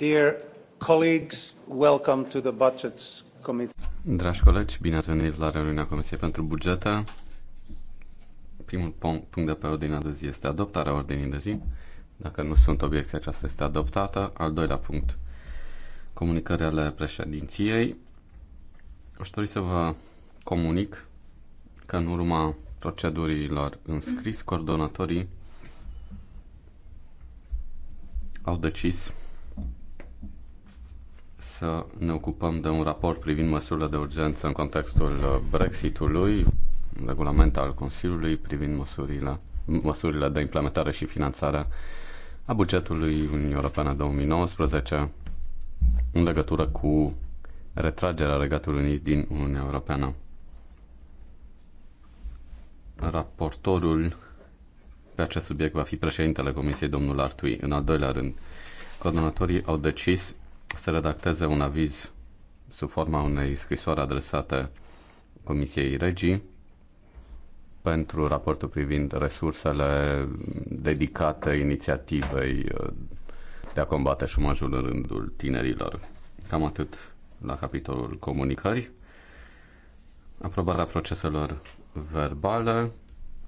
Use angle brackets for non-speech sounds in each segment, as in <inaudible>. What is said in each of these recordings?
Dear colleagues, welcome to the Budgets Committee. Dragi colegi, bine ați venit la reuniunea Comisiei pentru Bugete. Primul punct de pe ordinea de zi este adoptarea ordinii de zi. Dacă nu sunt obiecții, aceasta este adoptată. Al doilea punct, comunicări ale președinției. Aș dori să vă comunic că în urma procedurilor înscris, coordonatorii au decis să ne ocupăm de un raport privind măsurile de urgență în contextul uh, Brexitului, regulament al Consiliului privind măsurile, măsurile de implementare și finanțare a bugetului Uniunii Europene 2019 în legătură cu retragerea Regatului Unit din Uniunea Europeană. Raportorul pe acest subiect va fi președintele Comisiei, domnul Artui. În al doilea rând, coordonatorii au decis să redacteze un aviz sub forma unei scrisori adresate Comisiei Regii pentru raportul privind resursele dedicate inițiativei uh, de a combate șumajul în rândul tinerilor. Cam atât la capitolul comunicări. Aprobarea proceselor verbale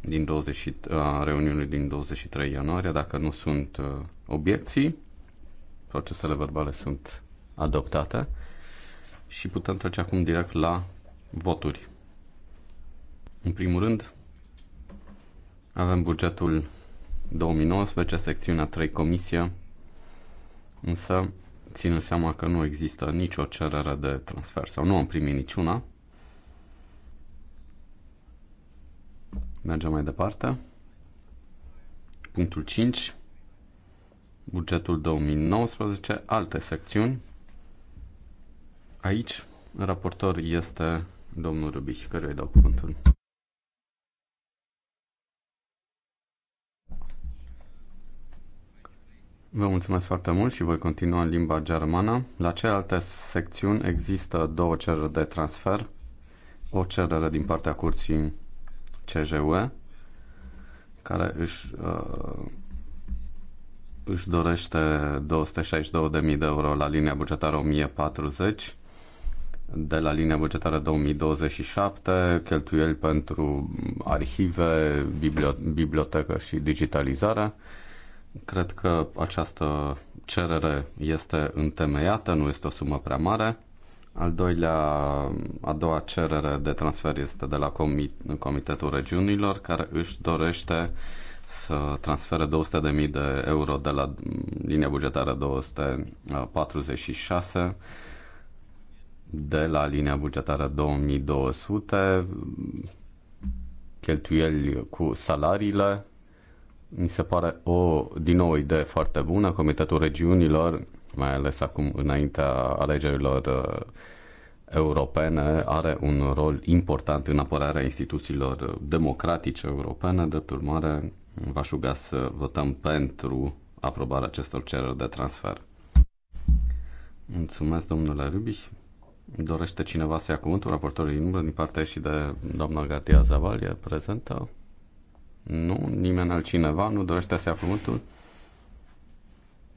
din 20, a uh, reuniunii din 23 ianuarie, dacă nu sunt uh, obiecții, procesele verbale sunt adoptate și putem trece acum direct la voturi. În primul rând, avem bugetul 2019, secțiunea 3, comisie, însă ținând seama că nu există nicio cerere de transfer sau nu am primit niciuna, mergem mai departe. Punctul 5, bugetul 2019, alte secțiuni. Aici, raportor este domnul Rubic, care îi dau cuvântul. Vă mulțumesc foarte mult și voi continua în limba germană. La celelalte secțiuni există două cereri de transfer, o cerere din partea curții CJUE, care își uh, își dorește 262.000 de euro la linia bugetară 1040, de la linia bugetară 2027, cheltuieli pentru arhive, bibliotecă și digitalizare. Cred că această cerere este întemeiată, nu este o sumă prea mare. Al doilea, a doua cerere de transfer este de la Comitetul Regiunilor, care își dorește să transfere 200.000 de euro de la linia bugetară 246 de la linia bugetară 2200 cheltuieli cu salariile mi se pare o, din nou, o idee foarte bună. Comitetul Regiunilor, mai ales acum înaintea alegerilor uh, europene, are un rol important în apărarea instituțiilor democratice europene. Drept urmare, v-aș ruga să votăm pentru aprobarea acestor cereri de transfer. Mulțumesc, domnule Rubiș. Dorește cineva să ia cuvântul raportorului în din partea și de doamna Gatia Zaval, e prezentă? Nu, nimeni altcineva nu dorește să ia cuvântul?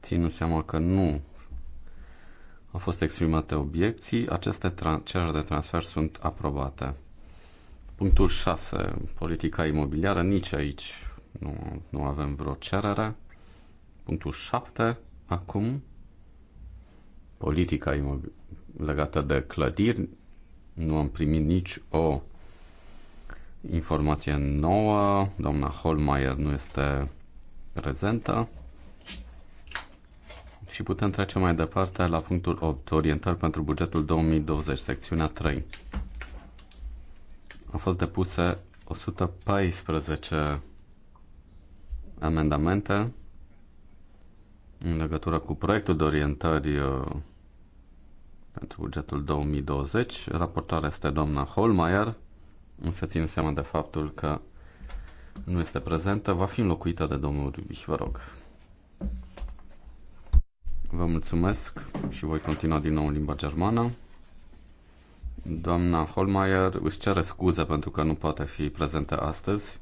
Ținând seama că nu au fost exprimate obiecții, aceste cereri de transfer sunt aprobate. Punctul 6. Politica imobiliară. Nici aici nu, nu avem vreo cerere. Punctul 7. Acum, politica legată de clădiri. Nu am primit nici o informație nouă. Doamna Holmeier nu este prezentă. Și putem trece mai departe la punctul 8, orientări pentru bugetul 2020, secțiunea 3. Au fost depuse 114 amendamente în legătură cu proiectul de orientări uh, pentru bugetul 2020. Raportoarea este doamna Holmeier, însă țin seama de faptul că nu este prezentă. Va fi înlocuită de domnul Rubiș, vă rog. Vă mulțumesc și voi continua din nou în limba germană. Doamna Holmeier își cere scuze pentru că nu poate fi prezentă astăzi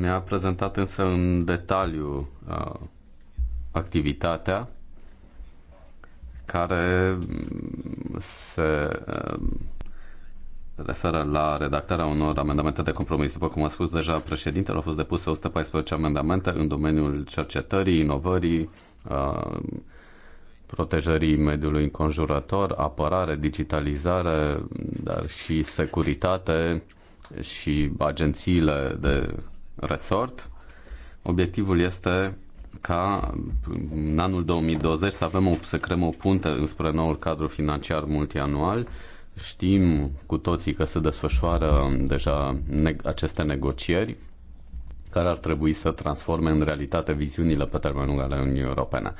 mi-a prezentat însă în detaliu uh, activitatea care mm, se uh, referă la redactarea unor amendamente de compromis. După cum a spus deja președintele, au fost depuse 114 amendamente în domeniul cercetării, inovării, uh, protejării mediului înconjurător, apărare, digitalizare, dar și securitate și agențiile de resort. Obiectivul este ca în anul 2020 să avem o, să creăm o punte înspre noul cadru financiar multianual. Știm cu toții că se desfășoară deja ne- aceste negocieri care ar trebui să transforme în realitate viziunile pe termen lung ale Uniunii Europene.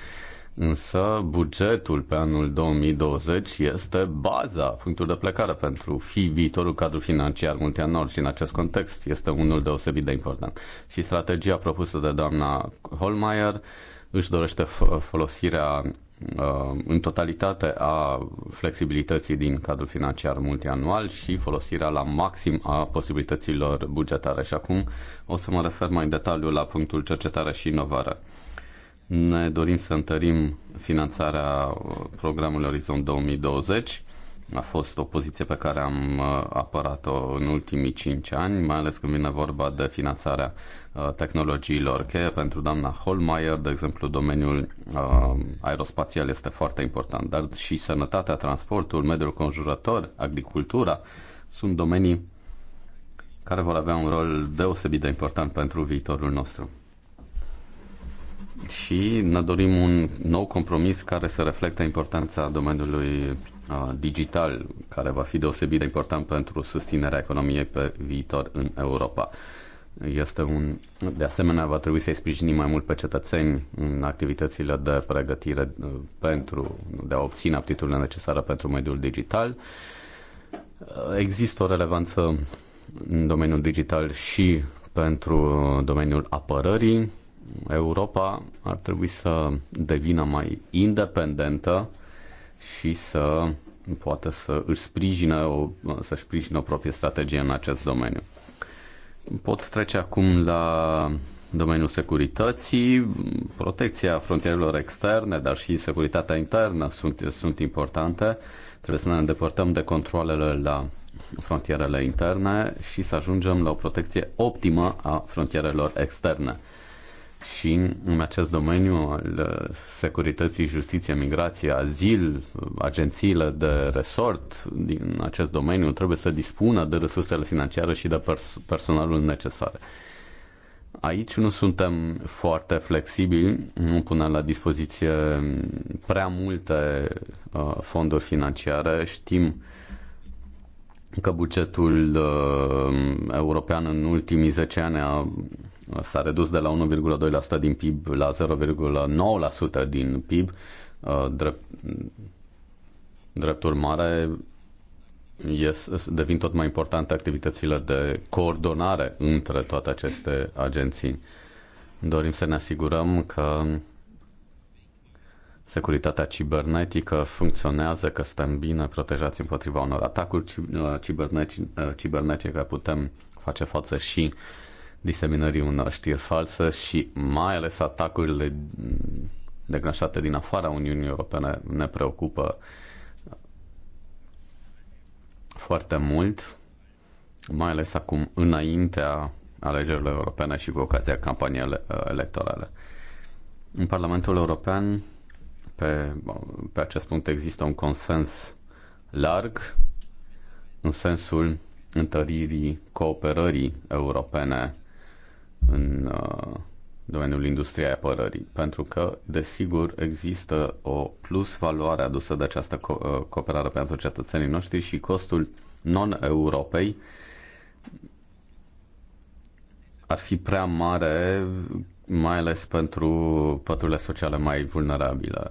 Însă bugetul pe anul 2020 este baza, punctul de plecare pentru fi viitorul cadru financiar multianual și în acest context este unul deosebit de important. Și strategia propusă de doamna Holmeier își dorește folosirea uh, în totalitate a flexibilității din cadrul financiar multianual și folosirea la maxim a posibilităților bugetare. Și acum o să mă refer mai în detaliu la punctul cercetare și inovare. Ne dorim să întărim finanțarea uh, programului Orizont 2020. A fost o poziție pe care am uh, apărat-o în ultimii 5 ani, mai ales când vine vorba de finanțarea uh, tehnologiilor cheie. Pentru doamna Holmeier, de exemplu, domeniul aerospațial este foarte important, dar și sănătatea, transportul, mediul conjurător, agricultura sunt domenii care vor avea un rol deosebit de important pentru viitorul nostru și ne dorim un nou compromis care să reflecte importanța domeniului uh, digital, care va fi deosebit de important pentru susținerea economiei pe viitor în Europa. Este un, de asemenea, va trebui să-i sprijinim mai mult pe cetățeni în activitățile de pregătire uh, pentru, de a obține aptitudinea necesară pentru mediul digital. Uh, există o relevanță în domeniul digital și pentru domeniul apărării, Europa ar trebui să devină mai independentă și să poată să își sprijină o, să sprijină o proprie strategie în acest domeniu. Pot trece acum la domeniul securității, protecția frontierelor externe, dar și securitatea internă sunt, sunt importante. Trebuie să ne îndepărtăm de controlele la frontierele interne și să ajungem la o protecție optimă a frontierelor externe și în acest domeniu al uh, securității, justiție, migrație, azil, agențiile de resort din acest domeniu trebuie să dispună de resursele financiare și de pers- personalul necesar. Aici nu suntem foarte flexibili, nu punem la dispoziție prea multe uh, fonduri financiare. Știm că bugetul uh, european în ultimii 10 ani a s-a redus de la 1,2% din PIB la 0,9% din PIB. Uh, drept, drept urmare, devin tot mai importante activitățile de coordonare între toate aceste agenții. Dorim să ne asigurăm că securitatea cibernetică funcționează, că suntem bine protejați împotriva unor atacuri uh, cibernetice, uh, care putem face față și uh, diseminării unor știri false și mai ales atacurile declanșate din afara Uniunii Europene ne preocupă foarte mult, mai ales acum înaintea alegerilor europene și cu ocazia campaniei electorale. În Parlamentul European, pe, pe acest punct, există un consens larg în sensul întăririi cooperării europene în uh, domeniul industriei apărării, pentru că, desigur, există o plus valoare adusă de această co- uh, cooperare pentru cetățenii noștri și costul non-europei ar fi prea mare, mai ales pentru păturile sociale mai vulnerabile.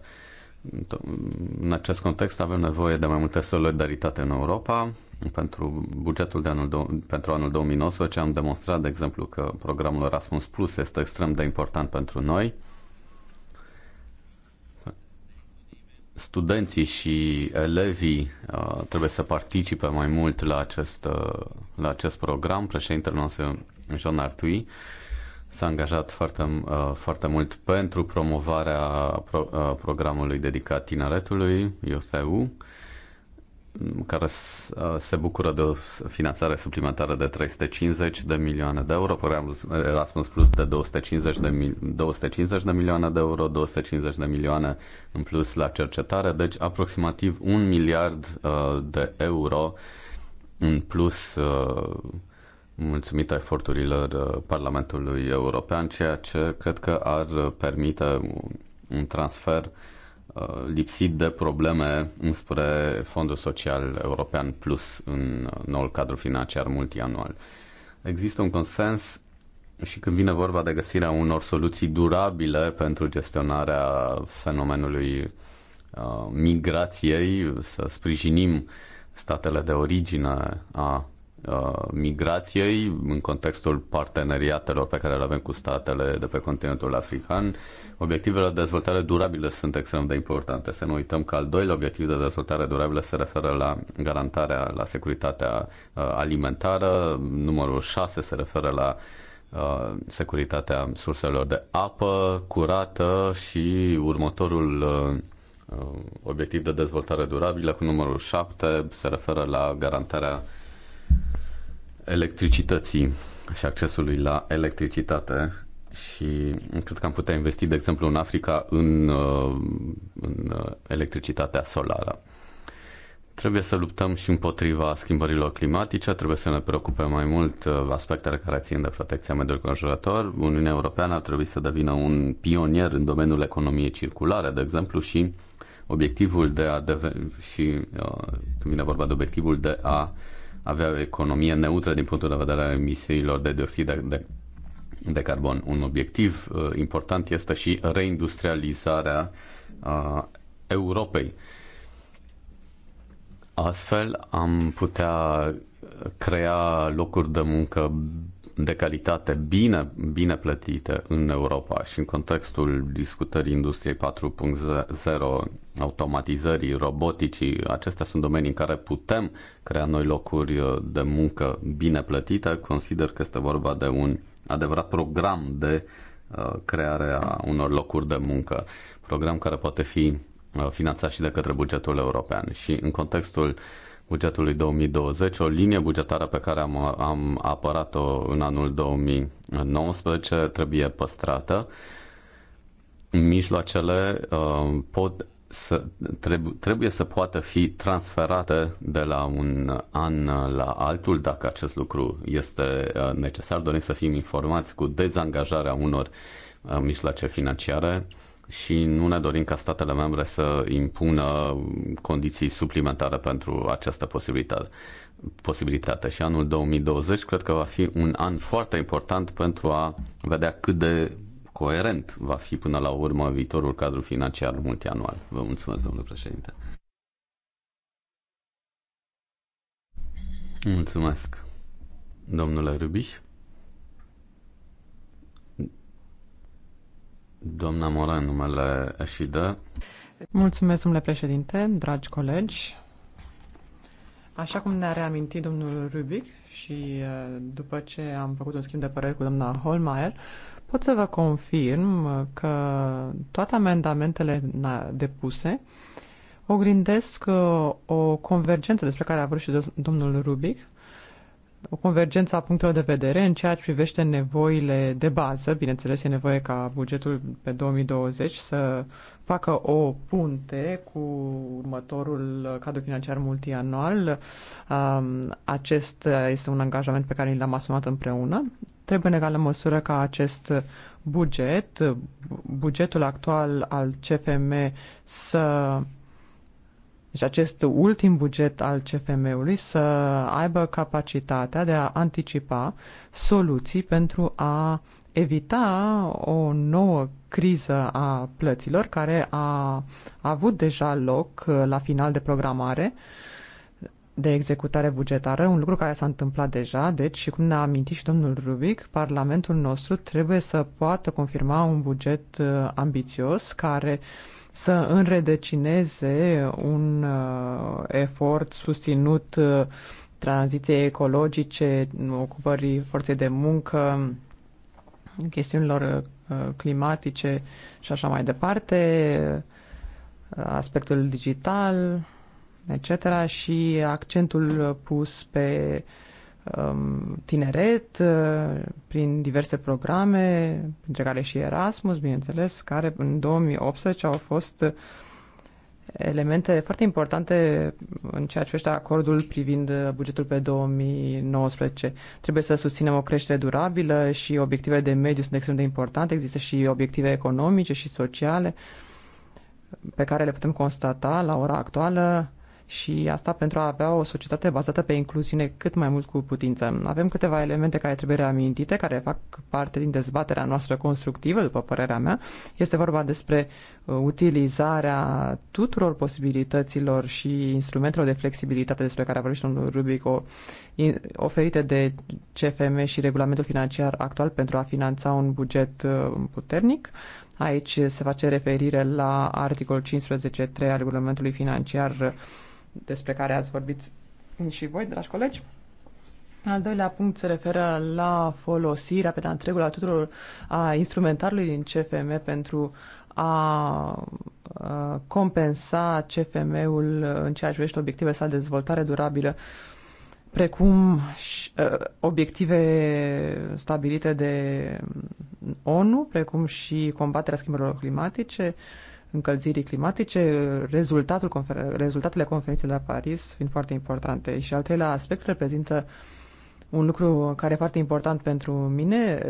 În acest context avem nevoie de mai multă solidaritate în Europa pentru bugetul de anul, pentru anul 2019 am demonstrat, de exemplu, că programul Erasmus Plus este extrem de important pentru noi. Studenții și elevii uh, trebuie să participe mai mult la acest, uh, la acest program. Președintele nostru, John Artui, s-a angajat foarte, uh, foarte mult pentru promovarea pro, uh, programului dedicat tineretului, IOSEU. Uh, care se bucură de o finanțare suplimentară de 350 de milioane de euro, programul Erasmus Plus de 250 de, mil- 250 de milioane de euro, 250 de milioane în plus la cercetare, deci aproximativ un miliard de euro în plus mulțumită eforturilor Parlamentului European, ceea ce cred că ar permite un transfer uh, Uh, lipsit de probleme înspre Fondul Social European Plus în uh, noul cadru financiar multianual. Există un consens și când vine vorba de găsirea unor soluții durabile pentru gestionarea fenomenului uh, migrației, să sprijinim statele de origine a Uh, migrației în contextul parteneriatelor pe care le avem cu statele de pe continentul african. Obiectivele de dezvoltare durabilă sunt extrem de importante. Să nu uităm că al doilea obiectiv de dezvoltare durabilă se referă la garantarea, la securitatea uh, alimentară, numărul 6 se referă la uh, securitatea surselor de apă curată și următorul obiectiv de dezvoltare durabilă cu numărul 7 se referă la garantarea electricității și accesului la electricitate și cred că am putea investi, de exemplu, în Africa în, uh, în uh, electricitatea solară. Trebuie să luptăm și împotriva schimbărilor climatice, trebuie să ne preocupăm mai mult uh, aspectele care țin de protecția mediului conjurător. Uniunea Europeană ar trebui să devină un pionier în domeniul economiei circulare, de exemplu, și obiectivul de a deveni, și când vine vorba de obiectivul de a uh, avea o economie neutră din punctul de vedere al emisiilor de dioxid de, de, de carbon. Un obiectiv uh, important este și reindustrializarea uh, Europei. Astfel am putea crea locuri de muncă de calitate bine, bine plătite în Europa și în contextul discutării industriei 4.0, automatizării, roboticii, acestea sunt domenii în care putem crea noi locuri de muncă bine plătite. Consider că este vorba de un adevărat program de uh, crearea unor locuri de muncă, program care poate fi uh, finanțat și de către bugetul european. Și în contextul uh, bugetului 2020, o linie bugetară pe care am, am apărat-o în anul 2019 trebuie păstrată. Mijloacele uh, pot să, treb, trebuie să poată fi transferate de la un an la altul dacă acest lucru este uh, necesar. Dorim să fim informați cu dezangajarea unor uh, mijloace financiare și nu ne dorim ca statele membre să impună condiții suplimentare pentru această posibilitate. posibilitate. Și anul 2020 cred că va fi un an foarte important pentru a vedea cât de coerent va fi până la urmă viitorul cadru financiar multianual. Vă mulțumesc, domnule președinte. Mulțumesc, domnule Rubiș. Doamna Moran, numele Eșidă. Mulțumesc, domnule președinte, dragi colegi. Așa cum ne-a reamintit domnul Rubic și uh, după ce am făcut un schimb de păreri cu doamna Holmeier, pot să vă confirm uh, că toate amendamentele depuse oglindesc uh, o convergență despre care a vrut și domnul Rubic o convergență a punctelor de vedere în ceea ce privește nevoile de bază. Bineînțeles, e nevoie ca bugetul pe 2020 să facă o punte cu următorul cadru financiar multianual. Um, Acesta este un angajament pe care l-am asumat împreună. Trebuie în egală măsură ca acest buget, bugetul actual al CFM să deci acest ultim buget al CFM-ului să aibă capacitatea de a anticipa soluții pentru a evita o nouă criză a plăților care a, avut deja loc la final de programare de executare bugetară, un lucru care s-a întâmplat deja, deci și cum ne-a amintit și domnul Rubic, Parlamentul nostru trebuie să poată confirma un buget uh, ambițios care uh, să înrădăcineze un uh, efort susținut uh, tranziției ecologice, ocupării forței de muncă, chestiunilor uh, climatice și așa mai departe, uh, aspectul digital, etc. și accentul pus pe uh, Um, tineret uh, prin diverse programe, printre care și Erasmus, bineînțeles, care în 2018 au fost elemente foarte importante în ceea ce privește acordul privind bugetul pe 2019. Trebuie să susținem o creștere durabilă și obiective de mediu sunt extrem de importante. Există și obiective economice și sociale pe care le putem constata la ora actuală și asta pentru a avea o societate bazată pe incluziune cât mai mult cu putință. Avem câteva elemente care trebuie reamintite, care fac parte din dezbaterea noastră constructivă, după părerea mea. Este vorba despre uh, utilizarea tuturor posibilităților și instrumentelor de flexibilitate despre care a vorbit domnul Rubic, oferite de CFM și regulamentul financiar actual pentru a finanța un buget uh, puternic. Aici se face referire la articolul 15.3 al regulamentului financiar despre care ați vorbit și voi, dragi colegi. Al doilea punct se referă la folosirea pe de-a întregul a tuturor a instrumentarului din CFM pentru a compensa CFM-ul în ceea ce privește obiectivele sale de dezvoltare durabilă, precum și, uh, obiective stabilite de ONU, precum și combaterea schimbărilor climatice, uh, încălzirii climatice, rezultatul confer- rezultatele conferinței la Paris fiind foarte importante. Și al treilea aspect reprezintă un lucru care e foarte important pentru mine,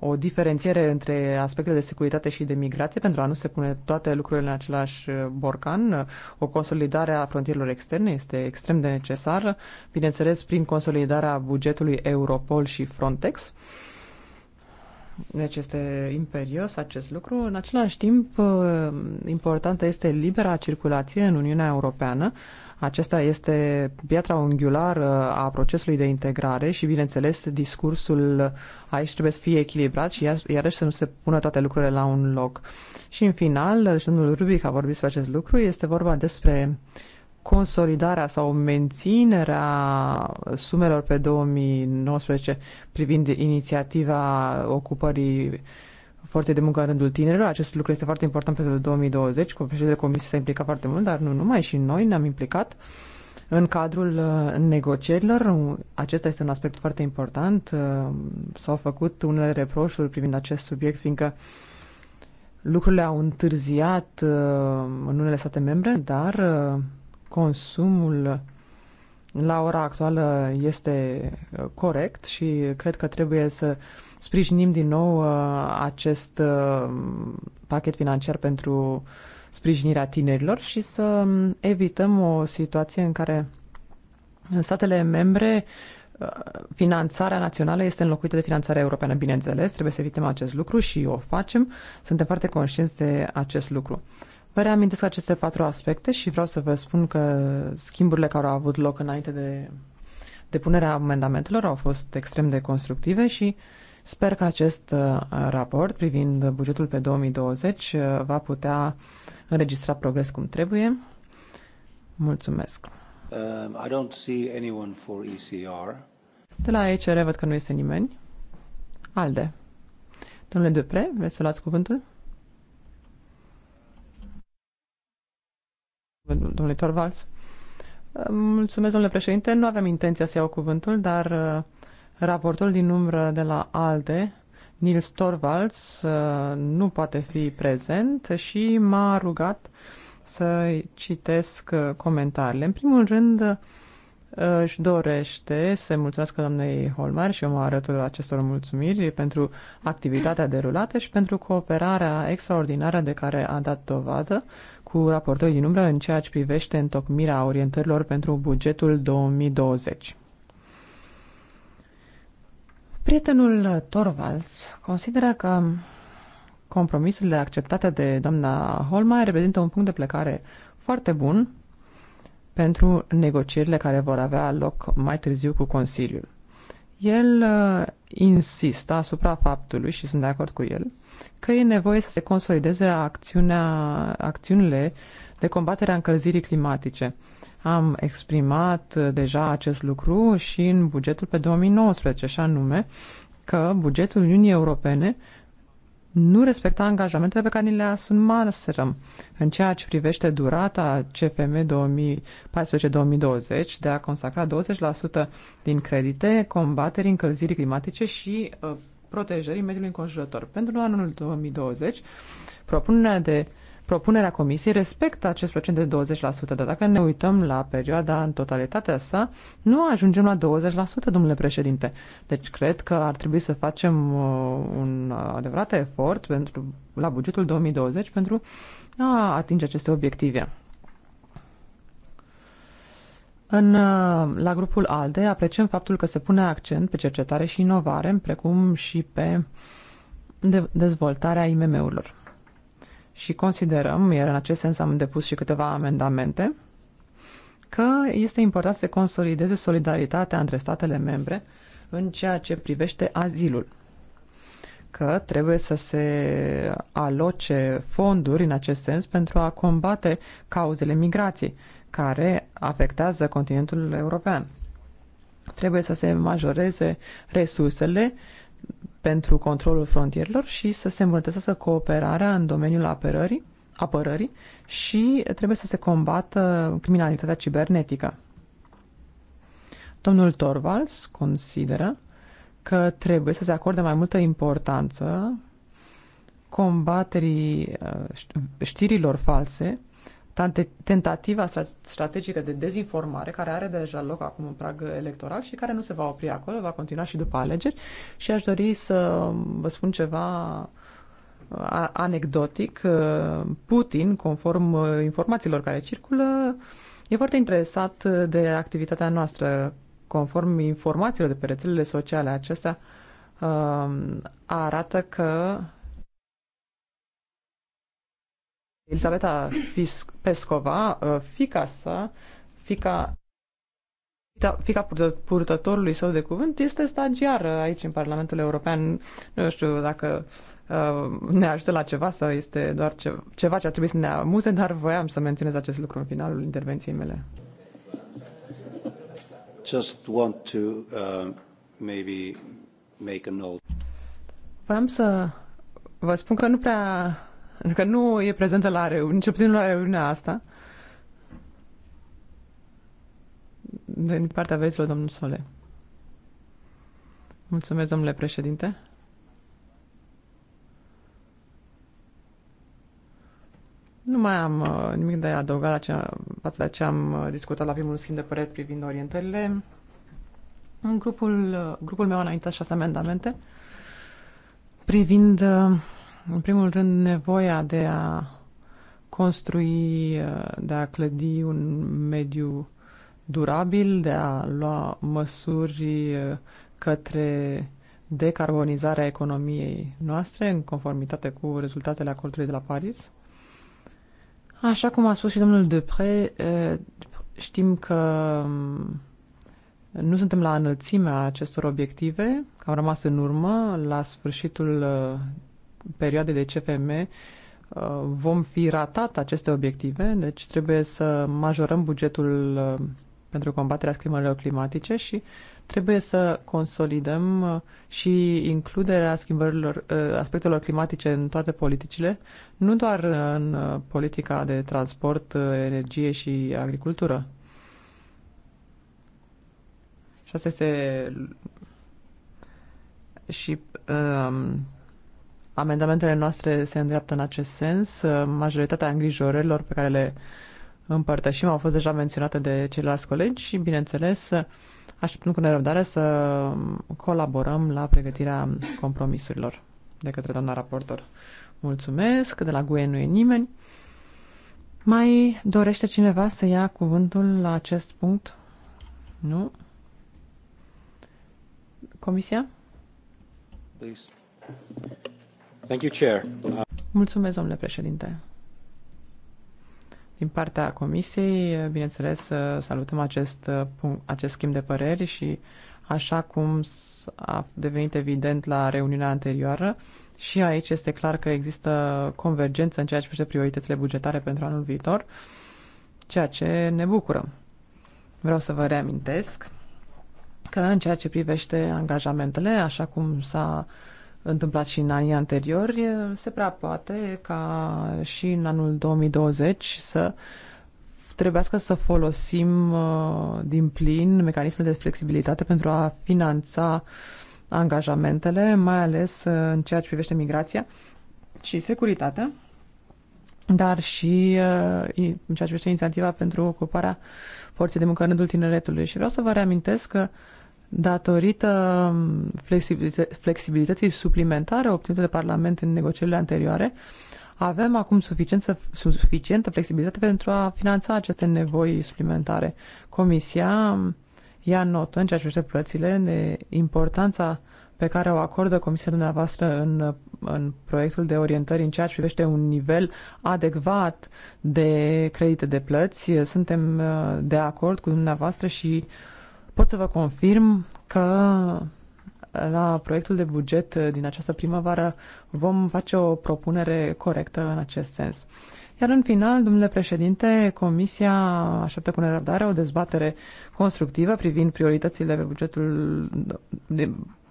o diferențiere între aspectele de securitate și de migrație, pentru a nu se pune toate lucrurile în același borcan. O consolidare a frontierilor externe este extrem de necesară, bineînțeles prin consolidarea bugetului Europol și Frontex. Uh, deci este imperios acest lucru. În același timp, uh, importantă este libera circulație în Uniunea Europeană. Acesta este piatra unghiulară a procesului de integrare și, bineînțeles, discursul aici trebuie să fie echilibrat și iarăși să nu se pună toate lucrurile la un loc. Și, în final, domnul Rubic a vorbit despre acest lucru, este vorba despre consolidarea sau menținerea sumelor pe 2019 privind inițiativa ocupării forței de muncă în rândul tinerilor. Acest lucru este foarte important pentru 2020. Președintele Comisiei s-a implicat foarte mult, dar nu numai, și noi ne-am implicat în cadrul negocierilor. Acesta este un aspect foarte important. S-au făcut unele reproșuri privind acest subiect, fiindcă lucrurile au întârziat în unele state membre, dar consumul uh, la ora actuală este uh, corect și cred că trebuie să sprijinim din nou uh, acest pachet financiar pentru sprijinirea tinerilor și să um, evităm o situație în care în statele membre finanțarea națională este înlocuită de finanțarea europeană, bineînțeles, trebuie să evităm acest lucru și o facem, suntem foarte conștienți de acest lucru. Vă reamintesc aceste patru aspecte și vreau să vă spun că schimburile care au avut loc înainte de depunerea amendamentelor au fost extrem de constructive și sper că acest uh, raport privind bugetul pe 2020 uh, va putea înregistra progres cum trebuie. Mulțumesc. Um, I don't see anyone for ECR. De la ECR văd că nu este nimeni. Alde. Domnule Dupre, vreți să luați cuvântul? domnului Torvalds. Mulțumesc, domnule președinte. Nu aveam intenția să iau cuvântul, dar uh, raportul din umbră de la ALDE, Nils Torvalds, uh, nu poate fi prezent și m-a rugat să citesc uh, comentariile. În primul rând, își dorește să mulțumesc doamnei Holmar și eu mă arătur acestor mulțumiri pentru activitatea derulată și pentru cooperarea extraordinară de care a dat dovadă cu raportorii din umbră în ceea ce privește întocmirea orientărilor pentru bugetul 2020. Prietenul Torvalds consideră că compromisurile acceptate de doamna Holmeier reprezintă un punct de plecare foarte bun pentru negocierile care vor avea loc mai târziu cu Consiliul. El uh, insistă asupra faptului, și sunt de acord cu el, că e nevoie să se consolideze acțiunea, acțiunile de combatere a încălzirii climatice. Am exprimat uh, deja acest lucru și în bugetul pe 2019, așa nume, că bugetul Uniunii Europene nu respecta angajamentele pe care ni le asumaserăm în ceea ce privește durata CFM 2014-2020 de a consacra 20% din credite combaterii încălzirii climatice și uh, protejării mediului înconjurător. Pentru anul 2020, propunerea de Propunerea Comisiei respectă acest procent de 20%, dar dacă ne uităm la perioada în totalitatea sa, nu ajungem la 20%, domnule președinte. Deci cred că ar trebui să facem uh, un adevărat efort pentru, la bugetul 2020 pentru a atinge aceste obiective. În, uh, la grupul ALDE apreciem faptul că se pune accent pe cercetare și inovare, precum și pe de- dezvoltarea IMM-urilor. Și considerăm, iar în acest sens am depus și câteva amendamente, că este important să se consolideze solidaritatea între statele membre în ceea ce privește azilul că trebuie să se aloce fonduri în acest sens pentru a combate cauzele migrației, care afectează continentul european. Trebuie să se majoreze resursele pentru controlul frontierelor și să se îmbunătățească cooperarea în domeniul apărării, apărării și trebuie să se combată criminalitatea cibernetică. Domnul Torvalds consideră că trebuie să se acorde mai multă importanță combaterii uh, știrilor false tentativa strategică de dezinformare care are deja loc acum în prag electoral și care nu se va opri acolo, va continua și după alegeri și aș dori să vă spun ceva uh, anecdotic. Uh, Putin, conform uh, informațiilor care circulă, e foarte interesat de activitatea noastră. Conform informațiilor de pe rețelele sociale acestea, arată că Elisabeta Pescova, uh, fica sa, fica fica purtătorului său de cuvânt este stagiară aici în Parlamentul European. Nu știu dacă uh, ne ajută la ceva sau este doar ceva ce a trebuit să ne amuze, dar voiam să menționez acest lucru în finalul intervenției mele. Just want to uh, maybe make a note. Voiam să vă spun că nu prea că nu e prezentă la reuni, nici puțin la reuniunea asta. Din partea verzilor, domnul Sole. Mulțumesc, domnule președinte. Nu mai am uh, nimic de adăugat la ce, față de ce am uh, discutat la primul schimb de păreri privind orientările. În grupul, uh, grupul meu a înaintat șase amendamente privind uh, în primul rând, nevoia de a construi, de a clădi un mediu durabil, de a lua măsuri către decarbonizarea economiei noastre în conformitate cu rezultatele acordului de la Paris. Așa cum a spus și domnul Depre, știm că nu suntem la înălțimea acestor obiective, că au rămas în urmă la sfârșitul perioade de CFM uh, vom fi ratat aceste obiective, deci trebuie să majorăm bugetul uh, pentru combaterea schimbărilor climatice și trebuie să consolidăm uh, și includerea schimbărilor, aspectelor climatice în toate politicile, nu doar în politica de transport, energie și agricultură. Și asta este și um, Amendamentele noastre se îndreaptă în acest sens. Majoritatea îngrijorărilor pe care le împărtășim au fost deja menționate de ceilalți colegi și, bineînțeles, așteptăm cu nerăbdare să colaborăm la pregătirea compromisurilor de către doamna raportor. Mulțumesc, de la GUE nu e nimeni. Mai dorește cineva să ia cuvântul la acest punct? Nu? Comisia? Please. Mulțumesc, domnule președinte. Din partea Comisiei, bineînțeles, salutăm acest, punct, acest schimb de păreri și, așa cum a devenit evident la reuniunea anterioară, și aici este clar că există convergență în ceea ce privește prioritățile bugetare pentru anul viitor, ceea ce ne bucură. Vreau să vă reamintesc că în ceea ce privește angajamentele, așa cum s-a uh, întâmplat și în anii anteriori, se prea poate ca și în anul 2020 să trebuiască să folosim uh, din plin mecanismele de flexibilitate pentru a finanța angajamentele, mai ales uh, în ceea ce privește migrația și securitatea, dar și uh, în ceea ce privește inițiativa pentru ocuparea forței de muncă în rândul tineretului. Și vreau să vă reamintesc că datorită um, flexibilității suplimentare obținute de Parlament în negocierile anterioare, avem acum suficientă, suficientă flexibilitate pentru a finanța aceste nevoi suplimentare. Comisia um, ia notă în ceea ce privește plățile de importanța pe care o acordă Comisia dumneavoastră în, în proiectul de orientări în ceea ce privește un nivel adecvat de credite de plăți. Suntem uh, de acord cu dumneavoastră și uh, Pot să vă confirm că la proiectul de buget din această primăvară vom face o propunere corectă în acest sens. Iar în final, domnule președinte, Comisia așteaptă cu nerăbdare o dezbatere constructivă privind prioritățile pe bugetul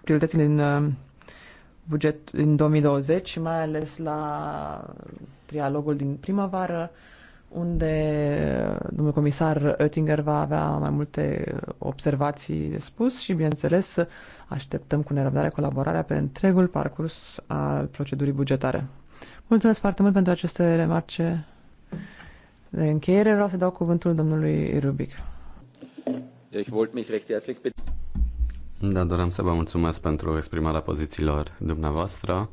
prioritățile din uh, buget din 2020 și mai ales la trialogul din primăvară unde domnul comisar Oettinger va avea mai multe observații de spus și, bineînțeles, așteptăm cu nerăbdare colaborarea pe întregul parcurs al procedurii bugetare. Mulțumesc foarte mult pentru aceste remarce de încheiere. Vreau să dau cuvântul domnului Rubic. Da, doream să vă mulțumesc pentru exprimarea pozițiilor dumneavoastră,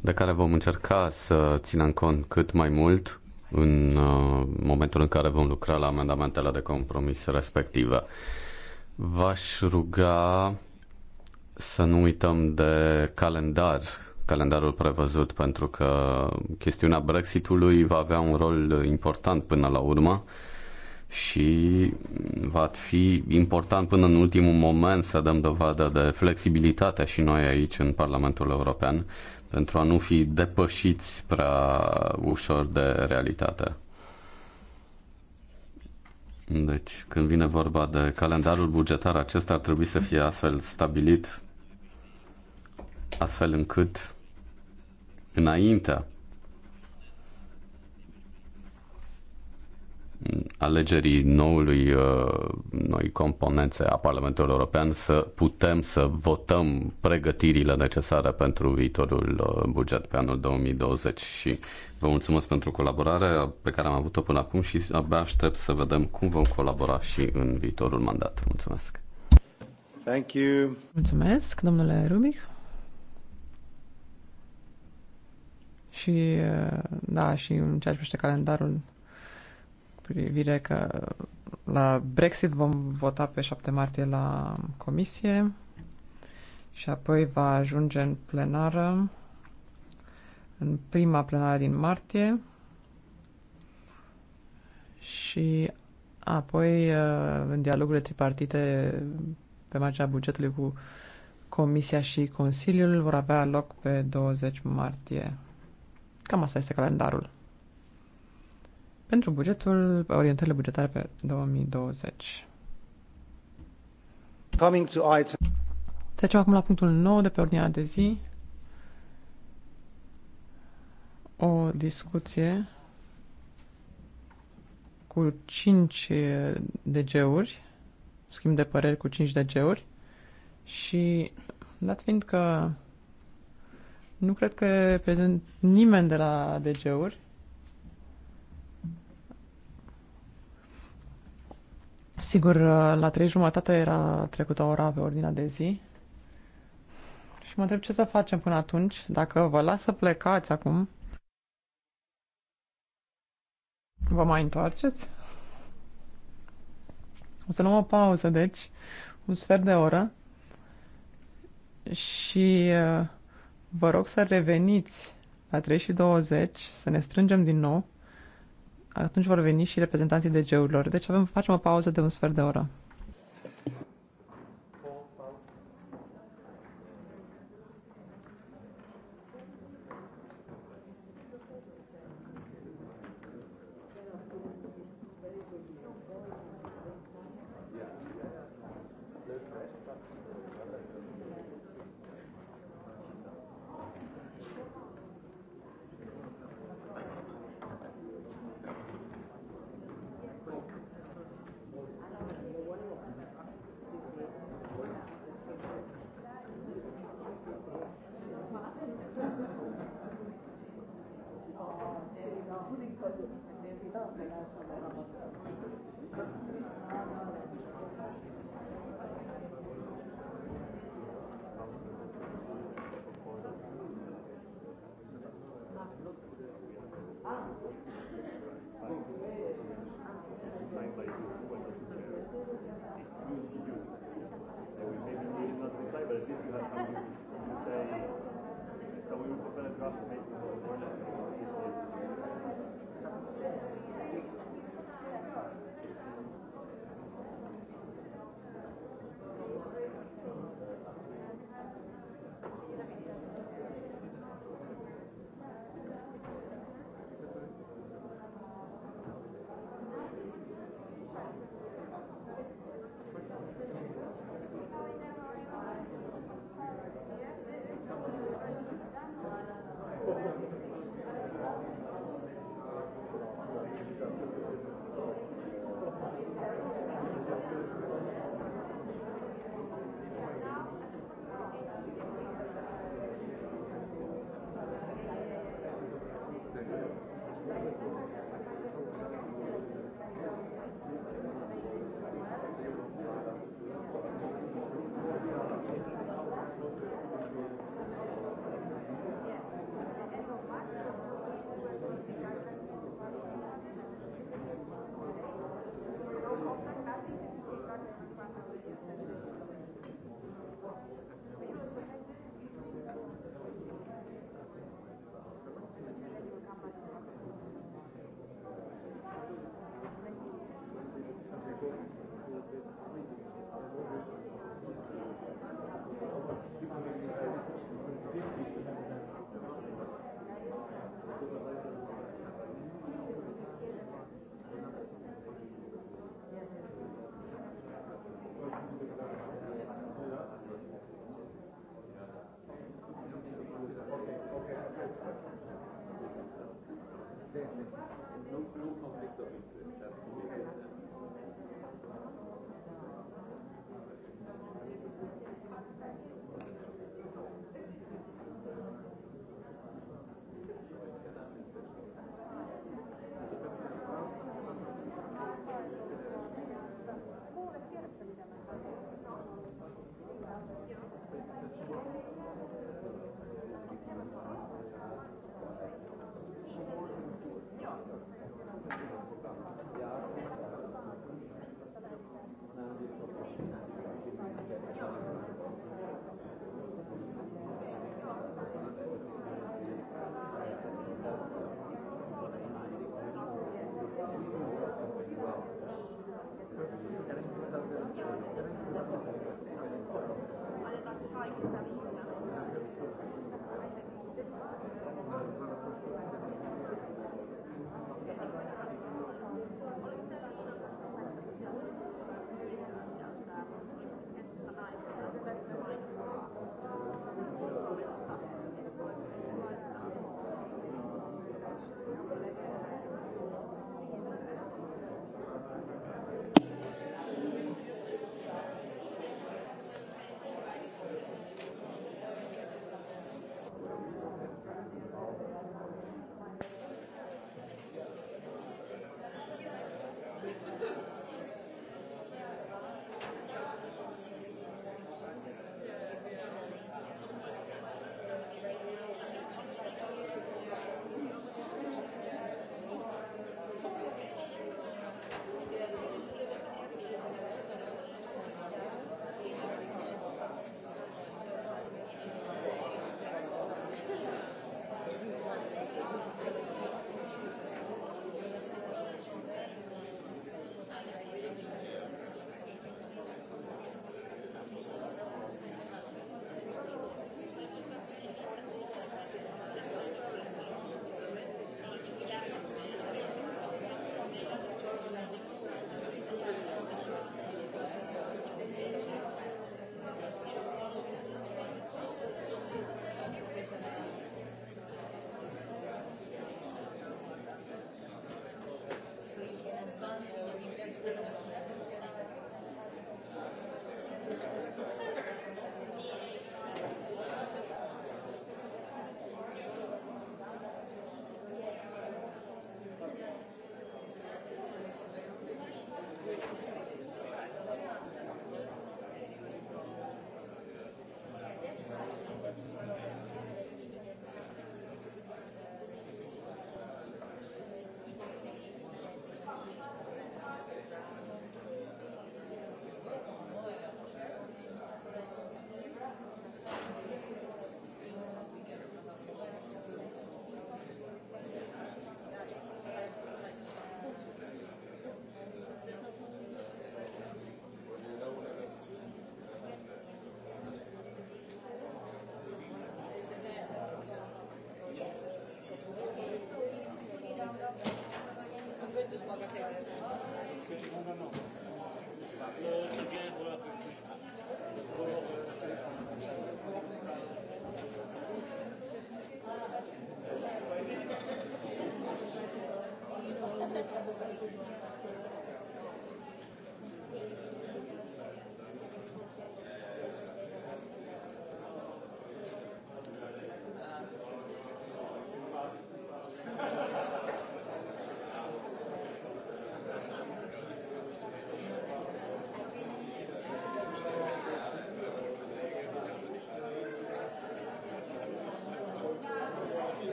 de care vom încerca să ținem cont cât mai mult în uh, momentul în care vom lucra la amendamentele de compromis respective. V-aș ruga să nu uităm de calendar, calendarul prevăzut, pentru că chestiunea Brexitului va avea un rol important până la urmă și va fi important până în ultimul moment să dăm dovadă de flexibilitate și noi aici în Parlamentul European pentru a nu fi depășiți prea ușor de realitate. Deci, când vine vorba de calendarul bugetar, acesta ar trebui să fie astfel stabilit, astfel încât înaintea alegerii noului uh, noi componențe a Parlamentului European să putem să votăm pregătirile necesare pentru viitorul uh, buget pe anul 2020 și vă mulțumesc pentru colaborare pe care am avut-o până acum și abia aștept să vedem cum vom colabora și în viitorul mandat. Mulțumesc! Thank you. Mulțumesc, domnule Rubic. Și, uh, da, și în ceea ce privește calendarul privire că la Brexit vom vota pe 7 martie la comisie și apoi va ajunge în plenară în prima plenară din martie și apoi uh, în dialogurile tripartite pe marginea bugetului cu Comisia și Consiliul vor avea loc pe 20 martie. Cam asta este calendarul pentru bugetul, orientările bugetare pe 2020. Coming to item. Trecem acum la punctul 9 de pe ordinea de zi. O discuție cu 5 DG-uri, schimb de păreri cu 5 DG-uri și dat fiind că nu cred că e prezent nimeni de la DG-uri, Sigur, uh, la trei jumătate era trecută ora pe ordinea de zi. Și mă întreb ce să facem până atunci, dacă vă las să plecați acum. Vă mai întoarceți? O să luăm o pauză, deci, un sfert de oră. Și uh, vă rog să reveniți la 3 și 20, să ne strângem din nou atunci vor veni și reprezentanții DG-urilor. Deci avem, facem o pauză de un sfert de oră.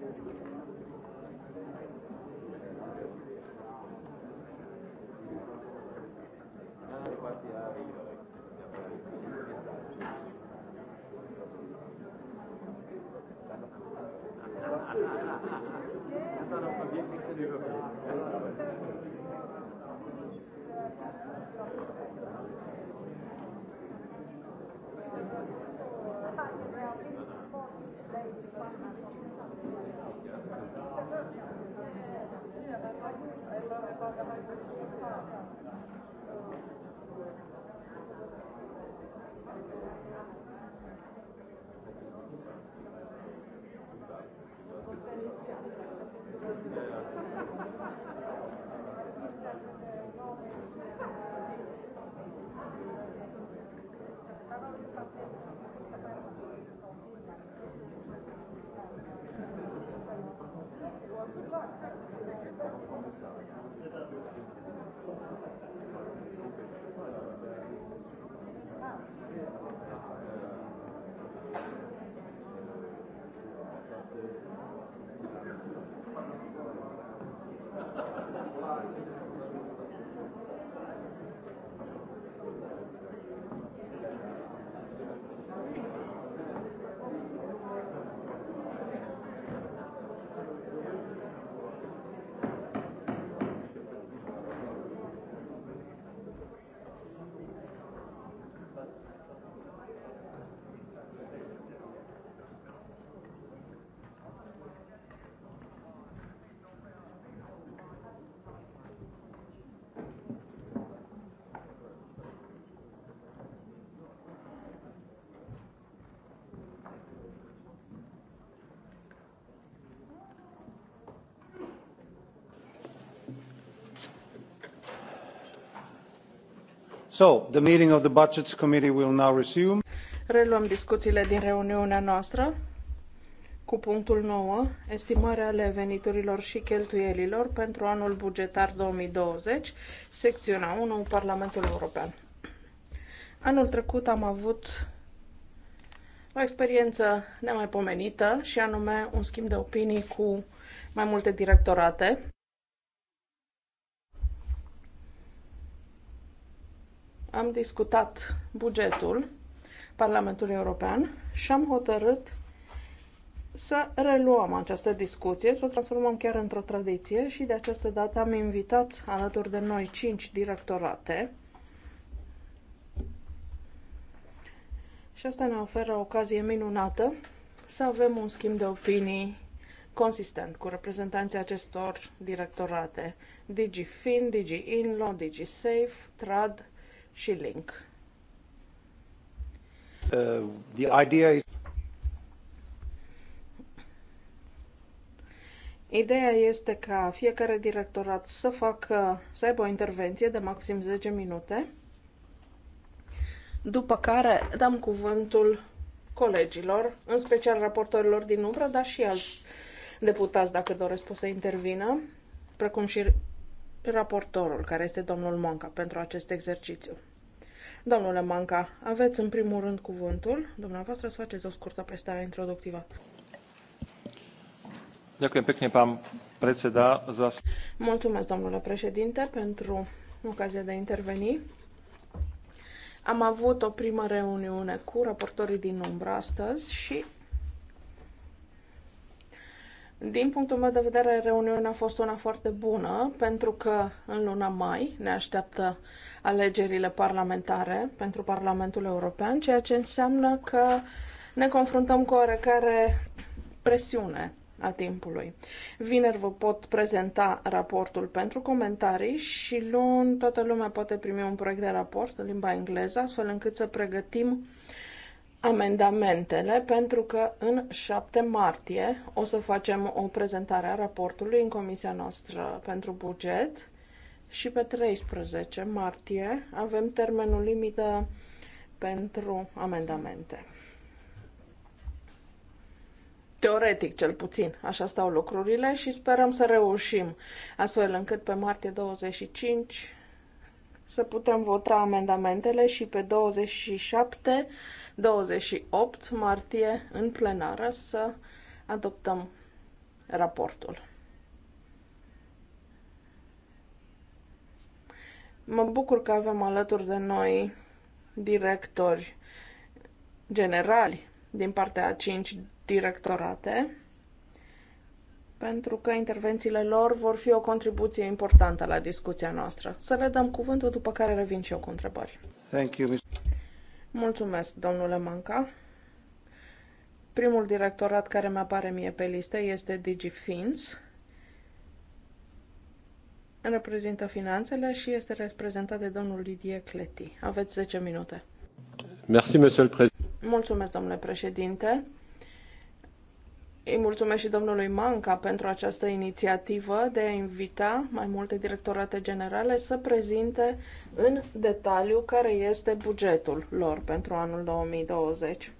Gracias. Reluăm discuțiile din reuniunea noastră cu punctul 9, estimarea ale veniturilor și cheltuielilor pentru anul bugetar 2020, secțiunea 1, Parlamentul European. Anul trecut am avut o experiență nemaipomenită și anume un schimb de opinii cu mai multe directorate. am discutat bugetul Parlamentului European și am hotărât să reluăm această discuție, să o transformăm chiar într-o tradiție și de această dată am invitat alături de noi cinci directorate și asta ne oferă o ocazie minunată să avem un schimb de opinii consistent cu reprezentanții acestor directorate DigiFin, DigiInlo, DigiSafe, TRAD, și link. Uh, the idea is... Ideea este ca fiecare directorat să facă, să aibă o intervenție de maxim 10 minute, după care dăm cuvântul colegilor, în special raportorilor din umbră, dar și alți deputați dacă doresc pot să intervină, precum și raportorul, care este domnul Manca, pentru acest exercițiu. Domnule Manca, aveți în primul rând cuvântul. Dumneavoastră să faceți o scurtă prestare introductivă. Ďakujem pekne, pán predseda, za... Mulțumesc, domnule președinte, pentru ocazia de a interveni. Am avut o primă reuniune cu raportorii din umbră astăzi și din punctul meu de vedere, reuniunea a fost una foarte bună, pentru că în luna mai ne așteaptă alegerile parlamentare pentru Parlamentul European, ceea ce înseamnă că ne confruntăm cu oarecare presiune a timpului. Vineri vă pot prezenta raportul pentru comentarii și luni toată lumea poate primi un proiect de raport în limba engleză, astfel încât să pregătim amendamentele pentru că în 7 martie o să facem o prezentare a raportului în comisia noastră pentru buget și pe 13 martie avem termenul limită pentru amendamente. Teoretic, cel puțin, așa stau lucrurile și sperăm să reușim, astfel încât pe martie 25 să putem vota amendamentele și pe 27 28 martie în plenară să adoptăm raportul. Mă bucur că avem alături de noi directori generali din partea a 5 directorate, pentru că intervențiile lor vor fi o contribuție importantă la discuția noastră. Să le dăm cuvântul, după care revin și eu cu întrebări. Thank you, Mr. Mulțumesc, domnule Manca. Primul directorat care mi apare mie pe listă este DigiFins. Reprezintă finanțele și este reprezentat de domnul Lidie Cleti. Aveți 10 minute. Merci, Mulțumesc, domnule președinte. Îi mulțumesc și domnului Manca pentru această inițiativă de a invita mai multe directorate generale să prezinte în detaliu care este bugetul lor pentru anul 2020.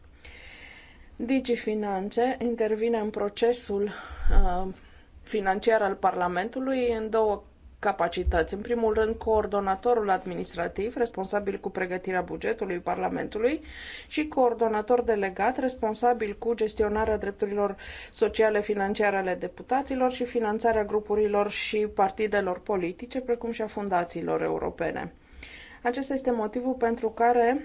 DigiFinance intervine în procesul uh, financiar al Parlamentului în două capacități. În primul rând, coordonatorul administrativ, responsabil cu pregătirea bugetului Parlamentului și coordonator delegat, responsabil cu gestionarea drepturilor sociale financiare ale deputaților și finanțarea grupurilor și partidelor politice, precum și a fundațiilor europene. Acesta este motivul pentru care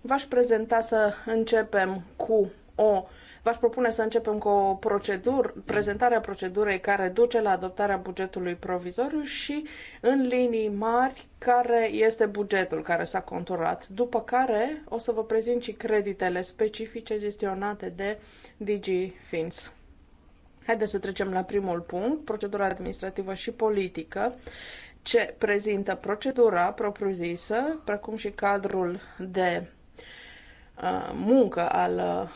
v-aș prezenta să începem cu o V-aș propune să începem cu o procedur, prezentarea procedurii care duce la adoptarea bugetului provizoriu și, în linii mari, care este bugetul care s-a conturat. După care o să vă prezint și creditele specifice gestionate de DigiFins. Haideți să trecem la primul punct, procedura administrativă și politică ce prezintă procedura propriu-zisă, precum și cadrul de uh, muncă al uh,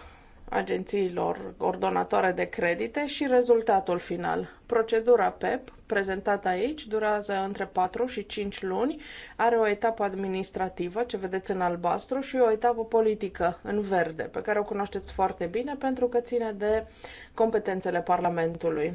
agențiilor ordonatoare de credite și rezultatul final. Procedura PEP, prezentată aici, durează între 4 și 5 luni, are o etapă administrativă, ce vedeți în albastru, și o etapă politică, în verde, pe care o cunoașteți foarte bine pentru că ține de competențele Parlamentului.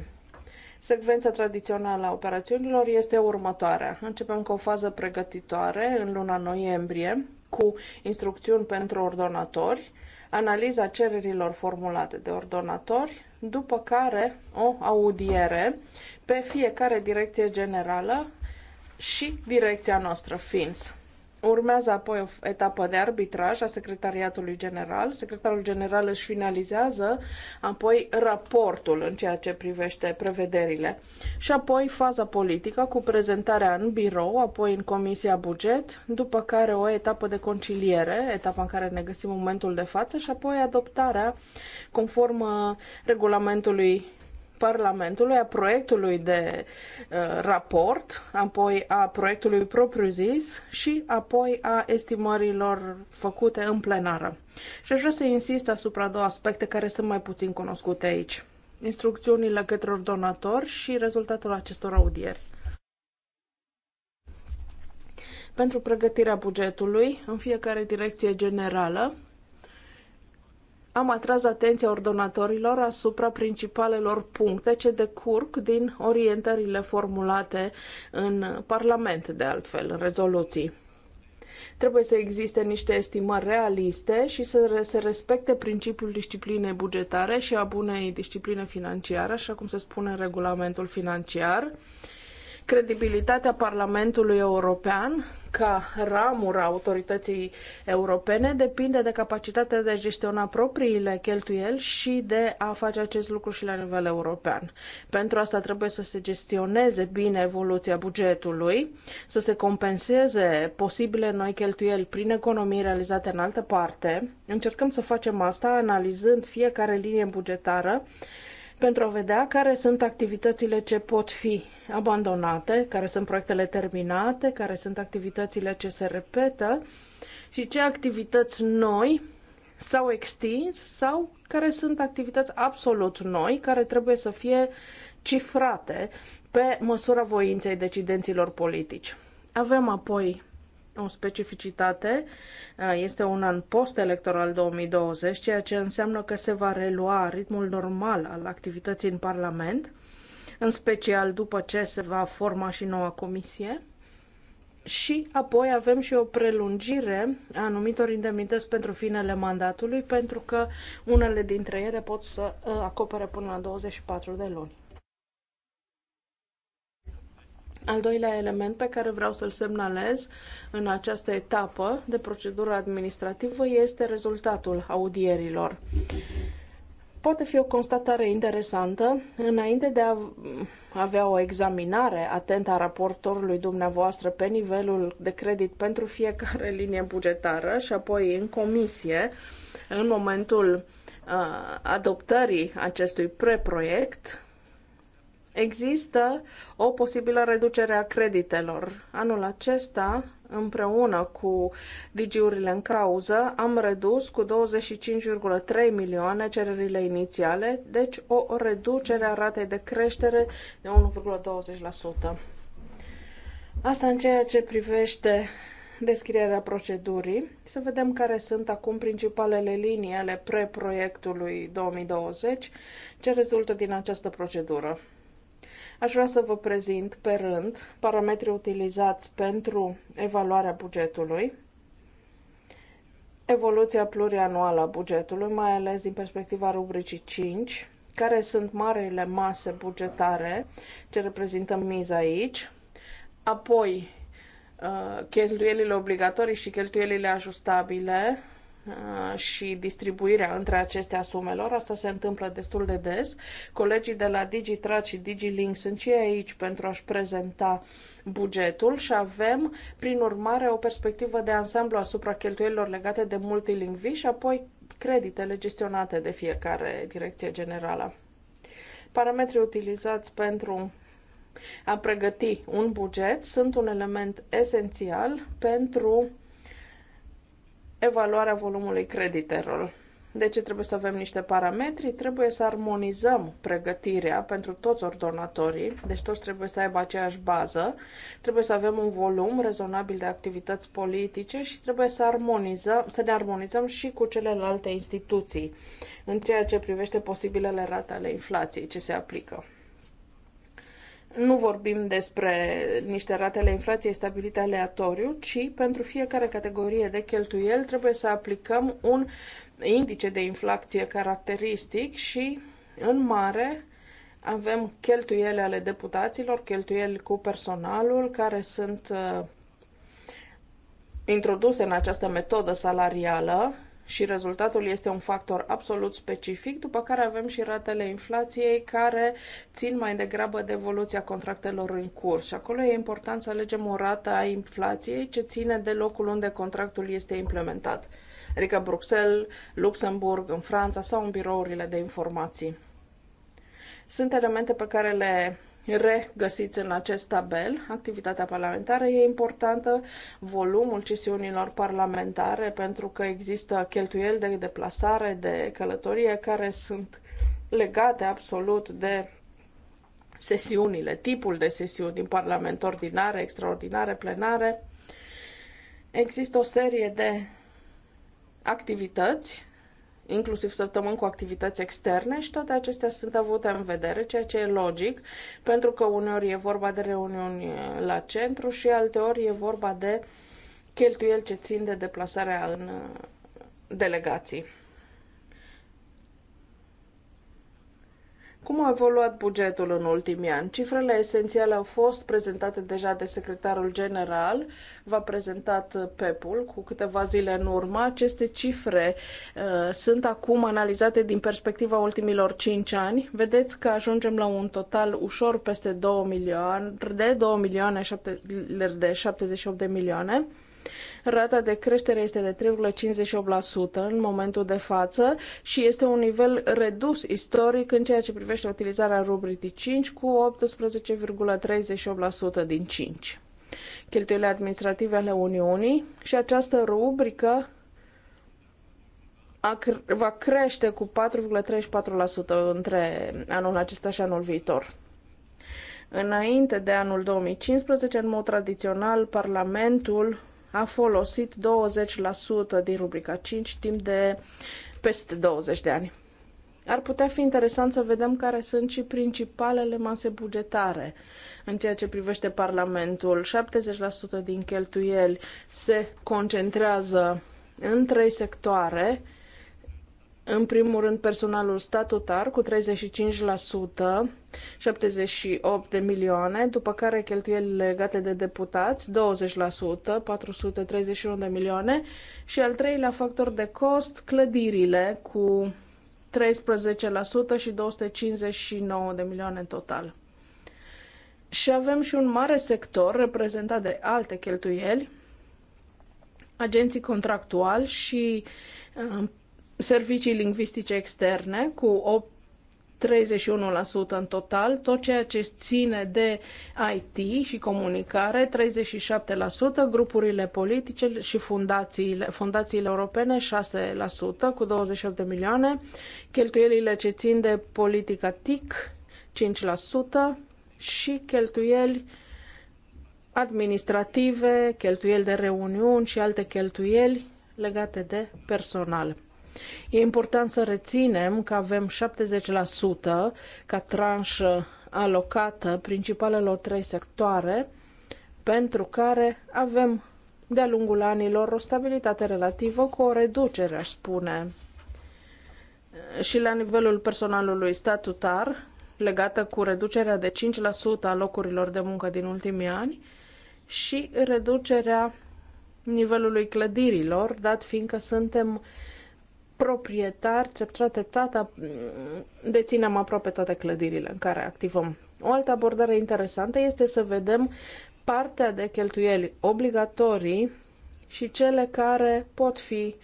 Secvența tradițională a operațiunilor este următoarea. Începem cu o fază pregătitoare în luna noiembrie, cu instrucțiuni pentru ordonatori, analiza cererilor formulate de ordonatori, după care o audiere pe fiecare direcție generală și direcția noastră FINS. Urmează apoi o etapă de arbitraj a Secretariatului General. Secretarul General își finalizează apoi raportul în ceea ce privește prevederile. Și apoi faza politică cu prezentarea în birou, apoi în Comisia Buget, după care o etapă de conciliere, etapa în care ne găsim momentul de față, și apoi adoptarea conform uh, regulamentului Parlamentului, a proiectului de uh, raport, apoi a proiectului propriu-zis și apoi a estimărilor făcute în plenară. Și aș vrea să insist asupra două aspecte care sunt mai puțin cunoscute aici. Instrucțiunile către ordonator și rezultatul acestor audieri. Pentru pregătirea bugetului, în fiecare direcție generală, am atras atenția ordonatorilor asupra principalelor puncte ce decurg din orientările formulate în Parlament, de altfel, în rezoluții. Trebuie să existe niște estimări realiste și să se respecte principiul disciplinei bugetare și a bunei discipline financiare, așa cum se spune în regulamentul financiar credibilitatea Parlamentului European ca ramura autorității europene depinde de capacitatea de a gestiona propriile cheltuieli și de a face acest lucru și la nivel european. Pentru asta trebuie să se gestioneze bine evoluția bugetului, să se compenseze posibile noi cheltuieli prin economii realizate în altă parte. Încercăm să facem asta analizând fiecare linie bugetară pentru a vedea care sunt activitățile ce pot fi abandonate, care sunt proiectele terminate, care sunt activitățile ce se repetă și ce activități noi s-au extins sau care sunt activități absolut noi care trebuie să fie cifrate pe măsura voinței decidenților politici. Avem apoi o specificitate, uh, este un an post-electoral 2020, ceea ce înseamnă că se va relua ritmul normal al activității în Parlament, în special după ce se va forma și noua comisie. Și apoi avem și o prelungire a anumitor indemnități pentru finele mandatului, pentru că unele dintre ele pot să uh, acopere până la 24 de luni. Al doilea element pe care vreau să-l semnalez în această etapă de procedură administrativă este rezultatul audierilor. Poate fi o constatare interesantă, înainte de a avea o examinare atentă a raportorului dumneavoastră pe nivelul de credit pentru fiecare <laughs> linie bugetară și apoi în comisie, în momentul uh, adoptării acestui preproiect, Există o posibilă reducere a creditelor. Anul acesta, împreună cu digiurile în cauză, am redus cu 25,3 milioane cererile inițiale, deci o reducere a ratei de creștere de 1,20%. Asta în ceea ce privește descrierea procedurii, să vedem care sunt acum principalele linii ale preproiectului 2020 ce rezultă din această procedură. Aș vrea să vă prezint pe rând parametrii utilizați pentru evaluarea bugetului, evoluția plurianuală a bugetului, mai ales din perspectiva rubricii 5, care sunt marile mase bugetare ce reprezintă miza aici, apoi uh, cheltuielile obligatorii și cheltuielile ajustabile, Uh, și distribuirea între acestea sumelor. Asta se întâmplă destul de des. Colegii de la DigiTrack și DigiLink sunt și aici pentru a-și prezenta bugetul și avem, prin urmare, o perspectivă de ansamblu asupra cheltuielilor legate de multilingvi și apoi creditele gestionate de fiecare direcție generală. Parametrii utilizați pentru a pregăti un buget sunt un element esențial pentru evaluarea volumului creditelor. De ce trebuie să avem niște parametri? Trebuie să armonizăm pregătirea pentru toți ordonatorii, deci toți trebuie să aibă aceeași bază, trebuie să avem un volum rezonabil de activități politice și trebuie să, armonizăm, să ne armonizăm și cu celelalte instituții în ceea ce privește posibilele rate ale inflației ce se aplică nu vorbim despre niște ratele inflației stabilite aleatoriu, ci pentru fiecare categorie de cheltuieli trebuie să aplicăm un indice de inflație caracteristic și, în mare, avem cheltuieli ale deputaților, cheltuieli cu personalul, care sunt uh, introduse în această metodă salarială și rezultatul este un factor absolut specific, după care avem și ratele inflației care țin mai degrabă de evoluția contractelor în curs. Și acolo e important să alegem o rată a inflației ce ține de locul unde contractul este implementat, adică Bruxelles, Luxemburg, în Franța sau în birourile de informații. Sunt elemente pe care le regăsiți în acest tabel. Activitatea parlamentară e importantă, volumul cesiunilor parlamentare, pentru că există cheltuieli de deplasare, de călătorie, care sunt legate absolut de sesiunile, tipul de sesiuni din Parlament, ordinare, extraordinare, plenare. Există o serie de activități inclusiv săptămâni cu activități externe și toate acestea sunt avute în vedere, ceea ce e logic, pentru că uneori e vorba de reuniuni la centru și alteori e vorba de cheltuieli ce țin de deplasarea în delegații. Cum a evoluat bugetul în ultimii ani? Cifrele esențiale au fost prezentate deja de secretarul general, v-a prezentat uh, PEP-ul cu câteva zile în urmă. Aceste cifre uh, sunt acum analizate din perspectiva ultimilor 5 ani. Vedeți că ajungem la un total ușor peste 2 milioane, de 2 milioane 7, de 78 de milioane. Rata de creștere este de 3,58% în momentul de față și este un nivel redus istoric în ceea ce privește utilizarea rubricii 5 cu 18,38% din 5 cheltuielile administrative ale Uniunii și această rubrică va crește cu 4,34% între anul acesta și anul viitor. Înainte de anul 2015, în mod tradițional, Parlamentul a folosit 20% din rubrica 5 timp de peste 20 de ani. Ar putea fi interesant să vedem care sunt și principalele mase bugetare în ceea ce privește Parlamentul. 70% din cheltuieli se concentrează în trei sectoare, în primul rând, personalul statutar cu 35%, 78 de milioane, după care cheltuieli legate de deputați, 20%, 431 de milioane și al treilea factor de cost, clădirile cu 13% și 259 de milioane în total. Și avem și un mare sector reprezentat de alte cheltuieli, agenții contractuali și uh, servicii lingvistice externe cu 8 31% în total, tot ceea ce ține de IT și comunicare, 37%, grupurile politice și fundațiile, fundațiile europene, 6% cu 28 de milioane, cheltuielile ce țin de politica TIC, 5% și cheltuieli administrative, cheltuieli de reuniuni și alte cheltuieli legate de personal. E important să reținem că avem 70% ca tranșă alocată principalelor trei sectoare, pentru care avem de-a lungul anilor o stabilitate relativă cu o reducere, aș spune, și la nivelul personalului statutar, legată cu reducerea de 5% a locurilor de muncă din ultimii ani și reducerea nivelului clădirilor, dat fiindcă suntem proprietar treptat, treptat, deținem aproape toate clădirile în care activăm. O altă abordare interesantă este să vedem partea de cheltuieli obligatorii și cele care pot fi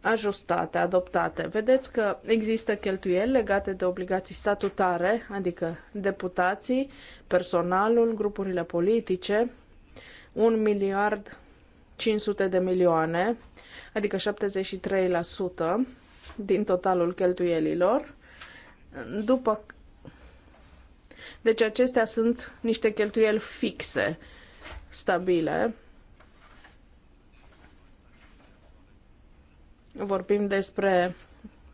ajustate, adoptate. Vedeți că există cheltuieli legate de obligații statutare, adică deputații, personalul, grupurile politice, 1 miliard 500 de milioane, adică 73% din totalul cheltuielilor, după deci acestea sunt niște cheltuieli fixe, stabile. Vorbim despre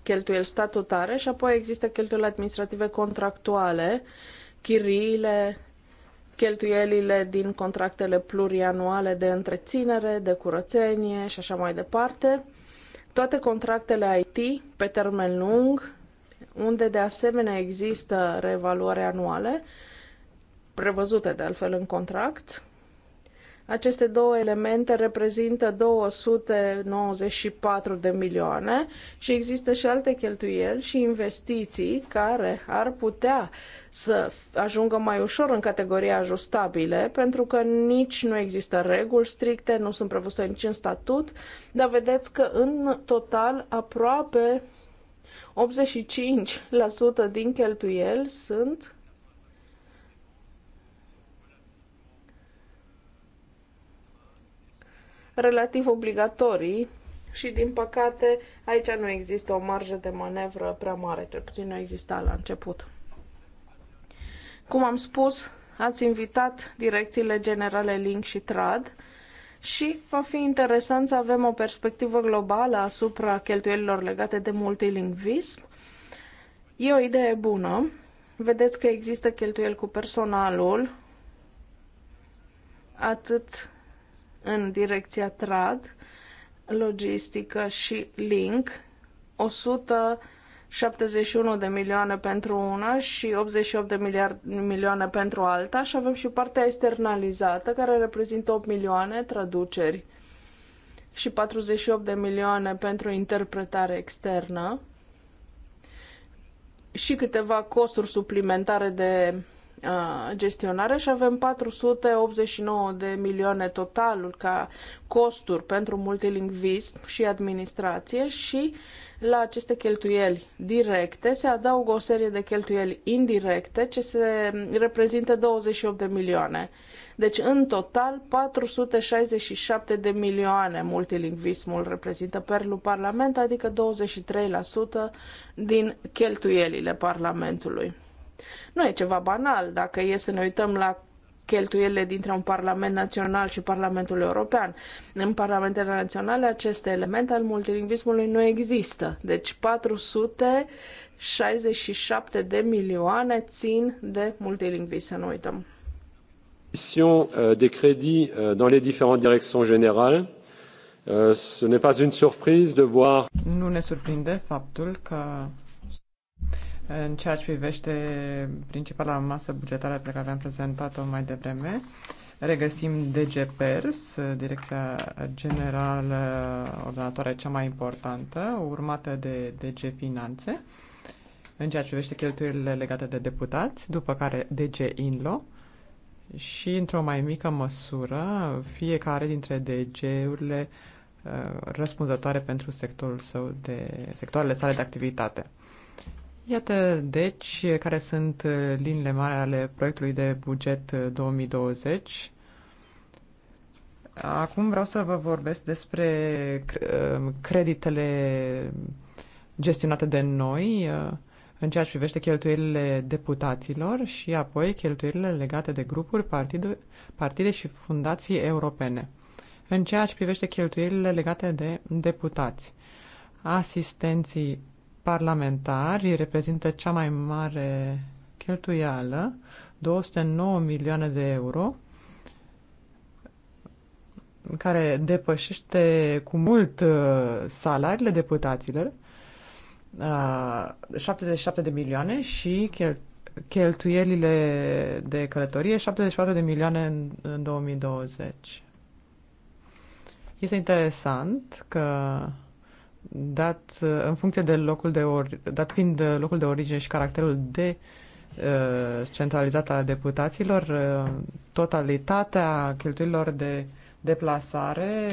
cheltuieli statutare și apoi există cheltuieli administrative contractuale, chiriile, cheltuielile din contractele plurianuale de întreținere, de curățenie și așa mai departe, toate contractele IT pe termen lung, unde de asemenea există reevaluare anuale, prevăzute de altfel în contract, aceste două elemente reprezintă 294 de milioane și există și alte cheltuieli și investiții care ar putea să ajungă mai ușor în categoria ajustabile, pentru că nici nu există reguli stricte, nu sunt prevăzute nici în statut, dar vedeți că în total aproape 85% din cheltuieli sunt relativ obligatorii și, din păcate, aici nu există o marjă de manevră prea mare, cel puțin nu exista la început. Cum am spus, ați invitat direcțiile generale Link și Trad și va fi interesant să avem o perspectivă globală asupra cheltuielilor legate de multilingvism. E o idee bună. Vedeți că există cheltuieli cu personalul, atât în direcția TRAD, logistică și link, 171 de milioane pentru una și 88 de miliard, milioane pentru alta și avem și partea externalizată care reprezintă 8 milioane traduceri și 48 de milioane pentru interpretare externă și câteva costuri suplimentare de Uh, gestionare și avem 489 de milioane totalul ca costuri pentru multilingvism și administrație și la aceste cheltuieli directe se adaugă o serie de cheltuieli indirecte ce se reprezintă 28 de milioane. Deci în total 467 de milioane multilingvismul reprezintă perlu Parlament, adică 23% din cheltuielile Parlamentului. Nu e ceva banal dacă e să ne uităm la cheltuielile dintre un Parlament Național și Parlamentul European. În Parlamentele Naționale acest element al multilingvismului nu există. Deci 467 de milioane țin de multilingvism, să nu uităm. Euh, de crédits euh, dans les différentes directions générales. Euh, ce n'est pas une surprise de voir. Nu ne surprinde faptul că în ceea ce privește principala masă bugetară pe care am prezentat-o mai devreme. Regăsim DGPERS, Direcția Generală Ordonatoare cea mai importantă, urmată de DG Finanțe, în ceea ce privește cheltuielile legate de deputați, după care DG INLO și, într-o mai mică măsură, fiecare dintre DG-urile uh, răspunzătoare pentru sectorul său de, sectoarele sale de activitate. Iată, deci, care sunt uh, linile mari ale proiectului de buget 2020. Uh, Acum vreau să vă vorbesc despre uh, creditele gestionate de noi în ceea ce privește cheltuielile deputaților și apoi cheltuielile legate de grupuri, partide, partide și fundații europene. În ceea ce privește cheltuielile legate de deputați, asistenții parlamentari reprezintă cea mai mare cheltuială, 209 milioane de euro, care depășește cu mult uh, salariile deputaților, 77 uh, de milioane și cheltuielile de călătorie, 74 de milioane în, în 2020. Este interesant că dat uh, în funcție de locul de ori, dat fiind uh, locul de origine și caracterul de uh, centralizat a deputaților, totalitatea cheltuielor de deplasare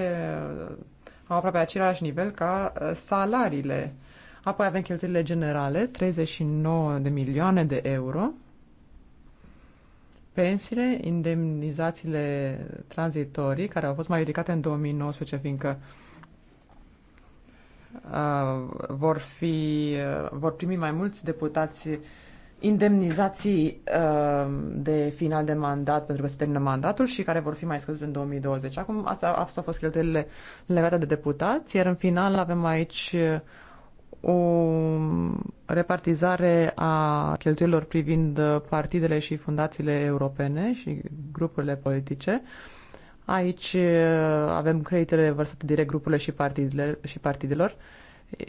au aproape același nivel ca salariile. Apoi avem cheltuielile generale, 39 de milioane de euro, pensiile, indemnizațiile tranzitorii, care au fost mai ridicate în 2019, fiindcă uh, uh, vor, fi, uh, vor primi mai mulți deputați indemnizații uh, de final de mandat pentru că se termină mandatul și care vor fi mai scăzute în 2020. Acum asta, asta au fost cheltuielile legate de deputați, iar în final avem aici uh, o repartizare a cheltuielor privind uh, partidele și fundațiile europene și grupurile politice. Uh, Aici uh, avem creditele vărsate direct grupurile și, partidele, și partidelor,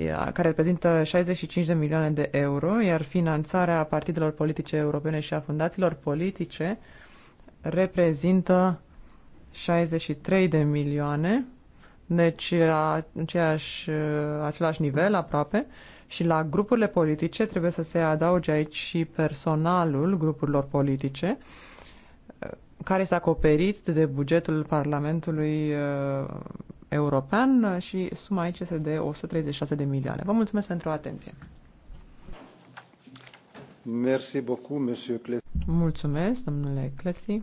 uh, care reprezintă 65 de milioane de euro, iar finanțarea partidelor politice europene și a fundațiilor politice reprezintă 63 de milioane, deci uh, aceeași, același nivel aproape. Și la grupurile politice trebuie să se adauge aici și personalul grupurilor politice, care s-a acoperit de bugetul Parlamentului uh, European uh, și suma aici este de 136 de milioane. Vă mulțumesc pentru atenție. Merci beaucoup, monsieur Clessy. Mulțumesc, domnule Clesi.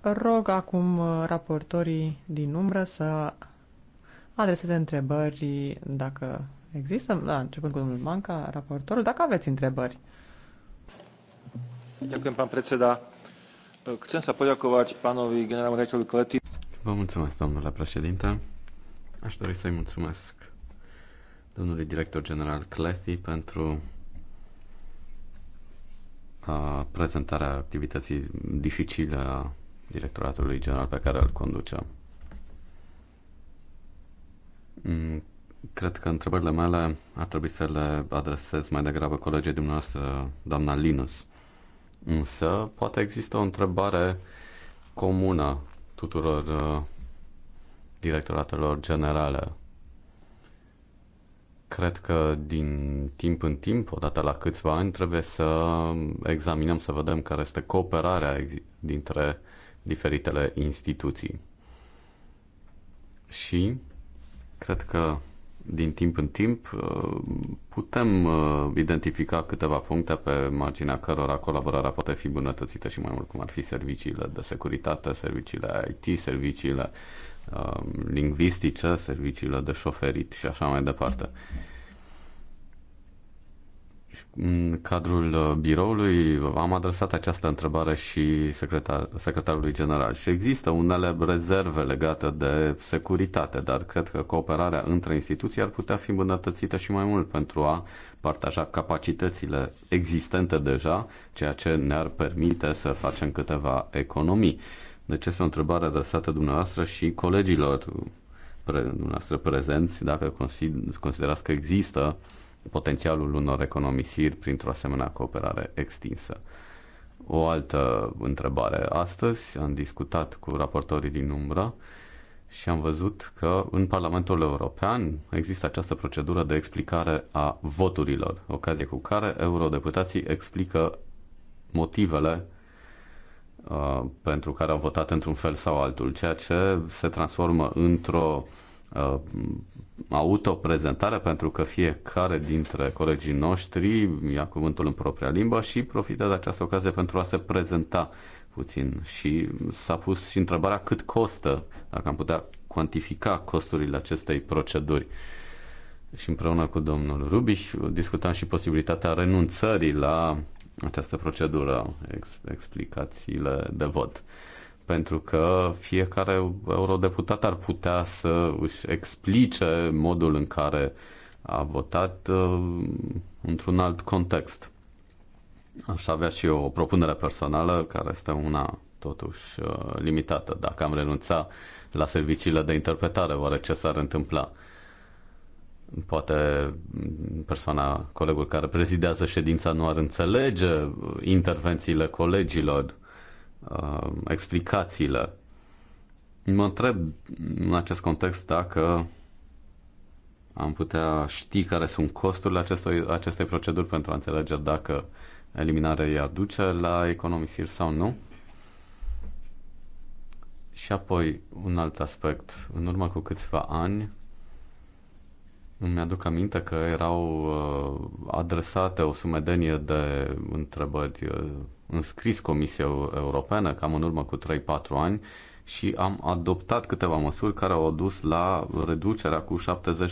Rog acum uh, raportorii din umbră să adreseze întrebări dacă există, da, începând cu domnul Manca, raportorul, dacă aveți întrebări. Ďakujem, pán predseda. Chcem sa poďakovať pánovi Klety. Vă mulțumesc, domnule președinte. Aș dori să-i mulțumesc domnului director general Clethi pentru prezentarea activității dificile a directoratului general pe care îl conduce. Mm, cred că întrebările mele ar trebui să le adresez mai degrabă colegii dumneavoastră, doamna Linus. Însă, poate există o întrebare comună tuturor uh, directoratelor generale. Cred că din timp în timp, odată la câțiva ani, trebuie să examinăm, să vedem care este cooperarea dintre diferitele instituții. Și cred că din timp în timp uh, putem uh, identifica câteva puncte pe marginea cărora colaborarea poate fi bunătățită și mai mult, cum ar fi serviciile de securitate, serviciile IT, serviciile uh, lingvistice, serviciile de șoferit și așa mai departe. În cadrul uh, biroului uh, am adresat această întrebare și secretar, secretarului general și există unele rezerve legate de securitate, dar cred că cooperarea între instituții ar putea fi îmbunătățită și mai mult pentru a partaja capacitățile existente deja, ceea ce ne-ar permite să facem câteva economii. Deci este o întrebare adresată dumneavoastră și colegilor uh, pre, dumneavoastră prezenți, dacă considerați că există uh, potențialul unor economisiri printr-o asemenea cooperare extinsă. O altă întrebare. Astăzi am discutat cu raportorii din umbră și am văzut că în Parlamentul European există această procedură de explicare a voturilor, ocazie cu care eurodeputații explică motivele uh, pentru care au votat într-un fel sau altul, ceea ce se transformă într-o uh, Uh, autoprezentare pentru că fiecare dintre colegii noștri ia cuvântul în propria limbă și profită de această ocazie pentru a se prezenta puțin. Și s-a pus și întrebarea cât costă, dacă am putea cuantifica costurile acestei proceduri. Și împreună cu domnul Rubiș discutam și posibilitatea renunțării la această procedură, explicațiile de vot pentru că fiecare eurodeputat ar putea să își explice modul în care a votat uh, într-un alt context. Aș avea și eu o propunere personală, care este una totuși uh, limitată. Dacă am renunța la serviciile de interpretare, oare ce s-ar întâmpla? poate persoana, colegul care prezidează ședința nu ar înțelege uh, intervențiile colegilor uh, explicațiile. Mă întreb în acest context dacă am putea ști care sunt costurile acestui, acestei proceduri pentru a înțelege dacă eliminarea ei ar duce la economisiri sau nu. Și apoi, un alt aspect. În urmă cu câțiva ani, îmi aduc aminte că erau uh, adresate o sumedenie de întrebări uh, înscris Comisia Europeană, cam în urmă cu 3-4 ani și am adoptat câteva măsuri care au dus la reducerea cu 70%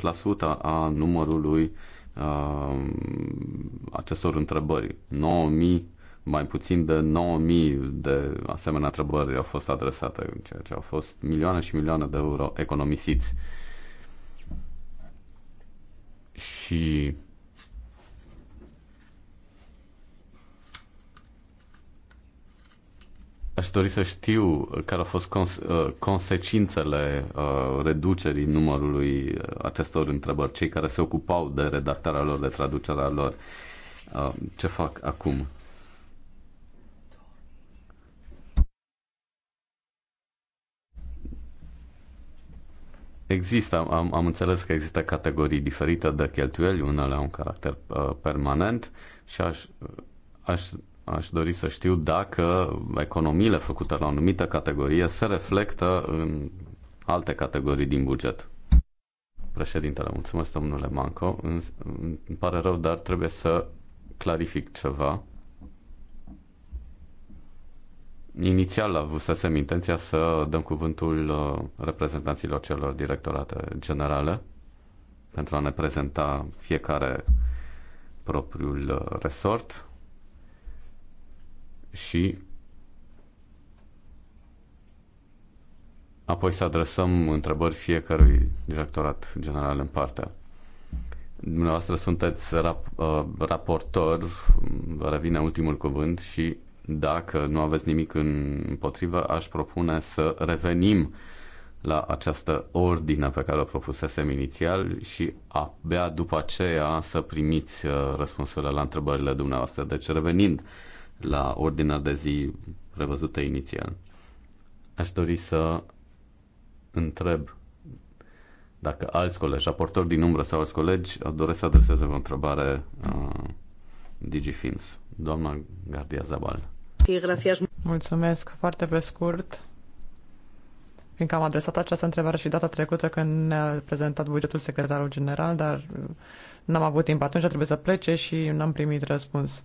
a numărului uh, acestor întrebări. 9000 mai puțin de 9000 de asemenea întrebări au fost adresate, ceea ce au fost milioane și milioane de euro economisiți. Uh, și Aș dori să știu care au fost cons- uh, consecințele uh, reducerii numărului uh, acestor întrebări, cei care se ocupau de redactarea lor, de traducerea lor, ce fac acum. Există, am, am înțeles că există categorii diferite de cheltuieli, unele au un caracter uh, permanent și aș, aș, aș dori să știu dacă economiile făcute la o anumită categorie se reflectă în alte categorii din buget. Președintele, mulțumesc domnule Manco, îmi pare rău, dar trebuie să clarific ceva inițial avusesem intenția să dăm cuvântul uh, reprezentanților celor directorate generale pentru a ne prezenta fiecare propriul uh, resort și apoi să adresăm întrebări fiecărui directorat general în parte. Dumneavoastră sunteți rap- uh, raportor, vă revine ultimul cuvânt și dacă nu aveți nimic împotrivă, aș propune să revenim la această ordine pe care o propusesem inițial și abia după aceea să primiți uh, răspunsurile la întrebările dumneavoastră. Deci revenind la ordinea de zi prevăzută inițial, aș dori să întreb dacă alți colegi, raportori din umbră sau alți colegi, doresc să adreseze o întrebare uh, DigiFins. Doamna Gardia Zabal. Mulțumesc foarte pe scurt. Fiindcă am adresat această întrebare și data trecută când ne-a prezentat bugetul secretarul general, dar uh, n-am avut timp atunci, a trebuit să plece și n-am primit răspuns.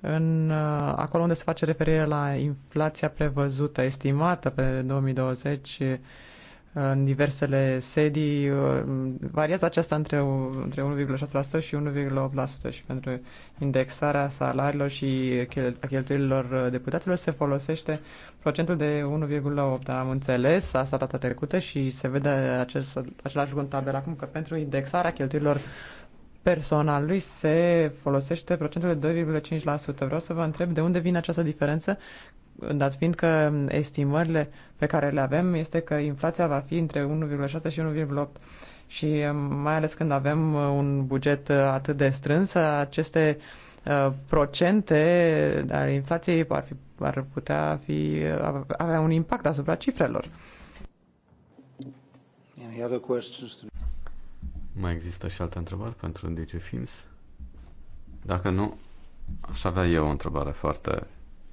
În, uh, acolo unde se face referire la inflația prevăzută, estimată pe 2020, în diversele sedii. Uh, variază aceasta între, între 1,6% și 1,8% și pentru indexarea salariilor și a cheltuielilor uh, deputaților se folosește procentul de 1,8%. dar Am înțeles asta data trecută și se vede acest, același lucru în tabel acum că pentru indexarea cheltuielilor lui se folosește procentul de 2,5%. Vreau să vă întreb de unde vine această diferență, dat fiind că estimările pe care le avem este că inflația va fi între 1,6 și 1,8 și um, mai ales când avem uh, un buget uh, atât de strâns, uh, aceste procente ale inflației ar, fi, ar putea fi, avea un impact asupra cifrelor. Any other questions? Mai există și alte întrebări pentru DigiFins? Dacă nu, aș avea eu o întrebare foarte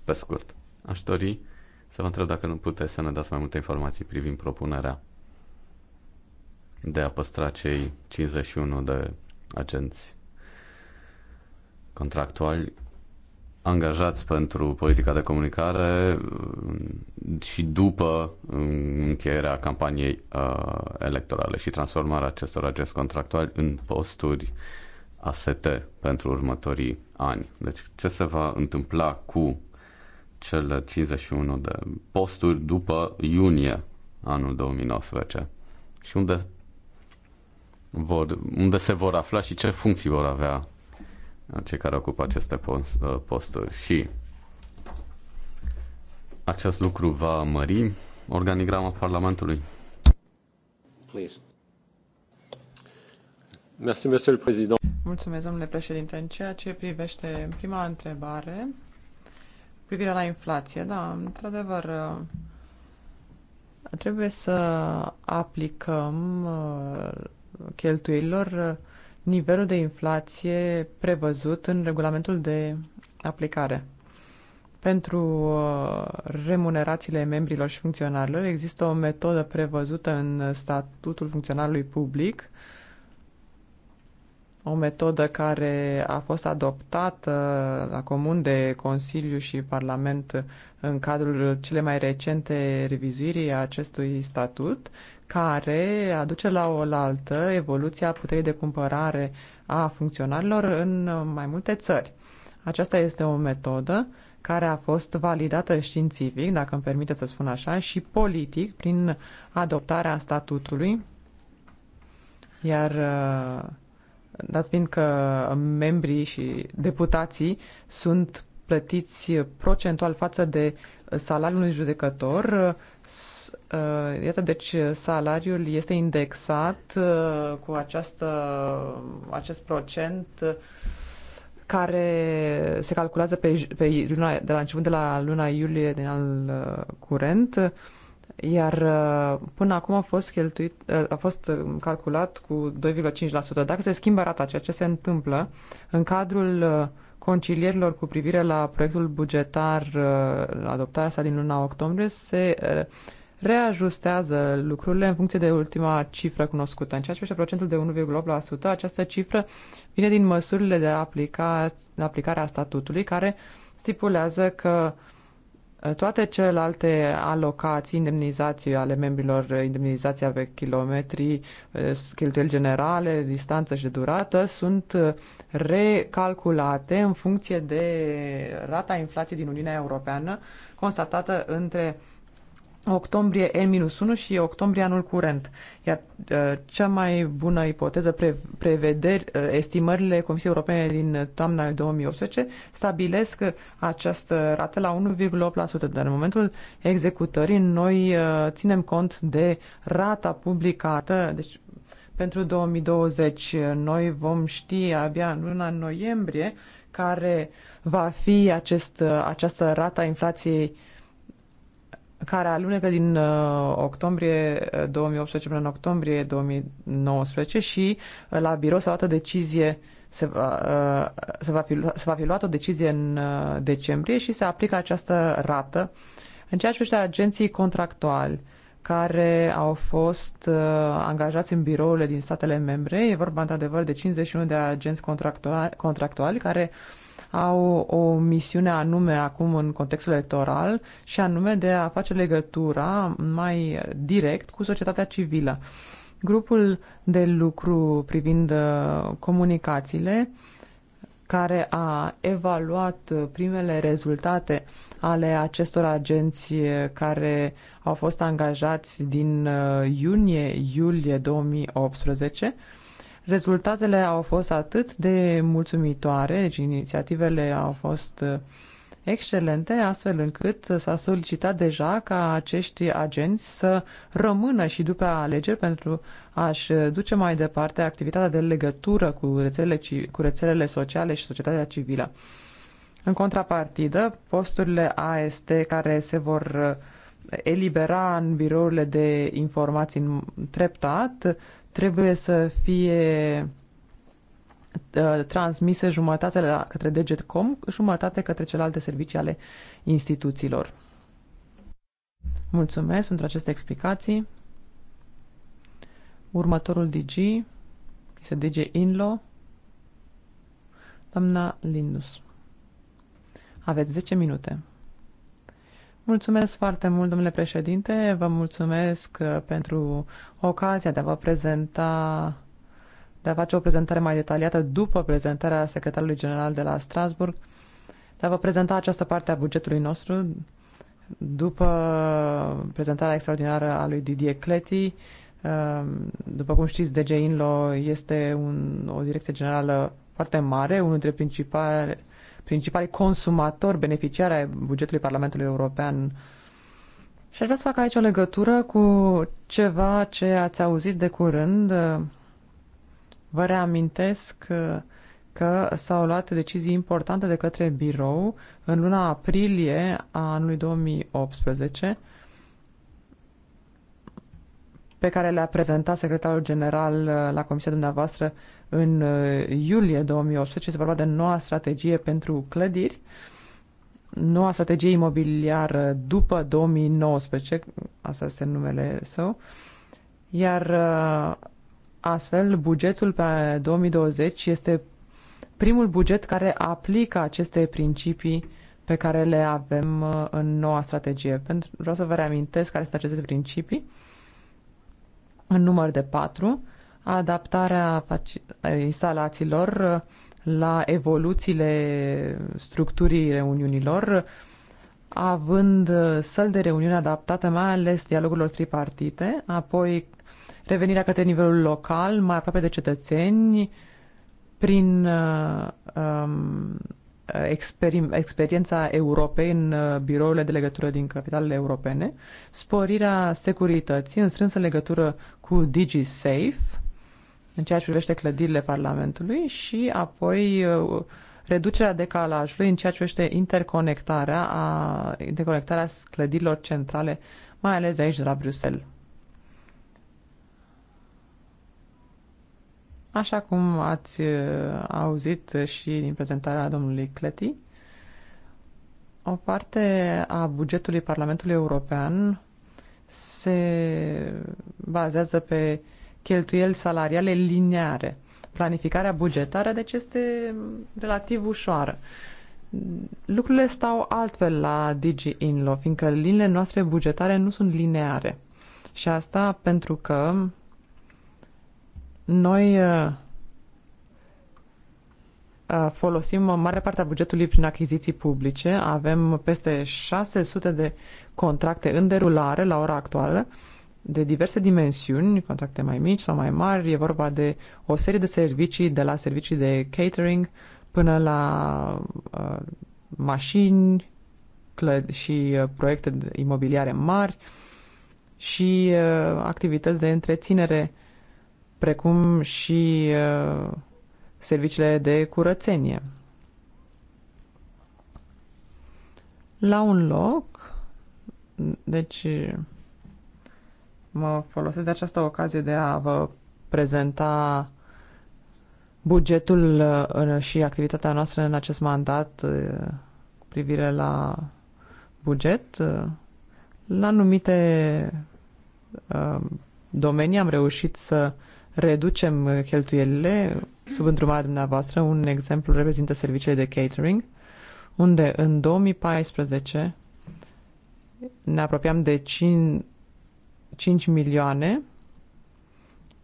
pe scurt. Aș dori să vă întreb dacă nu puteți să ne dați mai multe informații privind propunerea de a păstra cei 51 de agenți contractuali angajați pentru politica de comunicare și după încheierea campaniei uh, electorale și transformarea acestor agenți contractuali în posturi AST pentru următorii ani. Deci ce se va întâmpla cu cele 51 de posturi după iunie anul 2019 și unde, vor, unde se vor afla și ce funcții vor avea cei care ocupă aceste uh, posturi și acest lucru va mări organigrama Parlamentului. Please. Merci, Monsieur le Président. Mulțumesc, domnule președinte. În ceea ce privește prima întrebare, privirea la inflație, da, într-adevăr, trebuie să aplicăm uh, cheltuielor nivelul de inflație prevăzut în regulamentul de aplicare. Pentru uh, remunerațiile membrilor și funcționarilor există o metodă prevăzută în statutul funcționarului public, o metodă care a fost adoptată la comun de Consiliu și Parlament în cadrul cele mai recente revizuiri a acestui statut, care aduce la oaltă evoluția puterii de cumpărare a funcționarilor în mai multe țări. Aceasta este o metodă uh, care a fost validată științific, dacă îmi permite să spun așa, și politic prin adoptarea statutului. Iar uh, dat fiind că membrii și deputații sunt plătiți procentual față de salariul unui judecător, uh, uh, iată, deci salariul este indexat cu această, acest procent care se calculează pe, pe luna, de la început de la luna iulie din anul uh, curent, iar uh, până acum a fost cheltuit, uh, a fost calculat cu 2,5%. Dacă se schimbă rata, ceea ce se întâmplă în cadrul concilierilor cu privire la proiectul bugetar, adoptarea sa din luna octombrie, se reajustează lucrurile în funcție de ultima cifră cunoscută. În ceea ce privește procentul de 1,8%, această cifră vine din măsurile de, aplica, de aplicare a statutului care stipulează că toate celelalte alocații, indemnizații ale membrilor, indemnizația pe kilometri, cheltuieli generale, distanță și durată, sunt recalculate în funcție de rata inflației din Uniunea Europeană constatată între octombrie N-1 și octombrie anul curent. Iar uh, cea mai bună ipoteză, pre, prevederi, uh, estimările Comisiei Europene din toamna 2018 stabilesc această rată la 1,8%, dar în momentul executării noi uh, ținem cont de rata publicată, deci pentru 2020 noi vom ști abia în luna noiembrie care va fi acest, această rata inflației uh, care alunecă din uh, octombrie 2018 uh, până în octombrie 2019 și uh, la birou s-a luat o decizie se va, uh, se, va fi, se va fi luat o decizie în uh, decembrie și se aplică această rată în ceea ce privește agenții contractuali care au fost uh, angajați în birourile din statele membre. E vorba, într-adevăr, de 51 de agenți contractuali, contractuali care uh, au o misiune anume acum în contextul electoral și anume de a face legătura mai direct cu societatea civilă. Grupul de lucru privind uh, comunicațiile care a evaluat primele rezultate ale acestor agenți care au fost angajați din uh, iunie-iulie 2018 Rezultatele au fost atât de mulțumitoare, deci inițiativele au fost uh, excelente, astfel încât s-a solicitat deja ca acești agenți să rămână și după alegeri pentru a-și duce mai departe activitatea de legătură cu rețelele, cu rețelele sociale și societatea civilă. În contrapartidă, posturile AST care se vor uh, elibera în birourile de informații treptat trebuie să fie ă, transmise jumătate la, către deget.com, jumătate către celelalte servicii ale instituțiilor. Mulțumesc pentru aceste explicații. Următorul DG este DG Inlo, doamna Lindus. Aveți 10 minute. Mulțumesc foarte mult, domnule președinte. Vă mulțumesc uh, pentru ocazia de a vă prezenta de a face o prezentare mai detaliată după prezentarea secretarului general de la Strasburg, de a vă prezenta această parte a bugetului nostru după prezentarea extraordinară a lui Didier Cleti. Uh, după cum știți, DG Inlo este un, o direcție generală foarte mare, unul dintre principale, principalii consumatori, beneficiari ai bugetului Parlamentului European. Și aș vrea să fac aici o legătură cu ceva ce ați auzit de curând. Vă reamintesc că s-au luat decizii importante de către birou în luna aprilie a anului 2018 pe care le-a prezentat secretarul general uh, la comisia dumneavoastră în uh, iulie 2018. Se vorba de noua strategie pentru clădiri, noua strategie imobiliară după 2019, asta este numele său, iar uh, astfel bugetul pe 2020 este primul buget care aplică aceste principii pe care le avem în noua strategie. Pentru, vreau să vă reamintesc care sunt aceste principii în număr de patru, adaptarea instalațiilor uh, la evoluțiile structurii reuniunilor, având uh, săl de reuniune adaptată mai ales dialogurilor tripartite, apoi revenirea către nivelul local, mai aproape de cetățeni, prin uh, um, Uh, experiența Europei în uh, birourile de legătură din capitalele europene, sporirea securității în strânsă legătură cu DigiSafe, în ceea ce privește clădirile Parlamentului și apoi uh, reducerea decalajului în ceea ce privește interconectarea, a, interconectarea clădirilor centrale, mai ales de aici de la Bruxelles. Așa cum ați uh, auzit și din prezentarea domnului Cleti, o parte a bugetului Parlamentului European se bazează pe cheltuieli salariale lineare. Planificarea bugetară, deci, este relativ ușoară. Lucrurile stau altfel la Digi Inlo, fiindcă liniile noastre bugetare nu sunt lineare. Și asta pentru că noi uh, uh, folosim o mare parte a bugetului prin achiziții publice. Avem peste 600 de contracte în derulare la ora actuală de diverse dimensiuni, contracte mai mici sau mai mari. E vorba de o serie de servicii, de la servicii de catering până la uh, mașini și uh, proiecte imobiliare mari și uh, activități de întreținere precum și uh, serviciile de curățenie. La un loc, deci mă folosesc de această ocazie de a vă prezenta bugetul uh, și activitatea noastră în acest mandat uh, cu privire la buget. La anumite domenii am reușit să uh, reducem cheltuielile sub îndrumarea dumneavoastră. Un exemplu reprezintă serviciile de catering, unde în 2014 ne apropiam de 5, 5 milioane,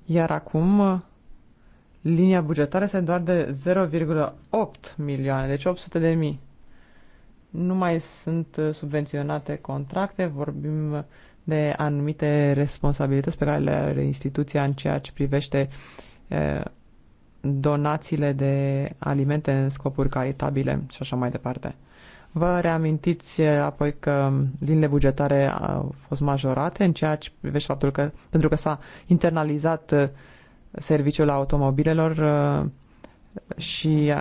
iar acum linia bugetară este doar de 0,8 milioane, deci 800 de mii. Nu mai sunt subvenționate contracte, vorbim de anumite responsabilități pe care le are instituția în ceea ce privește donațiile de alimente în scopuri caritabile și așa mai departe. Vă reamintiți apoi că linile bugetare au fost majorate în ceea ce privește faptul că, pentru că s-a internalizat serviciul automobilelor și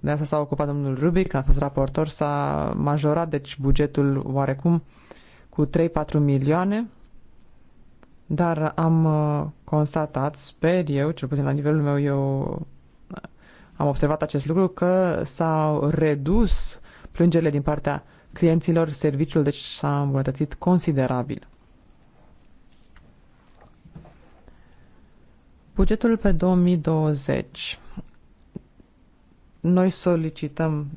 de asta s-a ocupat domnul Rubic, a fost raportor, s-a majorat deci bugetul oarecum cu 3-4 milioane, dar am uh, constatat, sper eu, cel puțin la nivelul meu, eu uh, am observat acest lucru, că s-au redus plângerile din partea clienților, serviciul deci s-a îmbunătățit considerabil. Bugetul pe 2020. Noi solicităm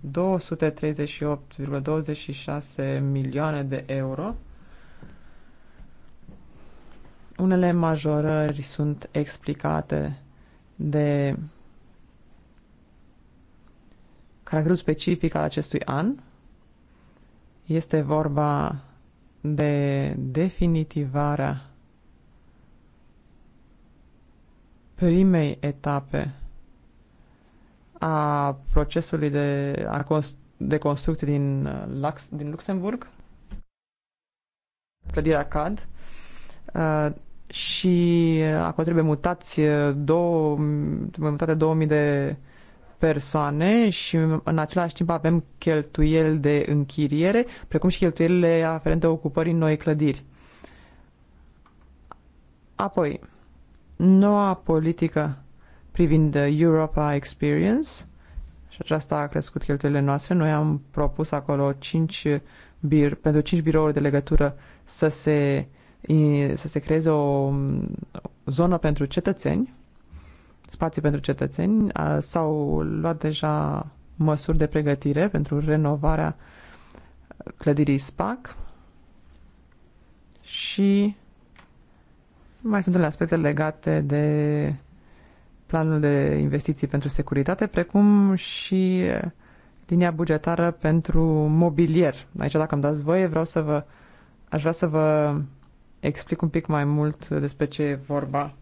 238,26 milioane de euro unele majorări sunt explicate de caracterul specific al acestui an. Este vorba de definitivarea primei etape a procesului de, a const, de construcție din, uh, Lux, din Luxemburg, clădirea CAD. Uh, și uh, acolo trebuie mutați uh, două, trebuie mutate 2000 de persoane și în același timp avem cheltuieli de închiriere, precum și cheltuielile aferente ocupării noi clădiri. Apoi, noua politică privind uh, Europa Experience și aceasta a crescut cheltuielile noastre. Noi am propus acolo 5 bir, pentru 5 birouri de legătură să se să se creeze o zonă pentru cetățeni, spațiu pentru cetățeni. S-au luat deja măsuri de pregătire pentru renovarea clădirii SPAC și mai sunt unele aspecte legate de planul de investiții pentru securitate, precum și linia bugetară pentru mobilier. Aici, dacă îmi dați voie, vreau să vă, aș vrea să vă explic un pic mai mult despre ce e vorba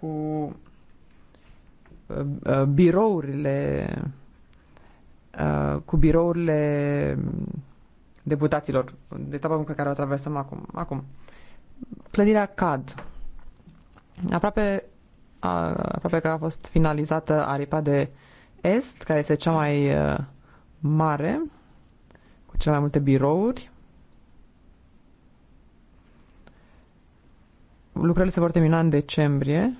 cu uh, uh, birourile uh, cu birourile deputaților, de etapa pe care o traversăm acum. acum. Clădirea CAD. Aproape, a, aproape că a fost finalizată aripa de est, care este cea mai mare, cu cele mai multe birouri. lucrările se vor termina în decembrie.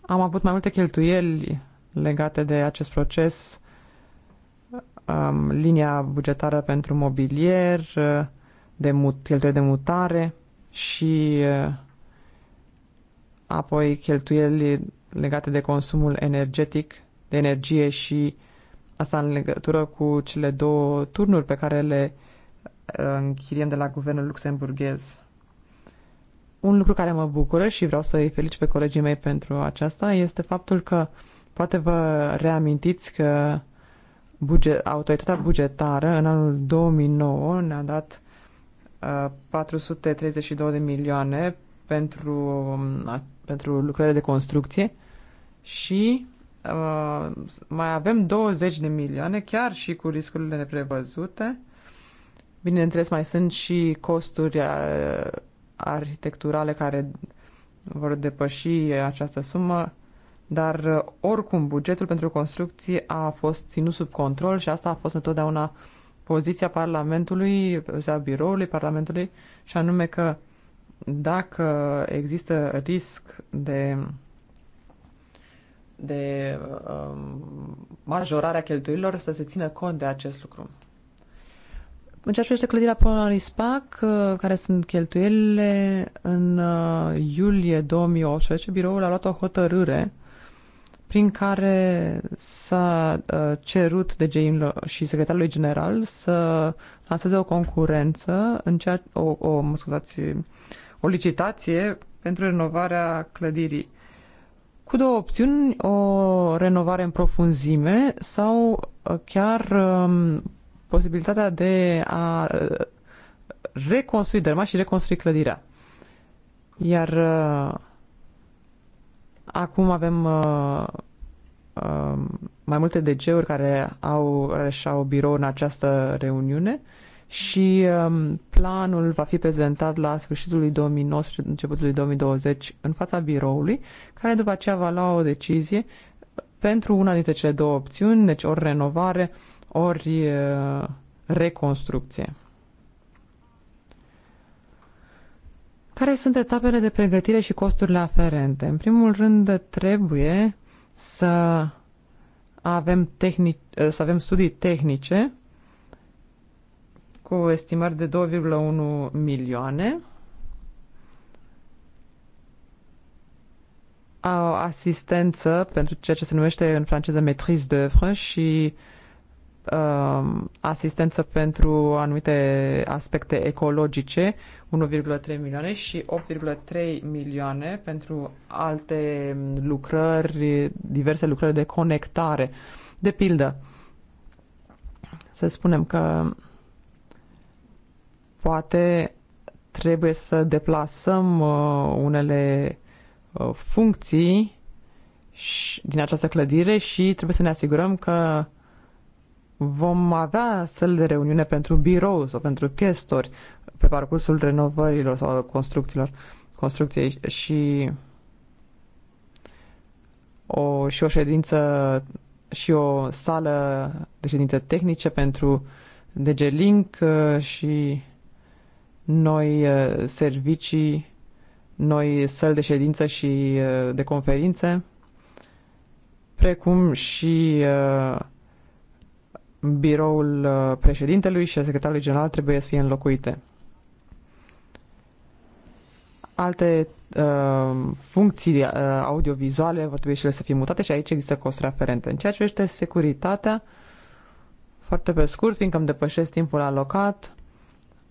Am avut mai multe cheltuieli legate de acest proces, um, linia bugetară pentru mobilier, de mut, cheltuieli de mutare și uh, apoi cheltuieli legate de consumul energetic, de energie și asta în legătură cu cele două turnuri pe care le uh, închiriem de la guvernul luxemburghez. Un lucru care mă bucură și vreau să îi felicit pe colegii mei pentru aceasta este faptul că poate vă reamintiți că buget, autoritatea bugetară în anul 2009 ne-a dat uh, 432 de milioane pentru, uh, pentru lucrările de construcție și uh, mai avem 20 de milioane, chiar și cu riscurile neprevăzute. Bineînțeles, mai sunt și costuri uh, arhitecturale care vor depăși această sumă, dar uh, oricum bugetul pentru construcții a fost ținut sub control și asta a fost întotdeauna poziția Parlamentului, poziția biroului Parlamentului, și anume că dacă există risc de de um, majorarea cheltuielor, să se țină cont de acest lucru. În ceea ce privește clădirea Polaris Park, uh, care sunt cheltuielile, în uh, iulie 2018 biroul a luat o hotărâre prin care s-a uh, cerut de Jane și secretarului general să lanseze o concurență, în ceea, o, o, mă scuzați, o licitație pentru renovarea clădirii. Cu două opțiuni, o renovare în profunzime sau chiar um, posibilitatea de a uh, reconstrui dărma și reconstrui clădirea. Iar uh, acum avem uh, uh, mai multe DG-uri care au, și-au birou în această reuniune și um, planul va fi prezentat la sfârșitul lui 2019, începutul lui 2020 în fața biroului, care după aceea va lua o decizie pentru una dintre cele două opțiuni, deci ori renovare, uh, ori uh, reconstrucție. Care sunt etapele de pregătire și costurile aferente? În primul rând, trebuie să avem, tehnic, uh, să avem studii tehnice cu estimări de 2,1 milioane. Asistență pentru ceea ce se numește în franceză maîtrise d'œuvre și uh, uh, asistență pentru anumite aspecte ecologice, 1,3 milioane și 8,3 milioane pentru alte lucrări, diverse lucrări de conectare. De pildă, să spunem că poate trebuie să deplasăm uh, unele uh, funcții și, din această clădire și trebuie să ne asigurăm că vom avea săli de reuniune pentru birou sau pentru chestori pe parcursul renovărilor sau construcțiilor, construcției și o, și o ședință și o sală de ședințe tehnice pentru DG Link uh, și noi uh, servicii, noi săli de ședință și uh, de conferințe, precum și uh, biroul uh, președintelui și a secretarului general trebuie să fie înlocuite. Alte uh, funcții uh, audiovizuale vor trebui și ele să fie mutate și aici există costuri aferente. În ceea ce este securitatea, foarte pe scurt, fiindcă îmi depășesc timpul alocat,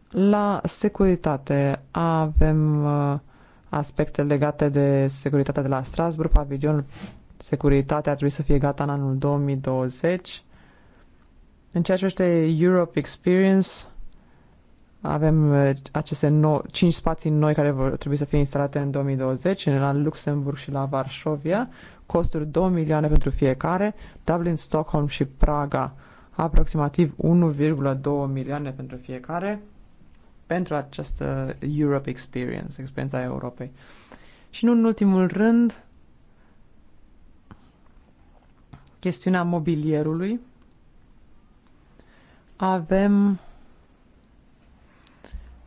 la securitate avem uh, aspecte legate de securitatea de la Strasburg, pavilionul securitatea ar trebui să fie gata în anul 2020, în ceea ce este Europe Experience, avem uh, aceste nou, 5 spații noi care vor trebui să fie instalate în 2020, la Luxemburg și la Varșovia, costuri 2 milioane pentru fiecare, Dublin, Stockholm și Praga, aproximativ 1,2 milioane pentru fiecare, pentru această Europe Experience, experiența Europei. Și nu în ultimul rând, chestiunea mobilierului, avem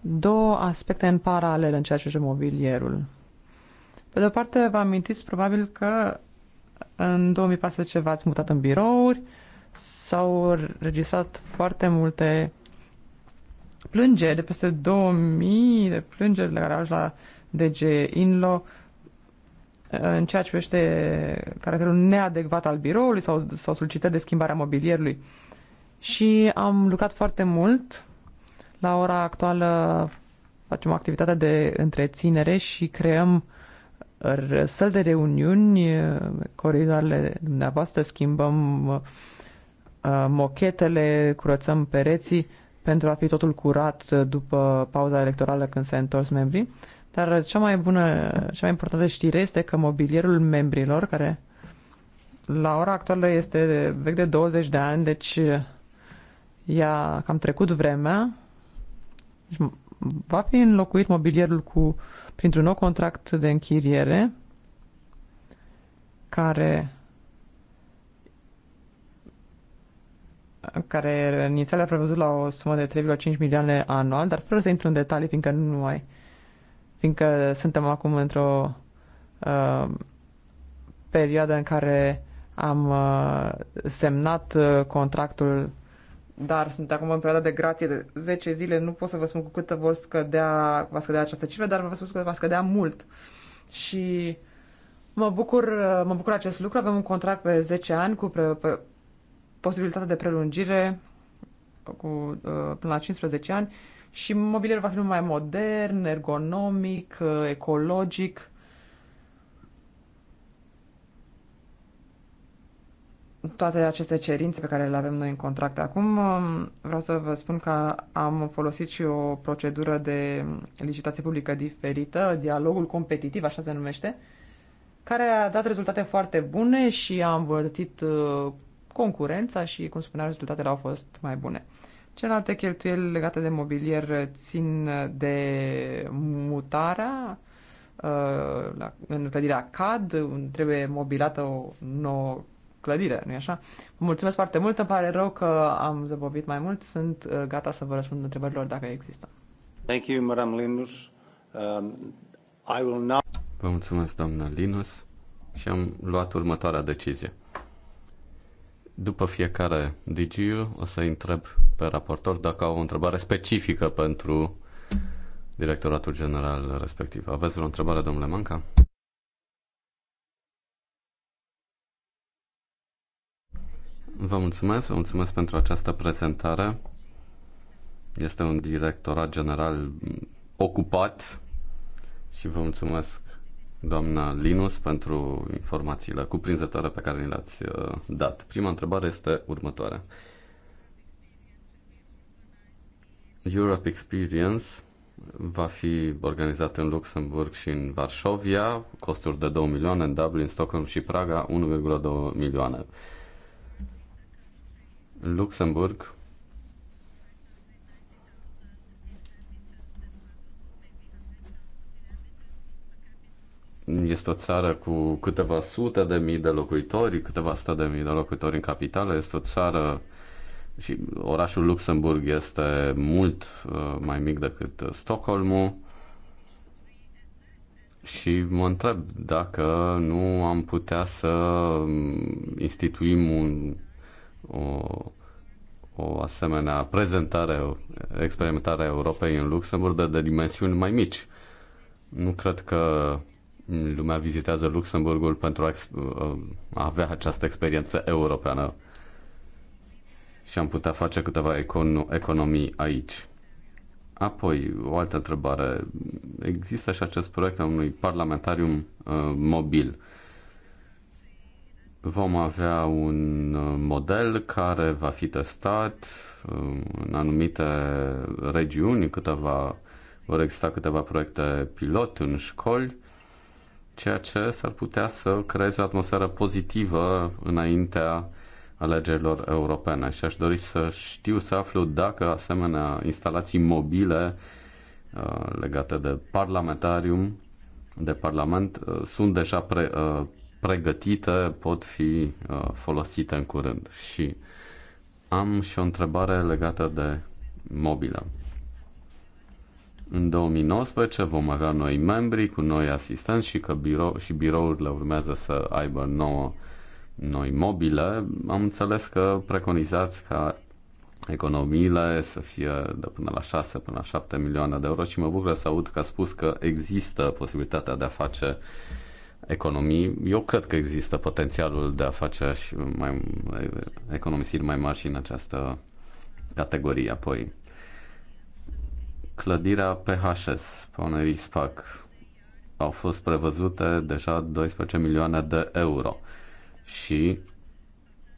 două aspecte în paralel în ceea ce privește mobilierul. Pe de-o parte, vă amintiți probabil că în 2014 v-ați mutat în birouri, s-au registrat foarte multe plângeri, de peste 2000 de plângeri care au la DG Inlo în ceea ce privește caracterul neadecvat al biroului sau, sau solicitări de schimbare a mobilierului și am lucrat foarte mult. La ora actuală facem activitatea de întreținere și creăm săl de reuniuni, coridoarele dumneavoastră, schimbăm uh, mochetele, curățăm pereții pentru a fi totul curat după pauza electorală când s-a întors membrii. Dar cea mai bună, cea mai importantă știre este că mobilierul membrilor, care la ora actuală este vechi de 20 de ani, deci Ia cam trecut vremea va fi înlocuit mobilierul cu, printr-un nou contract de închiriere care care inițial a prevăzut la o sumă de 3,5 milioane anual, dar fără să intru în detalii, fiindcă nu mai fiindcă suntem acum într-o uh, perioadă în care am uh, semnat uh, contractul dar sunt acum în perioada de grație de 10 zile, nu pot să vă spun cu cât vor scădea, va scădea această cifră, dar vă spun că va scădea mult. Și mă bucur, mă bucur acest lucru, avem un contract pe 10 ani cu pre, pe posibilitatea de prelungire cu, uh, până la 15 ani și mobilierul va fi mai modern, ergonomic, uh, ecologic toate aceste cerințe pe care le avem noi în contract. Acum um, vreau să vă spun că am folosit și o procedură de licitație publică diferită, dialogul competitiv, așa se numește, care a dat rezultate foarte bune și a îmbunătățit uh, concurența și, cum spuneam, rezultatele au fost mai bune. Celelalte cheltuieli legate de mobilier țin de mutarea uh, la, în clădirea CAD, trebuie mobilată o nouă clădire, nu-i așa? Vă mulțumesc foarte mult, îmi pare rău că am zăbovit mai mult, sunt uh, gata să vă răspund întrebărilor dacă există. Thank you, Madam Linus. Um, I will not... Vă mulțumesc, doamna Linus, și am luat următoarea decizie. După fiecare DGU o să întreb pe raportor dacă au o întrebare specifică pentru directoratul general respectiv. Aveți vreo întrebare, domnule Manca? Vă mulțumesc, vă mulțumesc pentru această prezentare. Este un directorat general ocupat și vă mulțumesc, doamna Linus, pentru informațiile cuprinzătoare pe care ni le-ați uh, dat. Prima întrebare este următoarea. Europe Experience va fi organizat în Luxemburg și în Varșovia, costuri de 2 milioane, în Dublin, Stockholm și Praga 1,2 milioane. Luxemburg este o țară cu câteva sute de mii de locuitori, câteva sute de mii de locuitori în capitală, este o țară și orașul Luxemburg este mult uh, mai mic decât Stockholmul și mă întreb dacă nu am putea să um, instituim un o, o asemenea prezentare experimentare a Europei în Luxemburg de, de dimensiuni mai mici. Nu cred că lumea vizitează Luxemburgul pentru a, a avea această experiență europeană și am putea face câteva econ- economii aici. Apoi, o altă întrebare. Există și acest proiect al unui parlamentarium uh, mobil. Uh, Vom avea un uh, model care va fi testat uh, în anumite regiuni, câteva, vor exista câteva proiecte pilot în școli, ceea ce s-ar putea să creeze o atmosferă pozitivă înaintea alegerilor europene și aș dori să știu, să aflu dacă asemenea instalații mobile uh, legate de parlamentarium, de parlament, sunt deja pre, pregătite pot fi uh, folosite în curând. Și am și o întrebare legată de mobilă. În 2019 vom avea noi membri cu noi asistenți și că birou, și birourile urmează să aibă nouă noi mobile. Am înțeles că preconizați ca economiile să fie de până la 6 până la 7 milioane de euro și mă bucur să aud că a spus că există posibilitatea de a face uh, economii, eu cred că există potențialul de a face și mai, economisiri mai mari și în această categorie. Apoi, clădirea PHS, Poneris SPAC, au fost prevăzute deja 12 milioane de euro și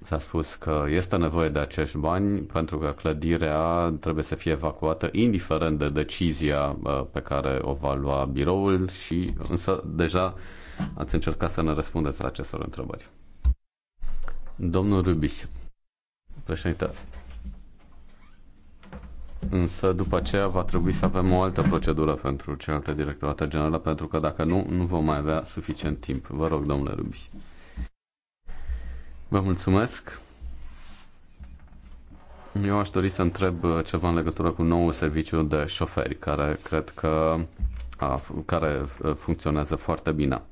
s-a spus că este nevoie de acești bani pentru că clădirea trebuie să fie evacuată indiferent de decizia uh, pe care o va lua biroul și însă deja ați încercat să ne răspundeți la acestor întrebări. Domnul Rubiș, președinte, Însă după aceea va trebui să avem o altă procedură pentru cealaltă directorată generală pentru că dacă nu, nu vom mai avea suficient timp. Vă rog, domnule Rubiș. Vă mulțumesc. Eu aș dori să întreb ceva în legătură cu nouul serviciu de șoferi, care cred că a, care uh, funcționează foarte bine.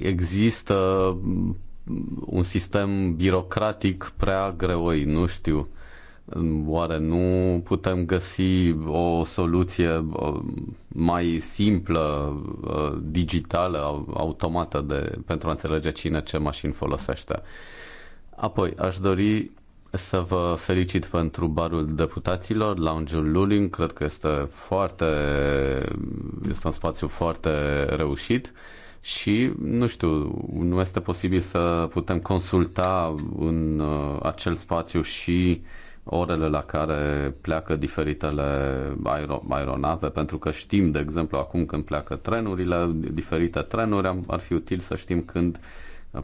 există un sistem birocratic prea greoi, nu știu. Oare nu putem găsi o soluție uh, mai simplă, uh, digitală, automată de, pentru a înțelege cine ce mașini folosește? Apoi, aș dori să vă felicit pentru barul deputaților, lounge-ul Luling, cred că este foarte, este un spațiu foarte reușit și, nu știu, nu este posibil să putem consulta în uh, acel spațiu și orele la care pleacă diferitele aero- aeronave, pentru că știm, de exemplu, acum când pleacă trenurile, diferite trenuri, ar fi util să știm când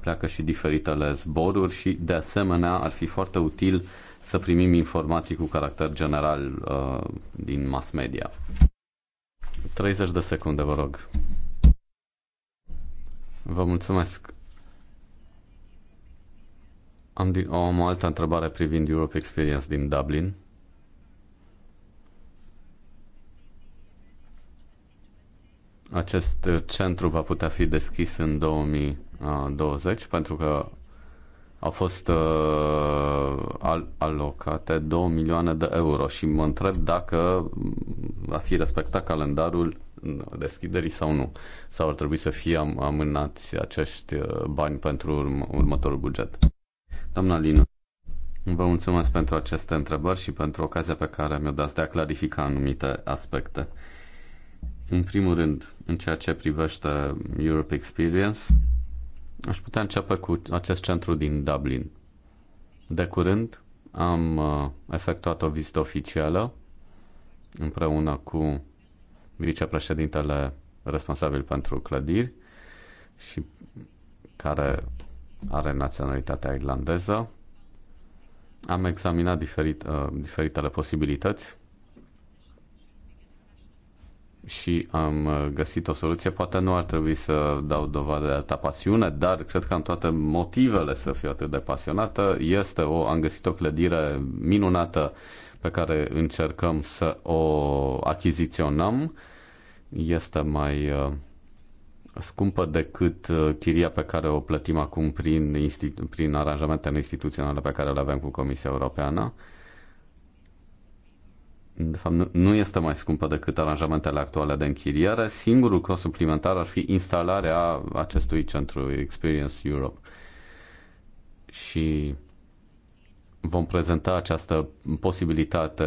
pleacă și diferitele zboruri și, de asemenea, ar fi foarte util să primim informații cu caracter general uh, din mass media. 30 de secunde, vă rog. Vă mulțumesc. Am, din, o, am o altă întrebare privind Europe Experience din Dublin. Acest centru va putea fi deschis în 2020 uh, pentru că au fost uh, al- alocate 2 milioane de euro și mă întreb dacă va fi respectat calendarul deschiderii sau nu? Sau ar trebui să fie am, amânați acești uh, bani pentru urm- următorul buget? Doamna Linu, vă mulțumesc pentru aceste întrebări și pentru ocazia pe care mi-o dați de a clarifica anumite aspecte. În primul rând, în ceea ce privește Europe Experience, aș putea începe cu acest centru din Dublin. De curând am uh, efectuat o vizită oficială împreună cu vicepreședintele responsabil pentru clădiri și care are naționalitatea irlandeză. Am examinat diferit, uh, diferitele posibilități și am uh, găsit o soluție. Poate nu ar trebui să dau dovadă de ta pasiune, dar cred că am toate motivele să fiu atât de pasionată. Este o, am găsit o clădire minunată pe care încercăm să o achiziționăm este mai uh, scumpă decât uh, chiria pe care o plătim acum prin, prin aranjamentele instituționale pe care le avem cu Comisia Europeană. De fapt, nu este mai scumpă decât aranjamentele actuale de închiriere. Singurul cost suplimentar ar fi instalarea acestui centru Experience Europe. Și vom prezenta această posibilitate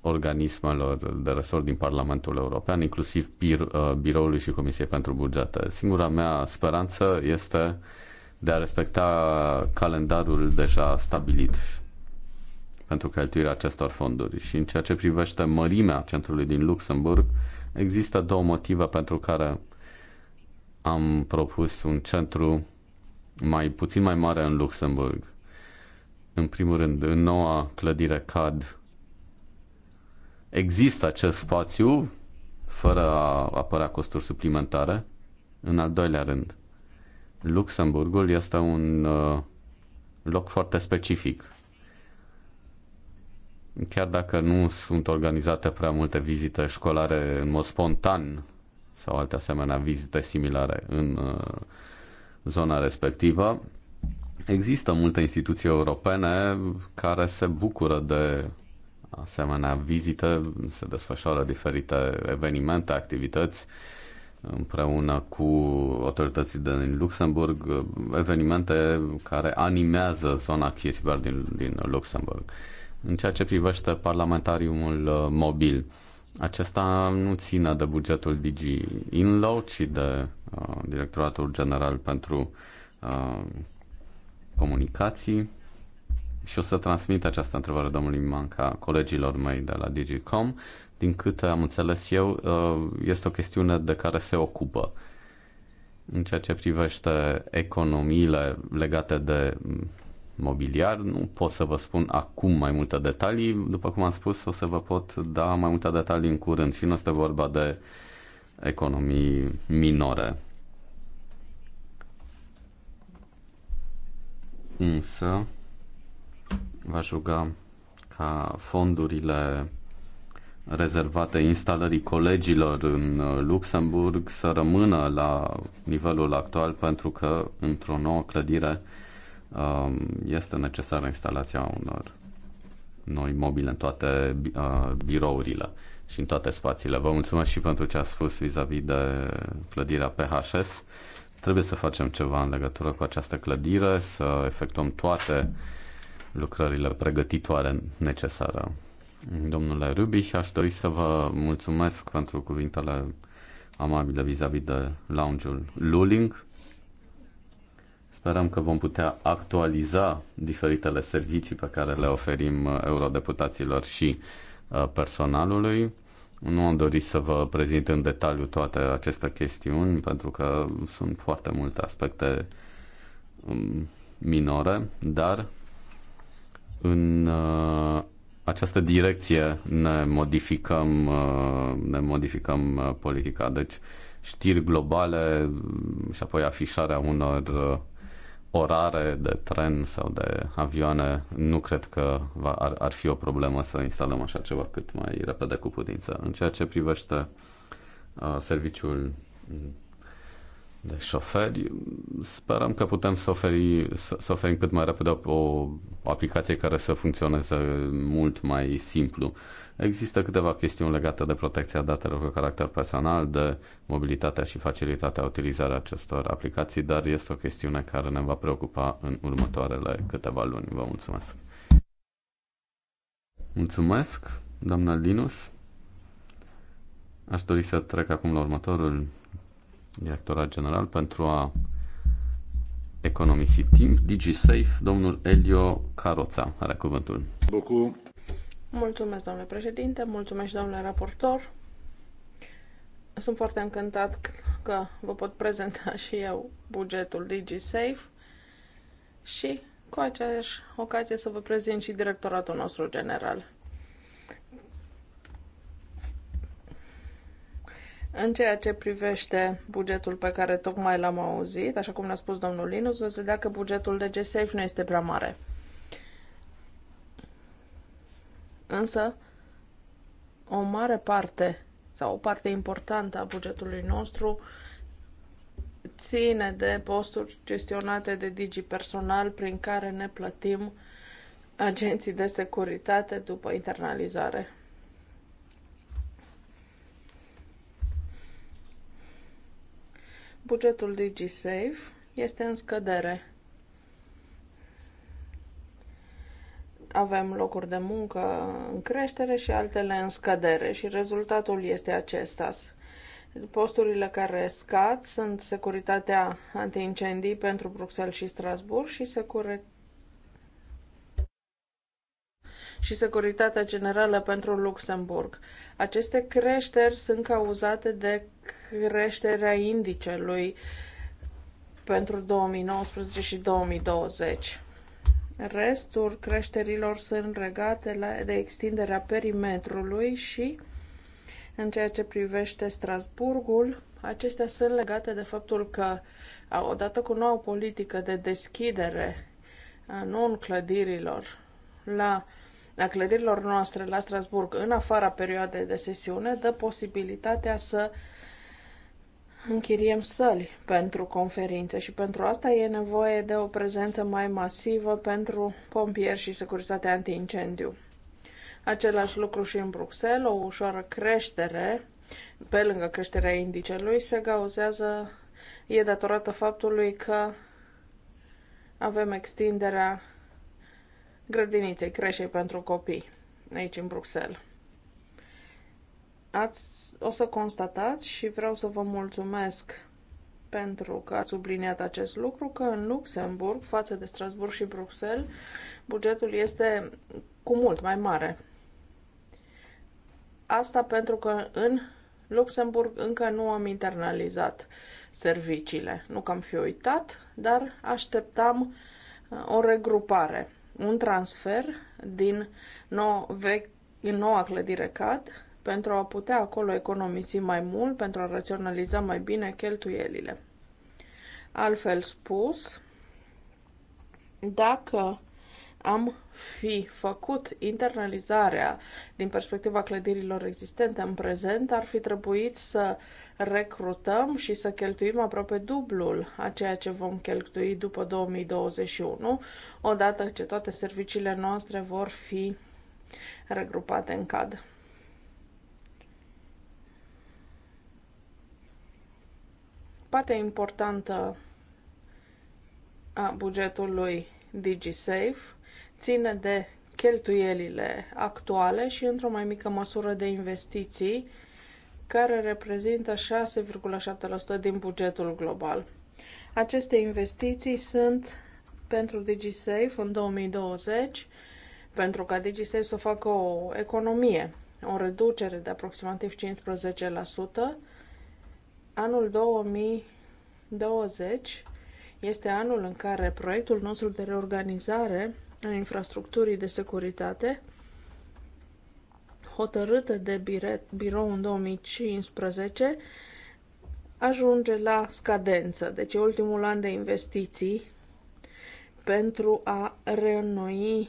organismelor de resort din Parlamentul European, inclusiv bir- uh, biroului și Comisiei pentru Bugete. Singura mea speranță este de a respecta calendarul deja stabilit pentru cheltuirea acestor fonduri. Și în ceea ce privește mărimea centrului din Luxemburg, există două motive pentru care am propus un centru mai puțin mai mare în Luxemburg. În primul rând, în noua clădire CAD există acest spațiu fără a apărea costuri suplimentare. În al doilea rând, Luxemburgul este un uh, loc foarte specific. Chiar dacă nu sunt organizate prea multe vizite școlare în mod spontan sau alte asemenea vizite similare în uh, zona respectivă. Există multe instituții europene care se bucură de asemenea vizite, se desfășoară diferite evenimente, activități împreună cu autoritățile din Luxemburg, evenimente care animează zona Kirchberg din, din Luxemburg. În ceea ce privește parlamentariumul uh, mobil, acesta nu ține de bugetul DG Inlow, ci de uh, Directoratul General pentru uh, Comunicații. Și o să transmit această întrebare domnului Manca colegilor mei de la DigiCom. Din câte am înțeles eu, uh, este o chestiune de care se ocupă în ceea ce privește economiile legate de mobiliar. Nu pot să vă spun acum mai multe detalii. După cum am spus, o să vă pot da mai multe detalii în curând și nu este vorba de economii minore. Însă, v-aș ruga ca fondurile rezervate instalării colegilor în Luxemburg să rămână la nivelul actual pentru că într-o nouă clădire Um, este necesară instalația unor noi mobile în toate uh, birourile și în toate spațiile. Vă mulțumesc și pentru ce a spus vis-a-vis -vis de clădirea PHS. Trebuie să facem ceva în legătură cu această clădire, să efectuăm toate lucrările pregătitoare necesare. Domnule Rubi, aș dori să vă mulțumesc pentru cuvintele amabile vis-a-vis -vis de lounge-ul Luling Sperăm că vom putea actualiza diferitele servicii pe care le oferim uh, eurodeputaților și uh, personalului. Nu am dorit să vă prezint în detaliu toate aceste chestiuni, pentru că sunt foarte multe aspecte um, minore, dar în uh, această direcție ne modificăm, ne modificăm politica. Deci știri globale um, și apoi afișarea unor orare de tren sau de avioane, nu cred că va, ar, ar fi o problemă să instalăm așa ceva cât mai repede cu putință. În ceea ce privește uh, serviciul de șoferi, sperăm că putem să, oferi, să, să oferim cât mai repede o, o aplicație care să funcționeze mult mai simplu. Uh, Există câteva chestiuni legate de protecția datelor cu caracter personal, de mobilitatea și facilitatea utilizării acestor aplicații, dar este o chestiune care ne va preocupa în următoarele câteva luni. Vă mulțumesc! Mulțumesc, doamna Linus. Aș dori să trec acum la următorul directorat general pentru a economisi timp. DigiSafe, domnul Elio Caroța are cuvântul. Bucu. Mulțumesc, domnule președinte, mulțumesc, domnule raportor. Sunt foarte încântat că vă pot prezenta <laughs> și eu bugetul DigiSafe și cu aceeași ocazie să vă prezint și directoratul nostru general. În ceea ce privește bugetul pe care tocmai l-am auzit, așa cum ne-a spus domnul Linus, o să dea că bugetul de nu este prea mare. Însă, o mare parte sau o parte importantă a bugetului nostru ține de posturi gestionate de Digi Personal prin care ne plătim agenții de securitate după internalizare. Bugetul DigiSafe este în scădere avem locuri de muncă în creștere și altele în scădere și rezultatul este acesta. Posturile care scad sunt securitatea antiincendii pentru Bruxelles și Strasbourg și, secure... și securitatea generală pentru Luxemburg. Aceste creșteri sunt cauzate de creșterea indicelui pentru 2019 și 2020. Restul creșterilor sunt legate de extinderea perimetrului și, în ceea ce privește Strasburgul, acestea sunt legate de faptul că, odată cu noua politică de deschidere a non-clădirilor la la clădirilor noastre la Strasburg în afara perioadei de sesiune, dă posibilitatea să uh, închiriem săli pentru conferințe și pentru asta e nevoie de o prezență mai masivă pentru pompieri și securitatea antiincendiu. Același lucru și în Bruxelles, o ușoară creștere, pe lângă creșterea indicelui, se gauzează, e datorată faptului că avem extinderea grădiniței, creșei pentru copii aici în Bruxelles ați, o să constatați și vreau să vă mulțumesc pentru că ați subliniat acest lucru, că în Luxemburg, față de Strasburg și Bruxelles, bugetul este cu mult mai mare. Asta pentru că în Luxemburg încă nu am internalizat serviciile. Nu că am fi uitat, dar așteptam uh, o regrupare, un transfer din nou vechi, noua clădire CAD pentru a putea acolo economisi mai mult, pentru a raționaliza mai bine cheltuielile. Altfel spus, dacă am fi făcut internalizarea din perspectiva clădirilor existente în prezent, ar fi trebuit să recrutăm și să cheltuim aproape dublul a ceea ce vom cheltui după 2021, odată ce toate serviciile noastre vor fi regrupate în cad. parte importantă a bugetului DigiSafe ține de cheltuielile actuale și într-o mai mică măsură de investiții, care reprezintă 6,7% din bugetul global. Aceste investiții sunt pentru DigiSafe în 2020, pentru ca DigiSafe să facă o economie, o reducere de aproximativ 15%, Anul 2020 este anul în care proiectul nostru de reorganizare a infrastructurii de securitate, hotărâtă de birou în 2015, ajunge la scadență. Deci e ultimul an de investiții pentru a reînnoi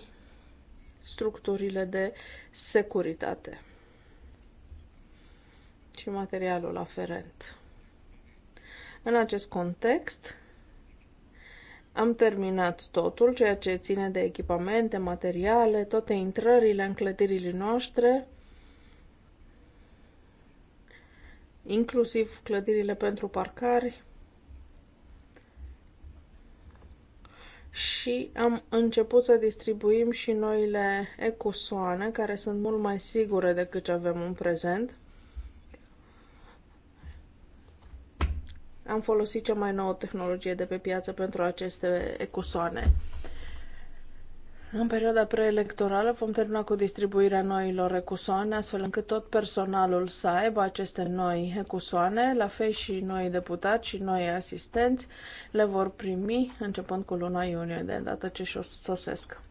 structurile de securitate și materialul aferent. În acest context, am terminat totul, ceea ce ține de echipamente, materiale, toate intrările în clădirile noastre, inclusiv clădirile pentru parcari. Și am început să distribuim și noile ecosoane, care sunt mult mai sigure decât ce avem în prezent. am folosit cea mai nouă tehnologie de pe piață pentru aceste ecusoane. În perioada preelectorală vom termina cu distribuirea noilor ecusoane, astfel încât tot personalul să aibă aceste noi ecusoane, la fel și noi deputați și noi asistenți le vor primi începând cu luna iunie, de data ce sosesc.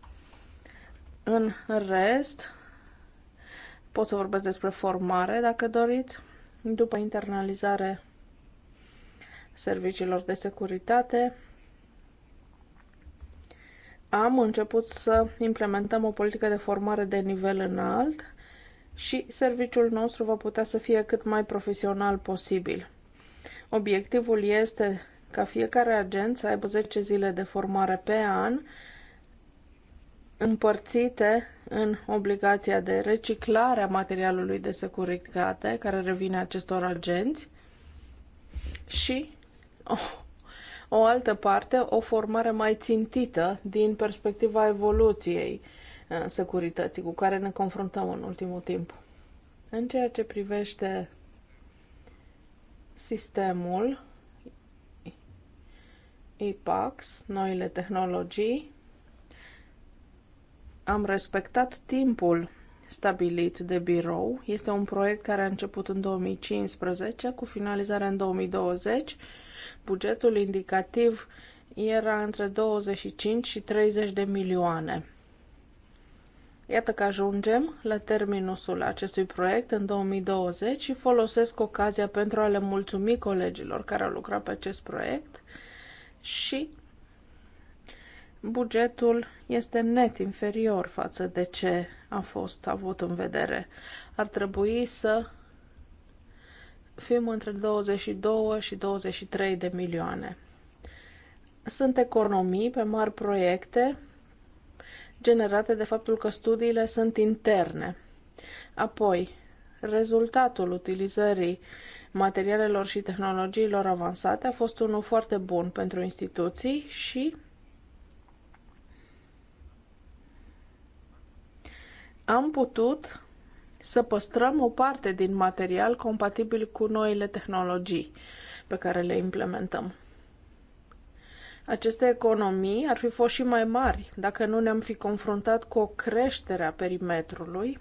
În rest, pot să vorbesc despre formare, dacă doriți. După internalizare serviciilor de securitate, am început să implementăm o politică de formare de nivel înalt și serviciul nostru va putea să fie cât mai profesional posibil. Obiectivul este ca fiecare agent să aibă 10 zile de formare pe an împărțite în obligația de reciclare a materialului de securitate care revine acestor agenți și o altă parte, o formare mai țintită din perspectiva evoluției uh, securității cu care ne confruntăm în ultimul timp. În ceea ce privește sistemul IPAX, noile tehnologii, am respectat timpul stabilit de birou. Este un proiect care a început în 2015 cu finalizarea în 2020 Bugetul indicativ era între 25 și 30 de milioane. Iată că ajungem la terminusul acestui proiect în 2020 și folosesc ocazia pentru a le mulțumi colegilor care au lucrat pe acest proiect și bugetul este net inferior față de ce a fost avut în vedere. Ar trebui să fim între 22 și 23 de milioane. Sunt economii pe mari proiecte generate de faptul că studiile sunt interne. Apoi, rezultatul utilizării materialelor și tehnologiilor avansate a fost unul foarte bun pentru instituții și am putut să păstrăm o parte din material compatibil cu noile tehnologii pe care le implementăm. Aceste economii ar fi fost și mai mari dacă nu ne-am fi confruntat cu o creștere a perimetrului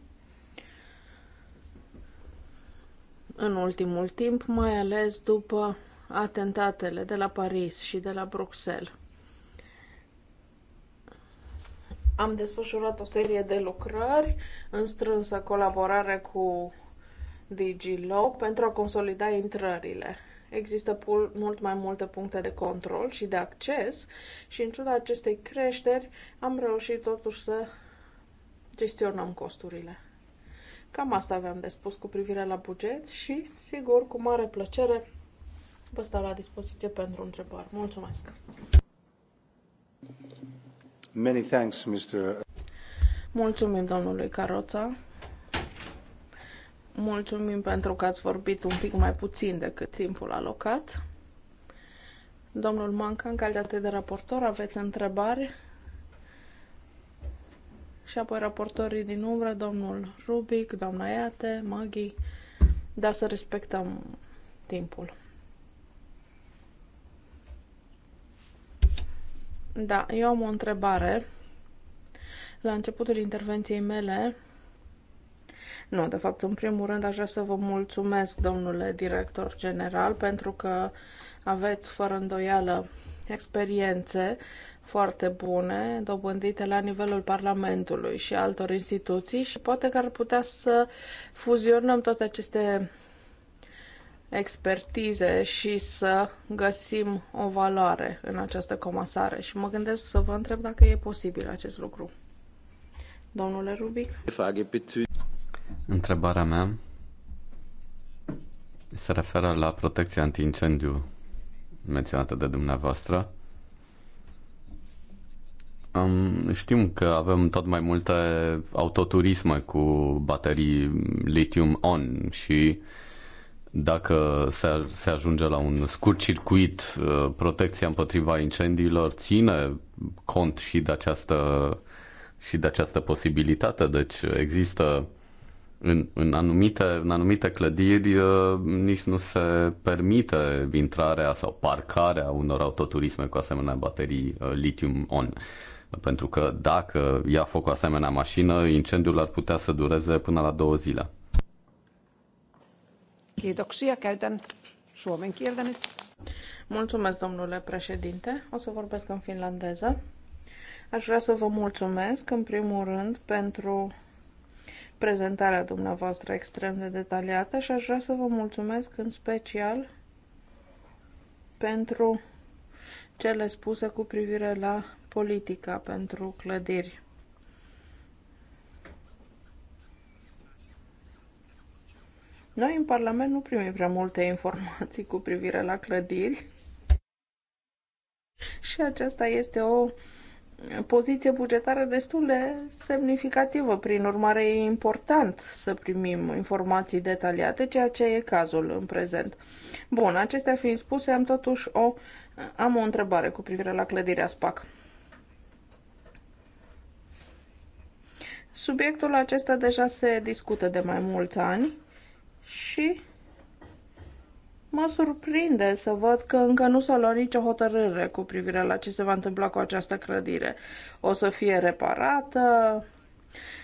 în ultimul timp, mai ales după atentatele de la Paris și de la Bruxelles. Am desfășurat o serie de lucrări în strânsă colaborare cu DigiLog pentru a consolida intrările. Există mult mai multe puncte de control și de acces și în ciuda acestei creșteri am reușit totuși să gestionăm costurile. Cam asta aveam de spus cu privire la buget și, sigur, cu mare plăcere vă stau la dispoziție pentru întrebări. Mulțumesc! Many thanks, Mr. Mulțumim domnului Caroța. Mulțumim pentru că ați vorbit un pic mai puțin decât timpul alocat. Domnul Manca, în calitate de raportor, aveți întrebări? Și apoi raportorii din umbră, domnul Rubic, doamna Iate, Maghi, dar să respectăm timpul. Da, eu am o întrebare. La începutul intervenției mele, nu, de fapt, în primul rând aș vrea să vă mulțumesc, domnule director general, pentru că aveți, fără îndoială, experiențe foarte bune, dobândite la nivelul Parlamentului și altor instituții și poate că ar putea să fuzionăm toate aceste expertize și să găsim o valoare în această comasare. Și mă gândesc să vă întreb dacă e posibil acest lucru. Domnule Rubic? Întrebarea mea se referă la protecția antincendiu menționată de dumneavoastră. Um, știm că avem tot mai multe autoturisme cu baterii lithium-on și uh, dacă se, se ajunge la un scurt circuit, uh, protecția împotriva incendiilor ține cont și de această, și de această posibilitate. Deci există în, în, anumite, în anumite clădiri uh, nici nu se permite intrarea sau parcarea unor autoturisme cu asemenea baterii uh, lithium-on. Pentru că dacă ia foc o asemenea mașină, incendiul ar putea să dureze până la două zile. Kiitoksia. Käytän suomen kieltä nyt. Mulțumesc, domnule președinte. O să vorbesc în finlandeză. Aș vrea să vă mulțumesc, în primul rând, pentru prezentarea dumneavoastră extrem de detaliată și aș vrea să vă mulțumesc în special pentru cele spuse cu privire la politica pentru clădiri. Noi în Parlament nu primim prea multe informații cu privire la clădiri și aceasta este o poziție bugetară destul de semnificativă. Prin urmare, e important să primim informații detaliate, ceea ce e cazul în prezent. Bun, acestea fiind spuse, am totuși o, am o întrebare cu privire la clădirea SPAC. Subiectul acesta deja se discută de mai mulți ani și mă surprinde să văd că încă nu s-a luat nicio hotărâre cu privire la ce se va întâmpla cu această clădire. O să fie reparată,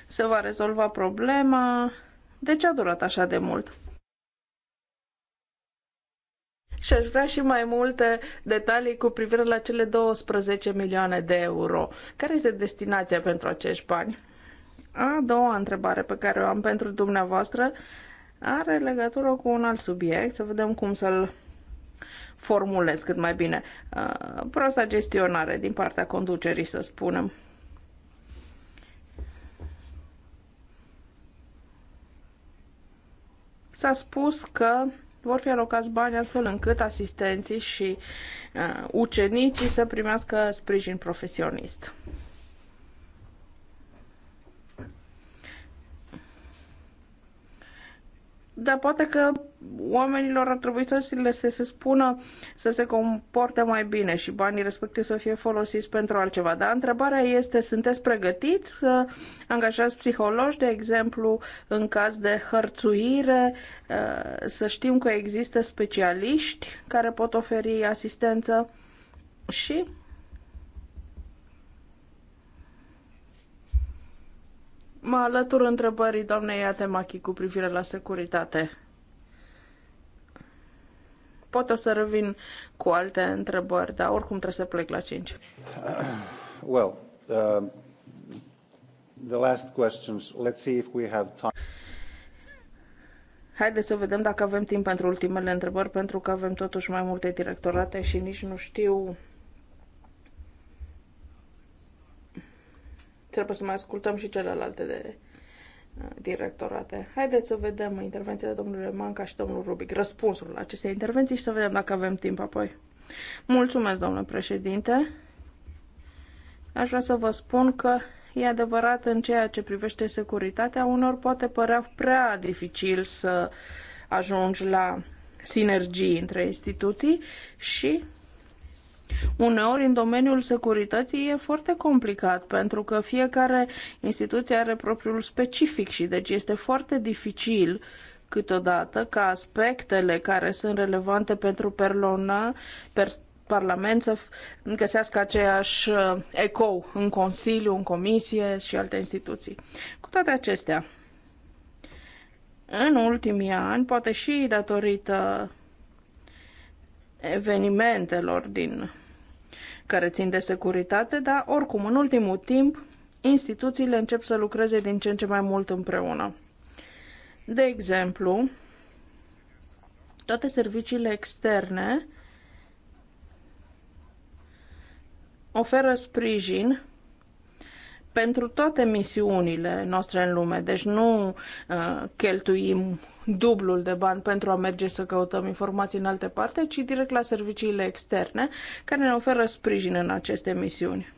se va rezolva problema. De ce a durat așa de mult? și aș vrea și mai multe detalii cu privire la cele 12 milioane de euro. Care este destinația pentru acești bani? A doua întrebare pe care o am pentru dumneavoastră are legătură cu un alt subiect, să vedem cum să-l formulez cât mai bine. Uh, Prosta gestionare din partea conducerii, să spunem. S-a spus că vor fi alocați bani astfel încât asistenții și uh, ucenicii să primească sprijin profesionist. dar poate că oamenilor ar trebui să le se, se spună să se comporte mai bine și banii respectiv să fie folosiți pentru altceva. Dar întrebarea este, sunteți pregătiți să angajați psihologi, de exemplu, în caz de hărțuire, eh, să știm că există specialiști care pot oferi asistență și mă alătur întrebării doamnei Atemachi cu privire la securitate. Pot o să revin cu alte întrebări, dar oricum trebuie să plec la 5. <clears throat> Well, uh, the last questions. Let's see if we have time. Haideți să vedem dacă avem timp pentru ultimele întrebări, pentru că avem totuși mai multe directorate și nici nu știu trebuie să mai ascultăm și celelalte de uh, directorate. Haideți să vedem intervențiile domnului Manca și domnul Rubic, răspunsul la aceste intervenții și să vedem dacă avem timp apoi. Mulțumesc, domnule președinte. Aș vrea să vă spun că e adevărat în ceea ce privește securitatea, unor poate părea prea dificil să ajungi la sinergii între instituții și Uneori, în domeniul securității, e foarte complicat, pentru că fiecare instituție are propriul specific și deci este foarte dificil câteodată ca aspectele care sunt relevante pentru perlona, per, Parlament să găsească aceeași uh, ecou în Consiliu, în Comisie și alte instituții. Cu toate acestea, în ultimii ani, poate și datorită evenimentelor din care țin de securitate, dar oricum, în ultimul timp, instituțiile încep să lucreze din ce în ce mai mult împreună. De exemplu, toate serviciile externe oferă sprijin pentru toate misiunile noastre în lume, deci nu uh, cheltuim dublul de bani pentru a merge să căutăm informații în alte parte, ci direct la serviciile externe care ne oferă sprijin în aceste misiuni.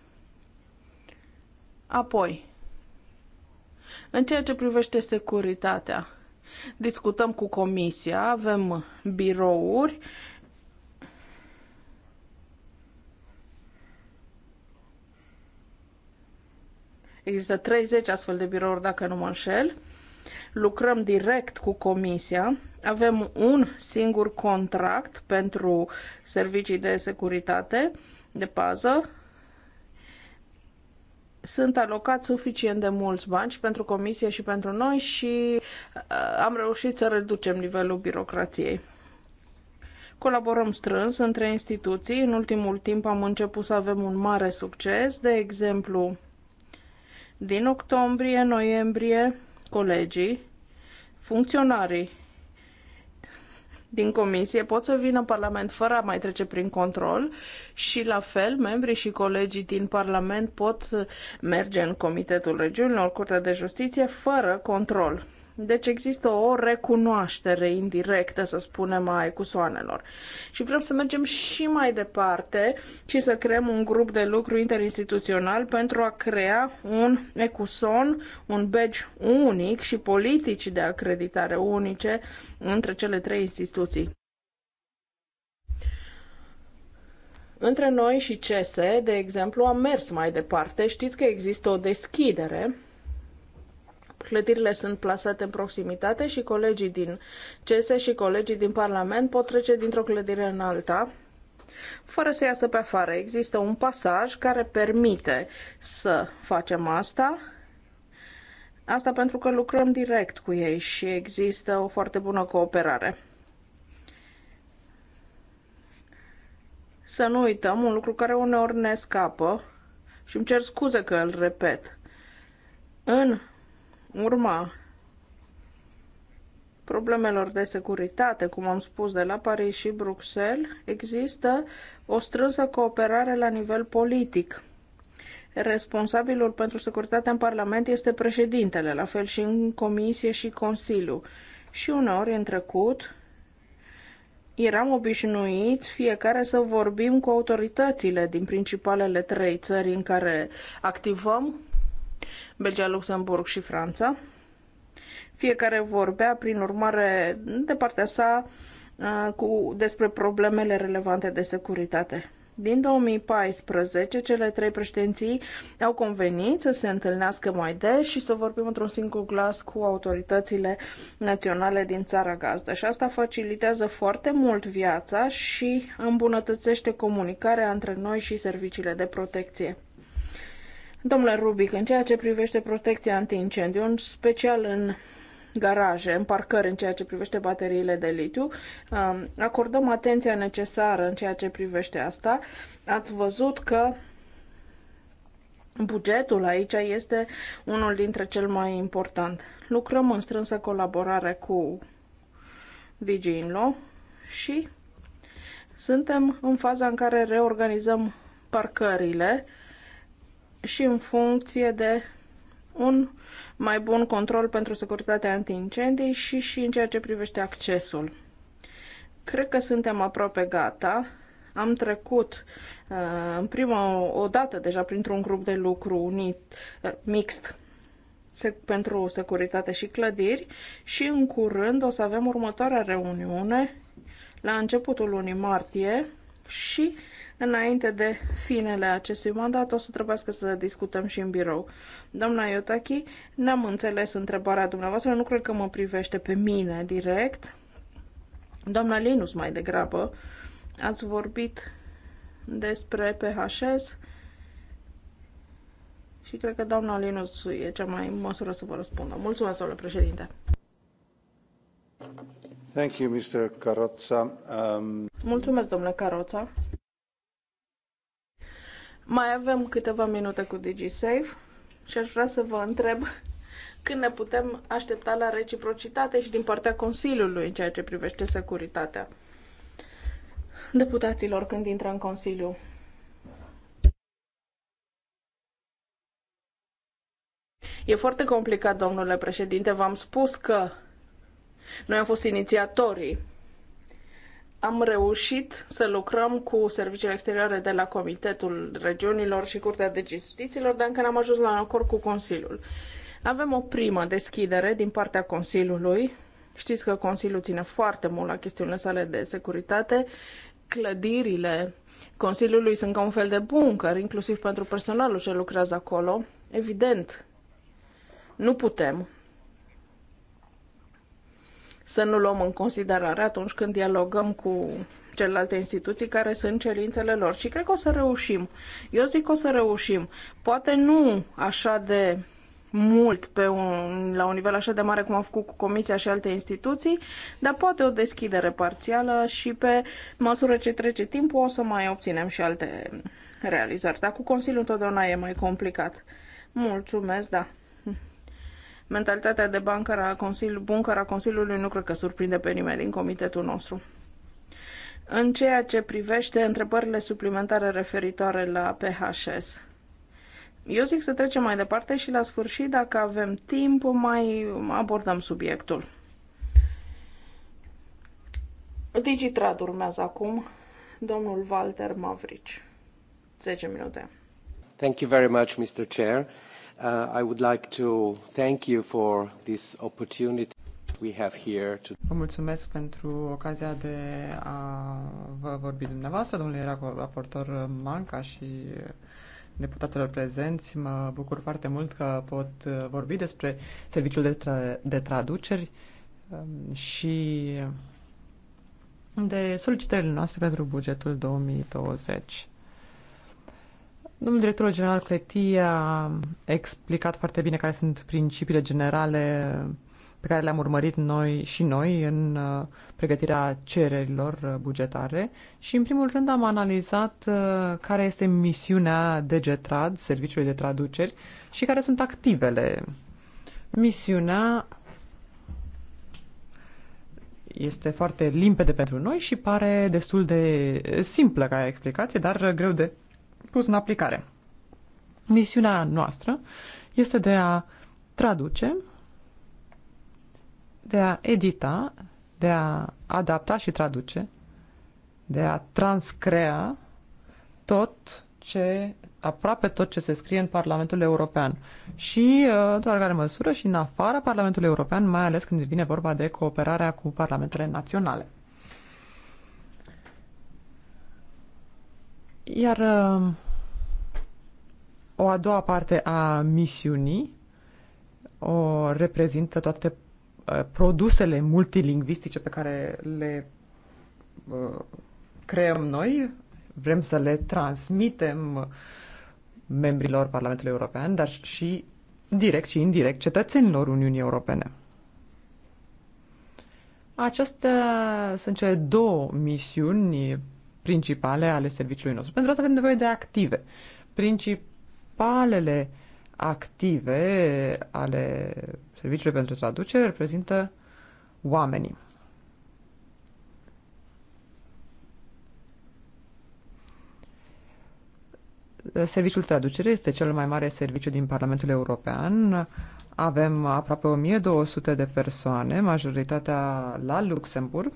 Apoi, în ceea ce privește securitatea, discutăm cu comisia, avem birouri, Există 30 astfel de birouri, dacă nu mă înșel lucrăm direct cu Comisia, avem un singur contract pentru servicii de securitate, de pază, sunt alocați suficient de mulți bani și pentru comisie și pentru noi și uh, am reușit să reducem nivelul birocrației. Colaborăm strâns între instituții. În ultimul timp am început să avem un mare succes. De exemplu, din octombrie, noiembrie, colegii, funcționarii din comisie pot să vină în Parlament fără a mai trece prin control și la fel membrii și colegii din Parlament pot merge în Comitetul Regiunilor, Curtea de Justiție, fără control. Deci există o recunoaștere indirectă, să spunem, a ecusoanelor. Și vrem să mergem și mai departe și să creăm un grup de lucru interinstituțional pentru a crea un ecuson, un badge unic și politici de acreditare unice între cele trei instituții. Între noi și CESE, de exemplu, am mers mai departe. Știți că există o deschidere Clădirile sunt plasate în proximitate și colegii din CESE și colegii din Parlament pot trece dintr-o clădire în alta, fără să iasă pe afară. Există un pasaj care permite să facem asta. Asta pentru că lucrăm direct cu ei și există o foarte bună cooperare. Să nu uităm un lucru care uneori ne scapă și îmi cer scuze că îl repet. În urma problemelor de securitate, cum am spus, de la Paris și Bruxelles, există o strânsă cooperare la nivel politic. Responsabilul pentru securitatea în Parlament este președintele, la fel și în Comisie și Consiliu. Și uneori, în trecut, eram obișnuit fiecare să vorbim cu autoritățile din principalele trei țări în care activăm Belgia, Luxemburg și Franța. Fiecare vorbea, prin urmare, de partea sa uh, cu, despre problemele relevante de securitate. Din 2014, cele trei președinții au convenit să se întâlnească mai des și să vorbim într-un singur glas cu autoritățile naționale din țara gazdă. Și asta facilitează foarte mult viața și îmbunătățește comunicarea între noi și serviciile de protecție. Domnule Rubic, în ceea ce privește protecția antincendiu, în special în garaje, în parcări în ceea ce privește bateriile de litiu. Um, acordăm atenția necesară în ceea ce privește asta. Ați văzut că bugetul aici este unul dintre cel mai important. Lucrăm în strânsă colaborare cu DigiInlo și suntem în faza în care reorganizăm parcările și în funcție de un mai bun control pentru securitatea antiincendii și și în ceea ce privește accesul. Cred că suntem aproape gata. Am trecut uh, în prima o dată deja printr-un grup de lucru unit, uh, mixt pentru securitate și clădiri și în curând o să avem următoarea reuniune la începutul lunii martie și înainte de finele acestui mandat. O să trebuiască să discutăm și în birou. Doamna Iotachi, n-am înțeles întrebarea dumneavoastră, nu cred că mă privește pe mine direct. Doamna Linus, mai degrabă, ați vorbit despre PHS și cred că doamna Linus e cea mai în măsură să vă răspundă. Mulțumesc, domnule președinte! Thank you, Mr. Carozza. Um... Mulțumesc, domnule Caroța. Mai avem câteva minute cu DigiSafe și aș vrea să vă întreb când ne putem aștepta la reciprocitate și din partea Consiliului în ceea ce privește securitatea deputaților când intră în Consiliu. E foarte complicat, domnule președinte. V-am spus că noi am fost inițiatorii am reușit să lucrăm cu serviciile exterioare de la Comitetul Regiunilor și Curtea de Justiților, dar încă n-am ajuns la un acord cu Consiliul. Avem o primă deschidere din partea Consiliului. Știți că Consiliul ține foarte mult la chestiunile sale de securitate. Clădirile Consiliului sunt ca un fel de buncăr, inclusiv pentru personalul ce lucrează acolo. Evident, nu putem să nu luăm în considerare atunci când dialogăm cu celelalte instituții care sunt cerințele lor. Și cred că o să reușim. Eu zic că o să reușim. Poate nu așa de mult pe un, la un nivel așa de mare cum am făcut cu Comisia și alte instituții, dar poate o deschidere parțială și pe măsură ce trece timpul o să mai obținem și alte realizări. Dar cu Consiliul întotdeauna e mai complicat. Mulțumesc, da. Mentalitatea de bancară a Consiliului, buncară a Consiliului nu cred că surprinde pe nimeni din comitetul nostru. În ceea ce privește întrebările suplimentare referitoare la PHS, eu zic să trecem mai departe și la sfârșit, dacă avem timp, mai abordăm subiectul. Digitrad urmează acum domnul Walter Mavrici. 10 minute. Thank you very much, Mr. Chair. Uh, I would like to thank you for this opportunity we have here to... Vă mulțumesc pentru ocazia de a vă vorbi dumneavoastră, domnule raportor Manca și deputatelor prezenți. Mă bucur foarte mult că pot vorbi despre serviciul de, tra- de traduceri um, și de solicitările noastre pentru bugetul 2020. Domnul director general Cleti a explicat foarte bine care sunt principiile generale pe care le-am urmărit noi și noi în uh, pregătirea cererilor uh, bugetare și în primul rând am analizat uh, care este misiunea DGTrad, serviciului de traduceri și care sunt activele. Misiunea este foarte limpede pentru noi și pare destul de simplă ca explicație, dar greu de pus în aplicare. Misiunea noastră este de a traduce, de a edita, de a adapta și traduce, de a transcrea tot ce, aproape tot ce se scrie în Parlamentul European. Și, uh, într-o oarecare măsură, și în afara Parlamentului European, mai ales când vine vorba de cooperarea cu parlamentele naționale. Iar um, o a doua parte a misiunii o reprezintă toate uh, produsele multilingvistice pe care le uh, creăm noi, vrem să le transmitem membrilor Parlamentului European, dar și direct și indirect cetățenilor Uniunii Europene. Acestea sunt cele două misiuni principale ale serviciului nostru. Pentru asta avem nevoie de active. Principalele active ale serviciului pentru traducere reprezintă oamenii. Serviciul traducere este cel mai mare serviciu din Parlamentul European. Avem aproape 1200 de persoane, majoritatea la Luxemburg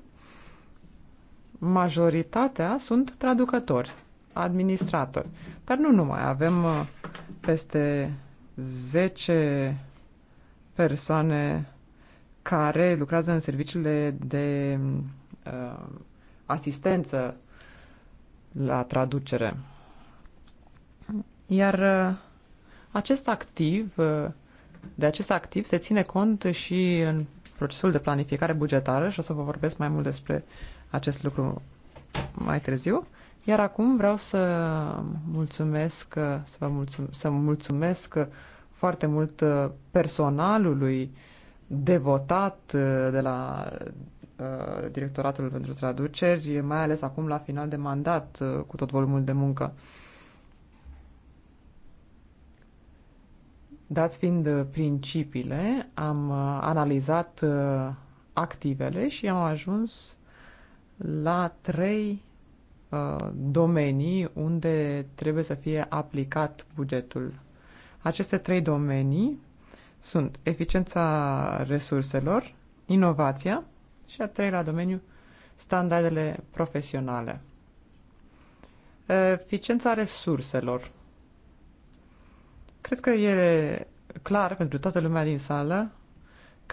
majoritatea sunt traducători, administratori. Dar nu numai, avem uh, peste 10 persoane care lucrează în serviciile de uh, asistență la traducere. Iar uh, acest activ, uh, de acest activ se ține cont și în procesul de planificare bugetară și o să vă vorbesc mai mult despre acest lucru mai târziu. Iar acum vreau să mulțumesc, să, vă mulțum, să mulțumesc foarte mult personalului devotat de la uh, Directoratul pentru Traduceri, mai ales acum la final de mandat, uh, cu tot volumul de muncă. Dat fiind principiile, am uh, analizat activele și am ajuns la trei uh, domenii unde trebuie să fie aplicat bugetul. Aceste trei domenii sunt eficiența resurselor, inovația și a treilea domeniu, standardele profesionale. Eficiența resurselor. Cred că e clar pentru toată lumea din sală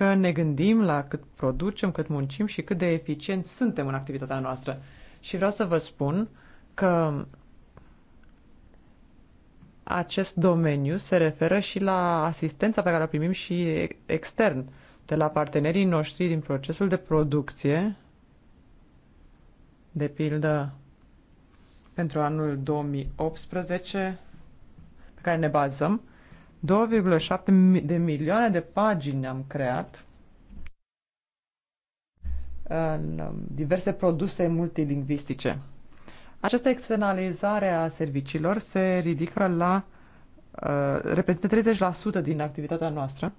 că ne gândim la cât producem, cât muncim și cât de eficient suntem în activitatea noastră. Și vreau să vă spun că acest domeniu se referă și la asistența pe care o primim și extern, de la partenerii noștri din procesul de producție, de pildă pentru anul 2018, pe care ne bazăm, 2,7 de milioane de pagini am creat în um, diverse produse multilingvistice. Această externalizare a serviciilor se ridică la uh, reprezintă 30% din activitatea noastră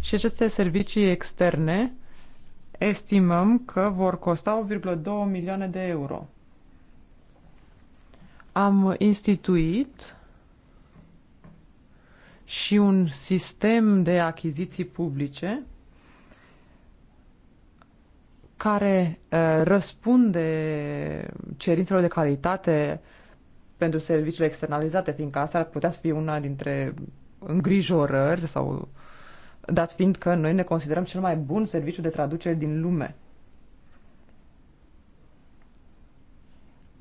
și aceste servicii externe estimăm că vor costa 1,2 milioane de euro. Am instituit și un sistem de achiziții publice care uh, răspunde cerințelor de calitate pentru serviciile externalizate, fiindcă asta ar putea să fie una dintre îngrijorări sau dat fiind că noi ne considerăm cel mai bun serviciu de traducere din lume.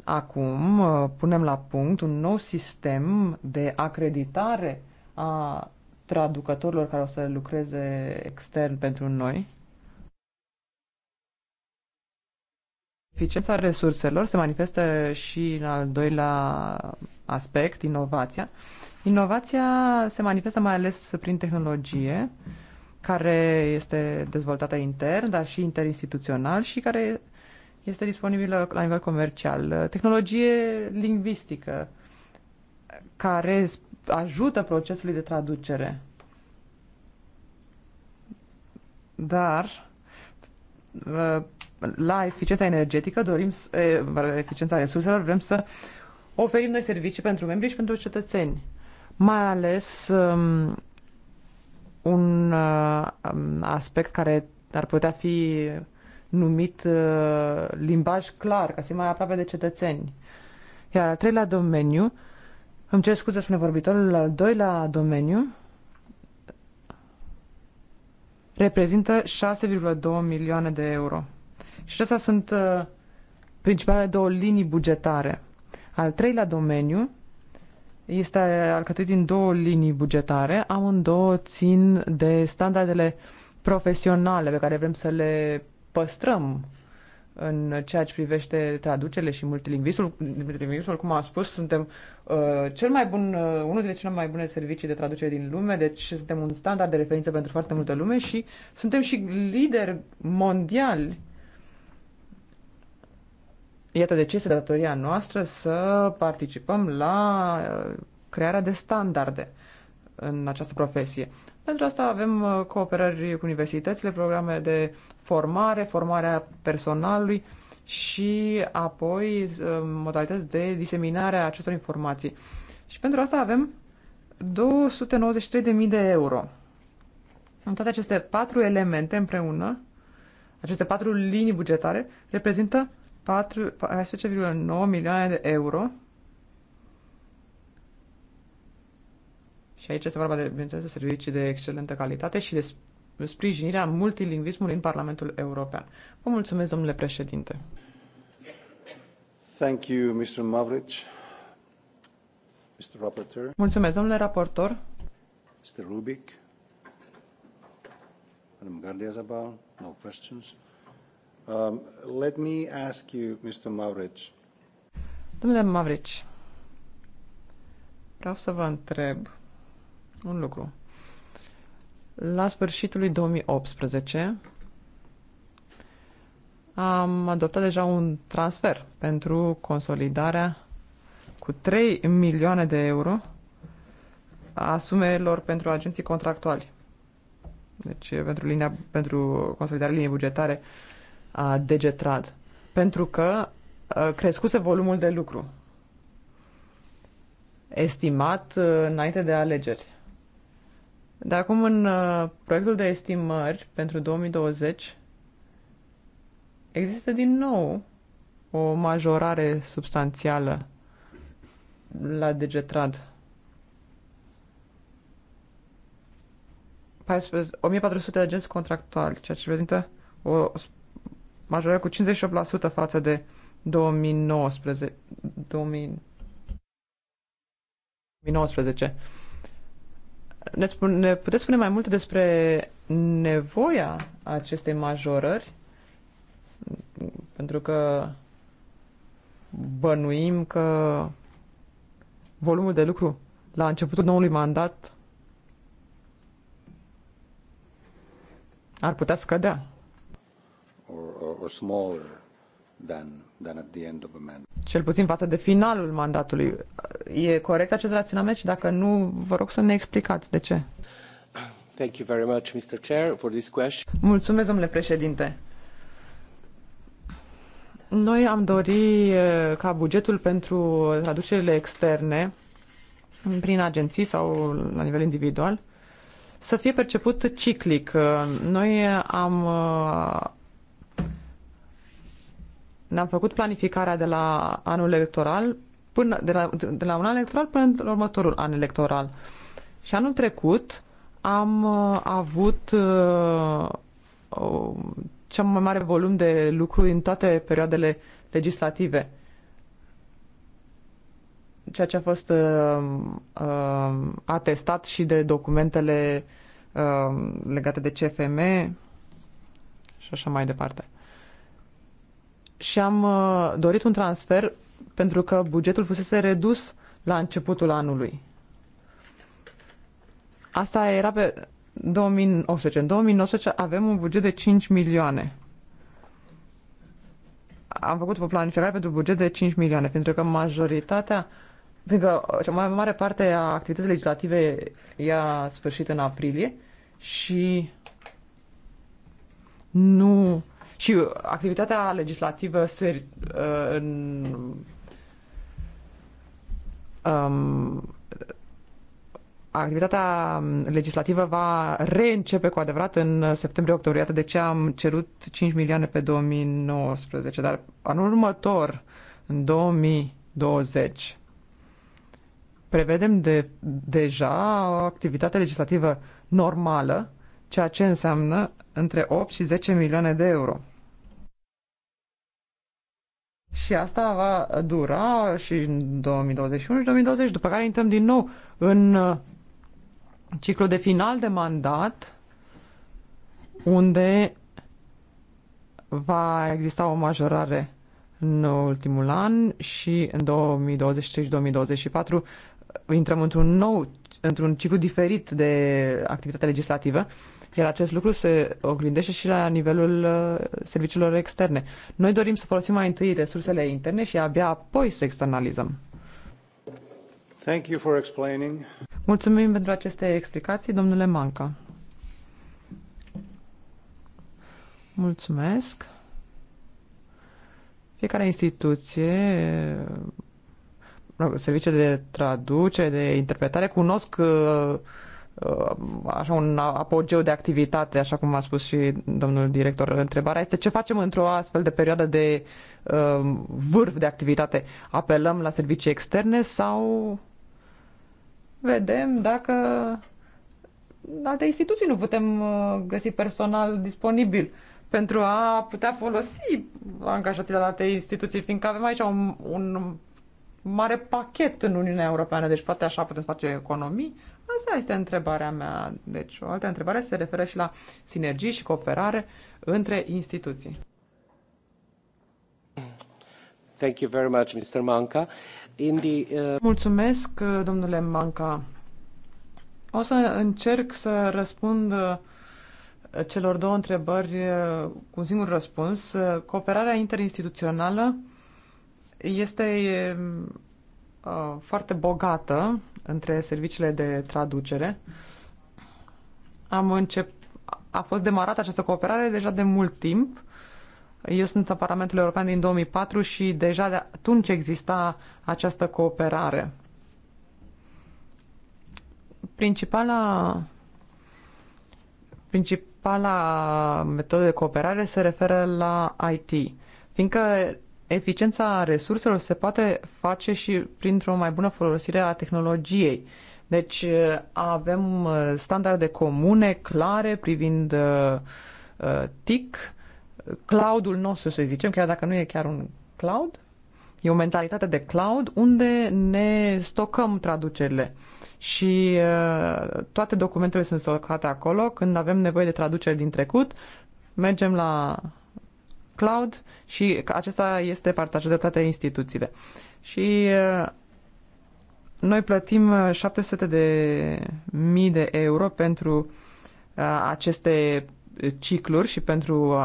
Acum uh, punem la punct un nou sistem de acreditare a traducătorilor care o să lucreze extern pentru noi. Eficiența resurselor se manifestă și în al doilea aspect, inovația. Inovația se manifestă mai ales prin tehnologie, care este dezvoltată intern, dar și interinstituțional și care este disponibilă la nivel comercial. Tehnologie lingvistică, care ajută procesului de traducere. Dar uh, la eficiența energetică dorim, eficiența resurselor, vrem să oferim noi servicii pentru membri și pentru cetățeni. Mai ales um, un uh, um, aspect care ar putea fi numit uh, limbaj clar, ca să fie mai aproape de cetățeni. Iar al treilea domeniu uh, îmi cer scuze, spune vorbitorul, al doilea domeniu reprezintă 6,2 milioane de euro. Și acestea sunt uh, principalele două linii bugetare. Al treilea domeniu este alcătuit din două linii bugetare, amândouă țin de standardele profesionale pe care vrem să le păstrăm în ceea ce privește traducele și multilingvismul. Multilingvismul, cum am spus, suntem uh, cel mai bun, uh, unul dintre cele mai bune servicii de traducere din lume, deci suntem un standard de referință pentru foarte multă lume și suntem și lideri mondiali. Iată de ce este datoria noastră să participăm la uh, crearea de standarde în această profesie. Pentru asta avem uh, cooperări cu universitățile, programe de formare, formarea personalului și apoi uh, modalități de diseminare a acestor informații. Și pentru asta avem 293.000 de euro. În toate aceste patru elemente împreună, aceste patru linii bugetare, reprezintă 14,9 milioane de euro. Și aici este vorba de, bineînțeles, de servicii de excelentă calitate și de sprijinirea multilingvismului în Parlamentul European. Vă mulțumesc, domnule președinte. Thank you, Mr. Mavric. Mr. Rapporteur. Mulțumesc, domnule raportor. Mr. Rubik. Madam Gardiazabal, no questions. Um, let me ask you, Mr. Mavric. Domnule Mavric, vreau să vă întreb un lucru. La sfârșitul lui 2018 am adoptat deja un transfer pentru consolidarea cu 3 milioane de euro a sumelor pentru agenții contractuali. Deci pentru, linia, pentru consolidarea liniei bugetare a DGTRAD. Pentru că uh, crescuse volumul de lucru estimat uh, înainte de alegeri. Dar acum în uh, proiectul de estimări pentru 2020 există din nou o majorare substanțială la degetrad. 1400 de agenți contractuali, ceea ce reprezintă o majorare cu 58% față de 2019. 2019. Ne, spune, ne puteți spune mai multe despre nevoia acestei majorări? Pentru că bănuim că volumul de lucru la începutul noului mandat ar putea scădea. Or, or, or smaller than, than at the end of a mandate cel puțin față de finalul mandatului. E corect acest raționament și dacă nu, vă rog să ne explicați de ce. Thank you very much, Mr. Chair, for this question. Mulțumesc, domnule președinte. Noi am dori eh, ca bugetul pentru traducerile externe prin agenții sau la nivel individual să fie perceput ciclic. Noi am eh, ne-am făcut planificarea de la anul electoral până, de, la, de la un an electoral până în următorul an electoral. Și anul trecut am uh, avut uh, cel mai mare volum de lucru în toate perioadele legislative. Ceea ce a fost uh, uh, atestat și de documentele uh, legate de CFM și așa mai departe și am uh, dorit un transfer pentru că bugetul fusese redus la începutul anului. Asta era pe 2018. În 2019 avem un buget de 5 milioane. Am făcut o planificare pentru buget de 5 milioane, pentru că majoritatea, pentru că uh, cea mai mare parte a activității legislative ia sfârșit în aprilie și nu și activitatea legislativă se, uh, în, um, activitatea legislativă va reîncepe cu adevărat în septembrie-octombrie. de ce am cerut 5 milioane pe 2019, dar anul următor, în 2020, prevedem de, deja o activitate legislativă normală, ceea ce înseamnă între 8 și 10 milioane de euro. Și asta va dura și în 2021 2020, după care intrăm din nou în uh, ciclu de final de mandat, unde va exista o majorare în ultimul an și în 2023-2024 uh, intrăm într-un nou, într-un ciclu diferit de activitate legislativă iar acest lucru se oglindește și la nivelul uh, serviciilor externe. Noi dorim să folosim mai întâi resursele interne și abia apoi să externalizăm. Thank you for explaining. Mulțumim pentru aceste explicații, domnule Manca. Mulțumesc. Fiecare instituție servicii de traducere, de interpretare, cunosc uh, Uh, așa un apogeu de activitate, așa cum a spus și domnul director. Întrebarea este ce facem într-o astfel de perioadă de uh, vârf de activitate? Apelăm la servicii externe sau vedem dacă alte instituții nu putem uh, găsi personal disponibil pentru a putea folosi angajații de la alte instituții, fiindcă avem aici un, un mare pachet în Uniunea Europeană, deci poate așa putem face economii, Asta este întrebarea mea. Deci, o altă întrebare se referă și la sinergii și cooperare între instituții. Thank you very much, Mr. Manca. In the, uh... Mulțumesc, domnule Manca. O să încerc să răspund uh, celor două întrebări uh, cu un singur răspuns. Cooperarea interinstituțională este Uh, foarte bogată între serviciile de traducere. Am încep... A fost demarată această cooperare deja de mult timp. Eu sunt în Parlamentul European din 2004 și deja de atunci exista această cooperare. Principala principala metodă de cooperare se referă la IT, fiindcă eficiența resurselor se poate face și printr-o mai bună folosire a tehnologiei. Deci uh, avem uh, standarde comune, clare, privind uh, TIC, cloudul nostru, să zicem, chiar dacă nu e chiar un cloud, e o mentalitate de cloud unde ne stocăm traducerile și toate documentele sunt stocate acolo. Când avem nevoie de traduceri din trecut, mergem la cloud și acesta este partajat de toate instituțiile. Și uh, noi plătim 700 uh, de mii de euro pentru uh, aceste cicluri și pentru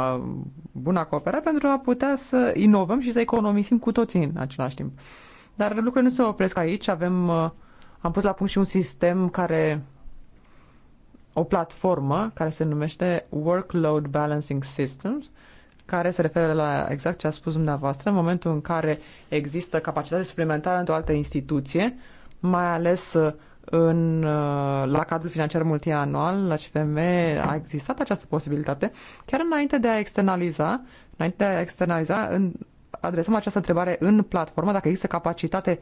buna cooperare, pentru a putea să inovăm și să economisim cu toții în același timp. Dar lucrurile nu se opresc aici. Avem, am pus la punct și un sistem care o platformă care se numește Workload Balancing Systems care se referă la exact ce a spus dumneavoastră, în momentul în care există capacitate suplimentară într-o altă instituție, mai ales uh, în, uh, la cadrul financiar multianual, la CFM, a existat această posibilitate, chiar înainte de a externaliza, înainte de a externaliza, în, adresăm această întrebare în platformă, dacă există capacitate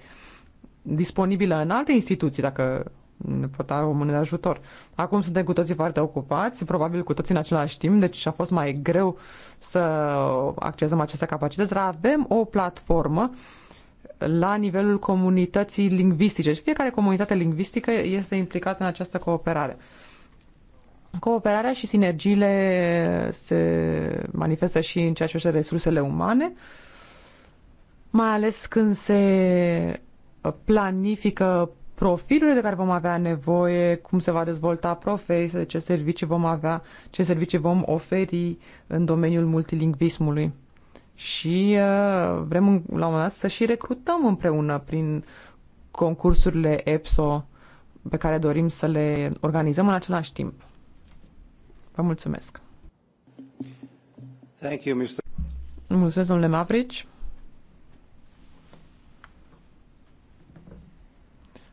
disponibilă în alte instituții, dacă ne putea da o mână de ajutor. Acum suntem cu toții foarte ocupați, probabil cu toții în același timp, deci a fost mai greu să accesăm aceste capacități, dar avem o platformă la nivelul comunității lingvistice și fiecare comunitate lingvistică este implicată în această cooperare. Cooperarea și sinergiile se manifestă și în ceea ce privește resursele umane, mai ales când se planifică profilurile de care vom avea nevoie, cum se va dezvolta profesia, ce servicii vom avea, ce servicii vom oferi în domeniul multilingvismului. Și uh, vrem la un moment dat să și recrutăm împreună prin concursurile EPSO pe care dorim să le organizăm în același timp. Vă mulțumesc! Thank you, Mr. Mulțumesc, domnule Mavrici.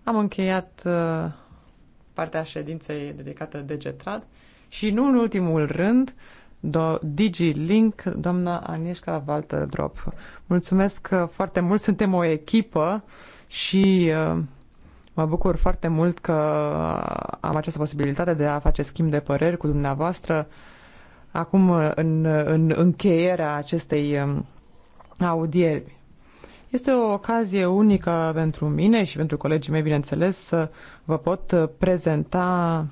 Am încheiat uh, partea ședinței dedicată Getrad și nu în ultimul rând, do, DigiLink, doamna Anieșca Drop. Mulțumesc uh, foarte mult, suntem o echipă și uh, mă bucur foarte mult că am această posibilitate de a face schimb de păreri cu dumneavoastră. Acum, în, în încheierea acestei um, audieri, este o ocazie unică pentru mine și pentru colegii mei, bineînțeles, să vă pot prezenta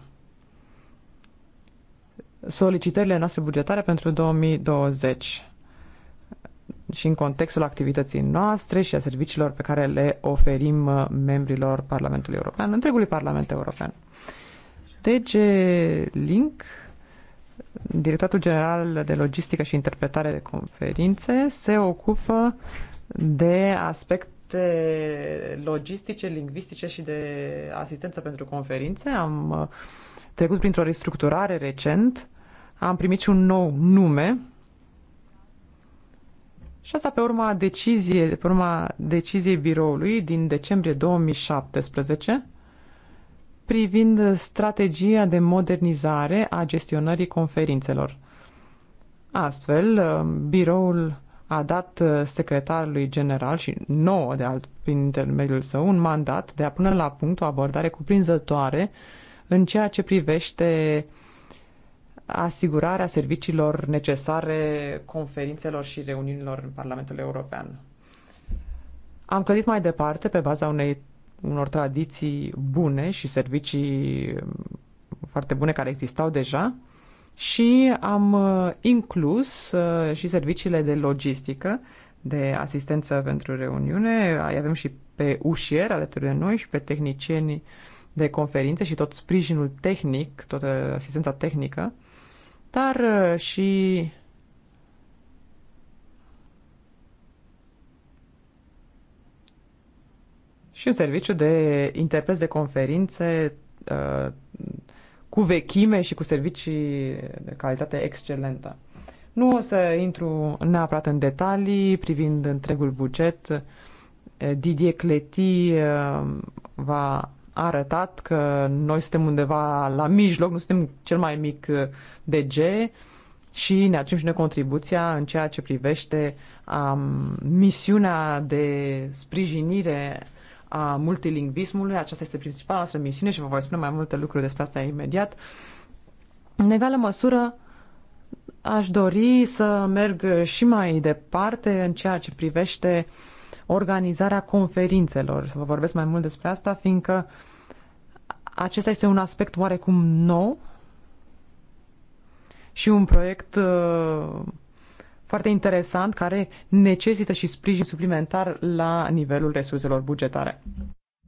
solicitările noastre bugetare pentru 2020 și în contextul activității noastre și a serviciilor pe care le oferim membrilor Parlamentului European, întregului Parlament European. DG Link, Directoratul General de Logistică și Interpretare de Conferințe, se ocupă de aspecte logistice, lingvistice și de asistență pentru conferințe. Am uh, trecut printr-o restructurare recent, am primit și un nou nume și asta pe urma, decizie, pe urma deciziei biroului din decembrie 2017 privind strategia de modernizare a gestionării conferințelor. Astfel, uh, biroul a dat uh, secretarului general și nouă de alt prin intermediul său un mandat de a pune la punct o abordare cuprinzătoare în ceea ce privește asigurarea serviciilor necesare conferințelor și reuniunilor în Parlamentul European. Am clădit mai departe pe baza unei, unor tradiții bune și servicii foarte bune care existau deja, și am uh, inclus uh, și serviciile de logistică, de asistență pentru reuniune. Ai avem și pe ușier alături de noi și pe tehnicieni de conferințe și tot sprijinul tehnic, toată uh, asistența tehnică, dar și și un serviciu de interpreți de conferințe cu vechime și cu servicii de calitate excelentă. Nu o să intru neapărat în detalii privind întregul buget. Didier Cleti eh, va arătat că noi suntem undeva la mijloc, nu suntem cel mai mic eh, DG și ne aducem și noi contribuția în ceea ce privește um, misiunea de sprijinire a multilingvismului. Aceasta este principala noastră misiune și vă voi spune mai multe lucruri despre asta imediat. În egală măsură, aș dori să merg și mai departe în ceea ce privește organizarea conferințelor. Să vă vorbesc mai mult despre asta, fiindcă acesta este un aspect oarecum nou și un proiect uh, foarte interesant care necesită și sprijin suplimentar la nivelul resurselor bugetare.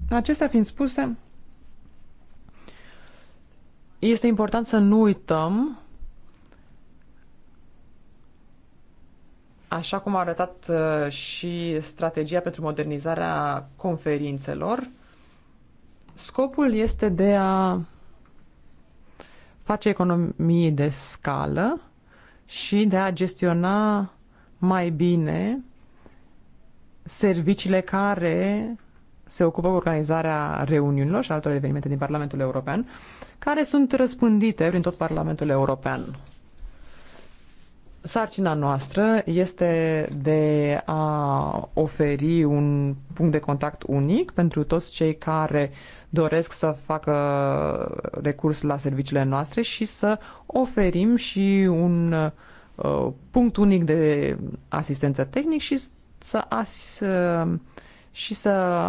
Acestea fiind spuse, este important să nu uităm, așa cum a arătat uh, și strategia pentru modernizarea conferințelor, scopul este de a face economii de scală, și de a gestiona mai bine serviciile care se ocupă cu organizarea reuniunilor și altor evenimente din Parlamentul European, care sunt răspândite prin tot Parlamentul European. Sarcina noastră este de a oferi un punct de contact unic pentru toți cei care uh, doresc să facă recurs la serviciile noastre și să oferim și un uh, punct unic de asistență tehnic și să, as, uh, și să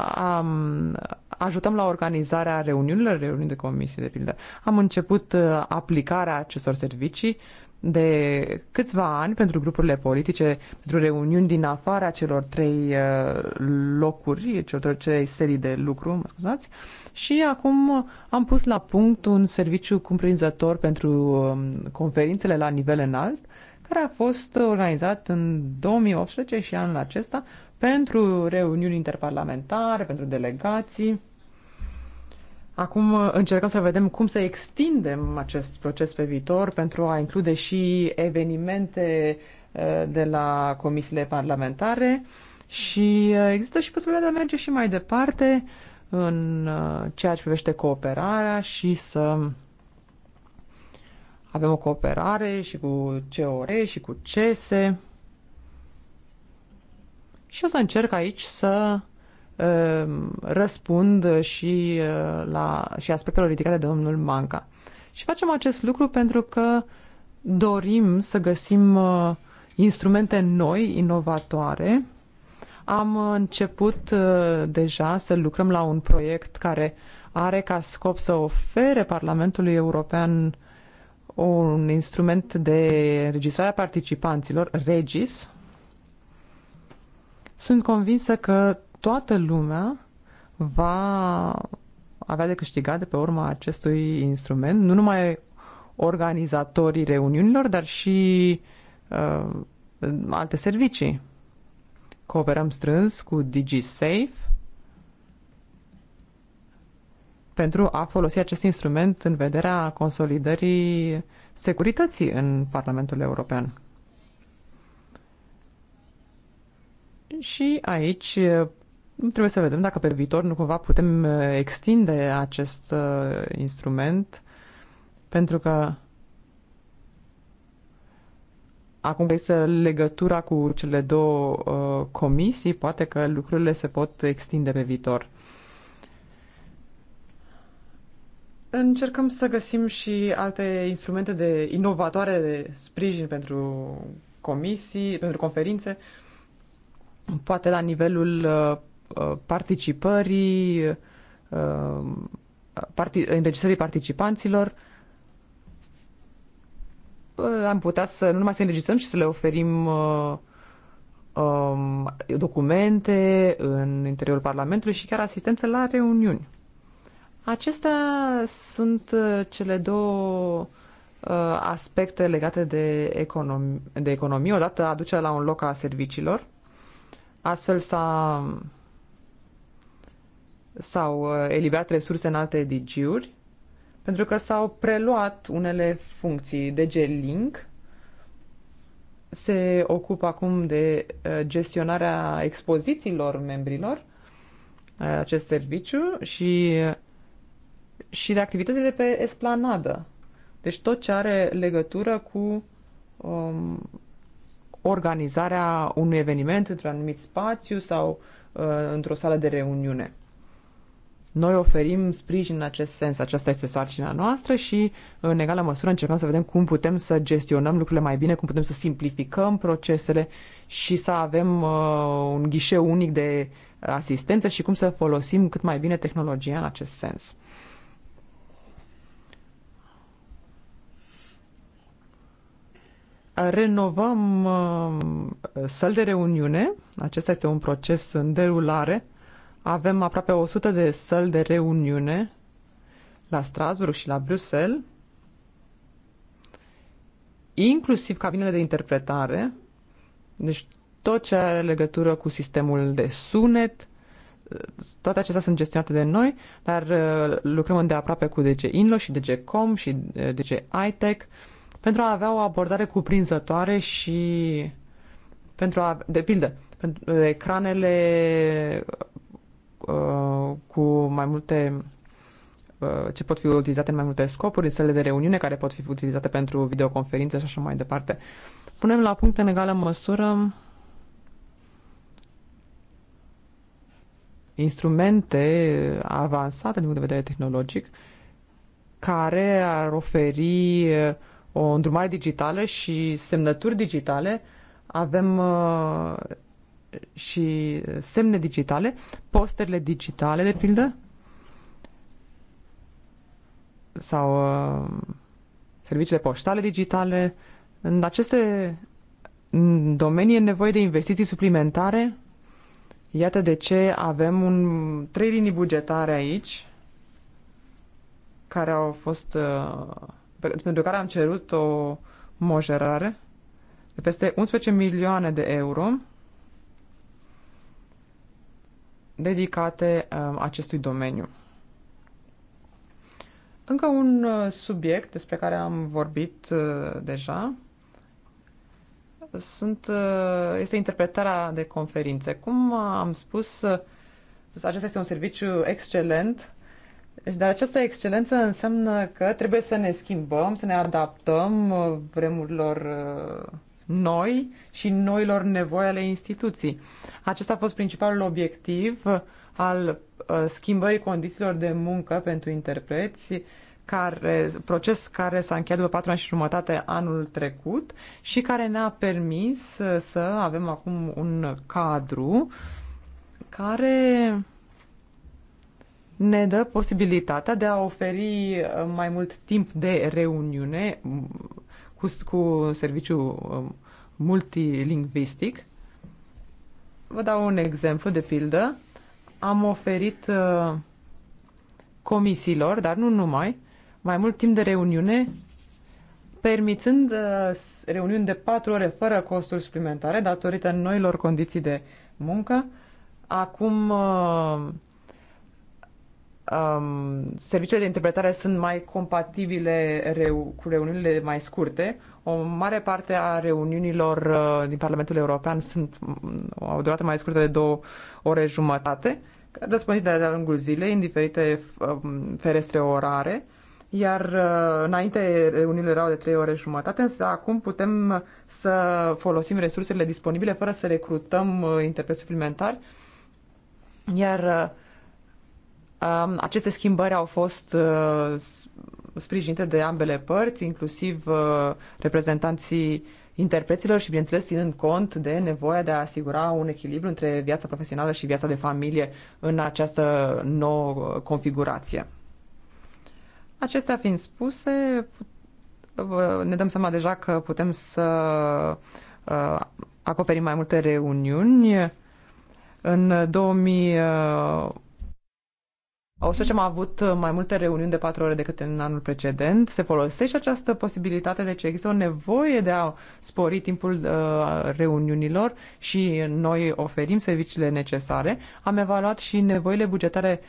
um, ajutăm la organizarea reuniunilor, reuniuni de comisie, de pildă. Am început uh, aplicarea acestor servicii de câțiva ani pentru grupurile politice, pentru reuniuni din afara celor trei uh, locuri, celor trei serii de lucru, mă scuzați, și acum am pus la punct un serviciu cumprinzător pentru um, conferințele la nivel înalt, care a fost organizat în 2018 și anul acesta pentru reuniuni interparlamentare, pentru delegații, Acum uh, încercăm să vedem cum să extindem acest proces pe viitor pentru a include și evenimente uh, de la comisiile parlamentare și uh, există și posibilitatea de a merge și mai departe în ceea ce privește cooperarea și să avem o cooperare și cu COR și cu CESE. Și o să încerc aici să Um, răspund și, uh, la, și aspectelor ridicate de domnul Manca. Și facem acest lucru pentru că dorim să găsim uh, instrumente noi, inovatoare. Am început uh, deja să lucrăm la un proiect care are ca scop să ofere Parlamentului European un instrument de registrare a participanților, REGIS. Sunt convinsă că toată lumea va avea de câștigat de pe urma acestui instrument, nu numai organizatorii reuniunilor, dar și uh, alte servicii. Cooperăm strâns cu DigiSafe pentru a folosi acest instrument în vederea consolidării securității în Parlamentul European. Și aici Trebuie să vedem dacă pe viitor nu cumva putem uh, extinde acest uh, instrument, pentru că acum este legătura cu cele două uh, comisii, poate că lucrurile se pot extinde pe viitor. Încercăm să găsim și alte instrumente de inovatoare de sprijin pentru comisii, pentru conferințe, poate la nivelul uh, Uh, participării, uh, parti, înregistrării participanților, uh, am putea să nu numai să înregistrăm, ci să le oferim uh, um, documente în interiorul Parlamentului și chiar asistență la reuniuni. Acestea sunt cele două uh, aspecte legate de, econom- de economie. Odată aducerea la un loc a serviciilor. Astfel s-a s-au uh, eliberat resurse în alte DG-uri pentru că s-au preluat unele funcții. DG Link se ocupă acum de uh, gestionarea expozițiilor membrilor uh, acest serviciu și, și de activitățile de pe esplanadă. Deci tot ce are legătură cu um, organizarea unui eveniment într-un anumit spațiu sau uh, într-o sală de reuniune. Noi oferim sprijin în acest sens, aceasta este sarcina noastră și în egală măsură încercăm să vedem cum putem să gestionăm lucrurile mai bine, cum putem să simplificăm procesele și să avem uh, un ghișeu unic de asistență și cum să folosim cât mai bine tehnologia în acest sens. Renovăm uh, săl de reuniune, acesta este un proces în derulare avem aproape 100 de săli de reuniune la Strasburg și la Bruxelles, inclusiv cabinele de interpretare, deci tot ce are legătură cu sistemul de sunet, toate acestea sunt gestionate de noi, dar uh, lucrăm îndeaproape cu DG Inlo și DG Com și uh, DG iTech pentru a avea o abordare cuprinzătoare și pentru a, de pildă, pentru uh, ecranele Uh, cu mai multe uh, ce pot fi utilizate în mai multe scopuri, sale de reuniune care pot fi utilizate pentru videoconferințe și așa mai departe. Punem la punct în egală măsură instrumente avansate din punct de vedere tehnologic care ar oferi uh, o îndrumare digitală și semnături digitale. Avem și semne digitale, posterele digitale, de pildă, sau uh, serviciile poștale digitale. În aceste domenii e nevoie de investiții suplimentare. Iată de ce avem un, trei linii bugetare aici care au fost uh, pentru care am cerut o mojerare de peste 11 milioane de euro dedicate um, acestui domeniu. Încă un uh, subiect despre care am vorbit uh, deja sunt, uh, este interpretarea de conferințe. Cum am spus, acesta este un serviciu excelent, deci, dar această excelență înseamnă că trebuie să ne schimbăm, să ne adaptăm vremurilor noi și noilor nevoi ale instituții. Acesta a fost principalul obiectiv al uh, schimbării condițiilor de muncă pentru interpreți, care, proces care s-a încheiat după patru ani și jumătate anul trecut și care ne-a permis uh, să avem acum un cadru care ne dă posibilitatea de a oferi uh, mai mult timp de reuniune mm, cu, cu serviciu um, multilingvistic. Vă dau un exemplu de pildă. Am oferit uh, comisiilor, dar nu numai, mai mult timp de reuniune, permițând uh, reuniuni de patru ore fără costuri suplimentare, datorită noilor condiții de muncă. Acum uh, um, serviciile de interpretare sunt mai compatibile reu- cu reuniunile mai scurte, o mare parte a reuniunilor uh, din Parlamentul European sunt, mm, au o durată mai scurtă de două ore jumătate, răspândite de-a lungul zilei, în diferite um, ferestre orare, iar uh, înainte reuniunile erau de trei ore jumătate, însă acum putem să folosim resursele disponibile fără să recrutăm uh, interpreți suplimentari, iar um, aceste schimbări au fost sprijinite de ambele părți, inclusiv uh, reprezentanții interpreților și, bineînțeles, ținând cont de nevoia de a asigura un echilibru între viața profesională și viața de familie în această nouă configurație. Acestea fiind spuse, ne dăm seama deja că putem să uh, acoperim mai multe reuniuni. În 2000 Austriacem a avut uh, mai multe reuniuni de patru ore decât în anul precedent. Se folosește această posibilitate, deci există o nevoie de a spori timpul uh, reuniunilor și noi oferim serviciile necesare. Am evaluat și nevoile bugetare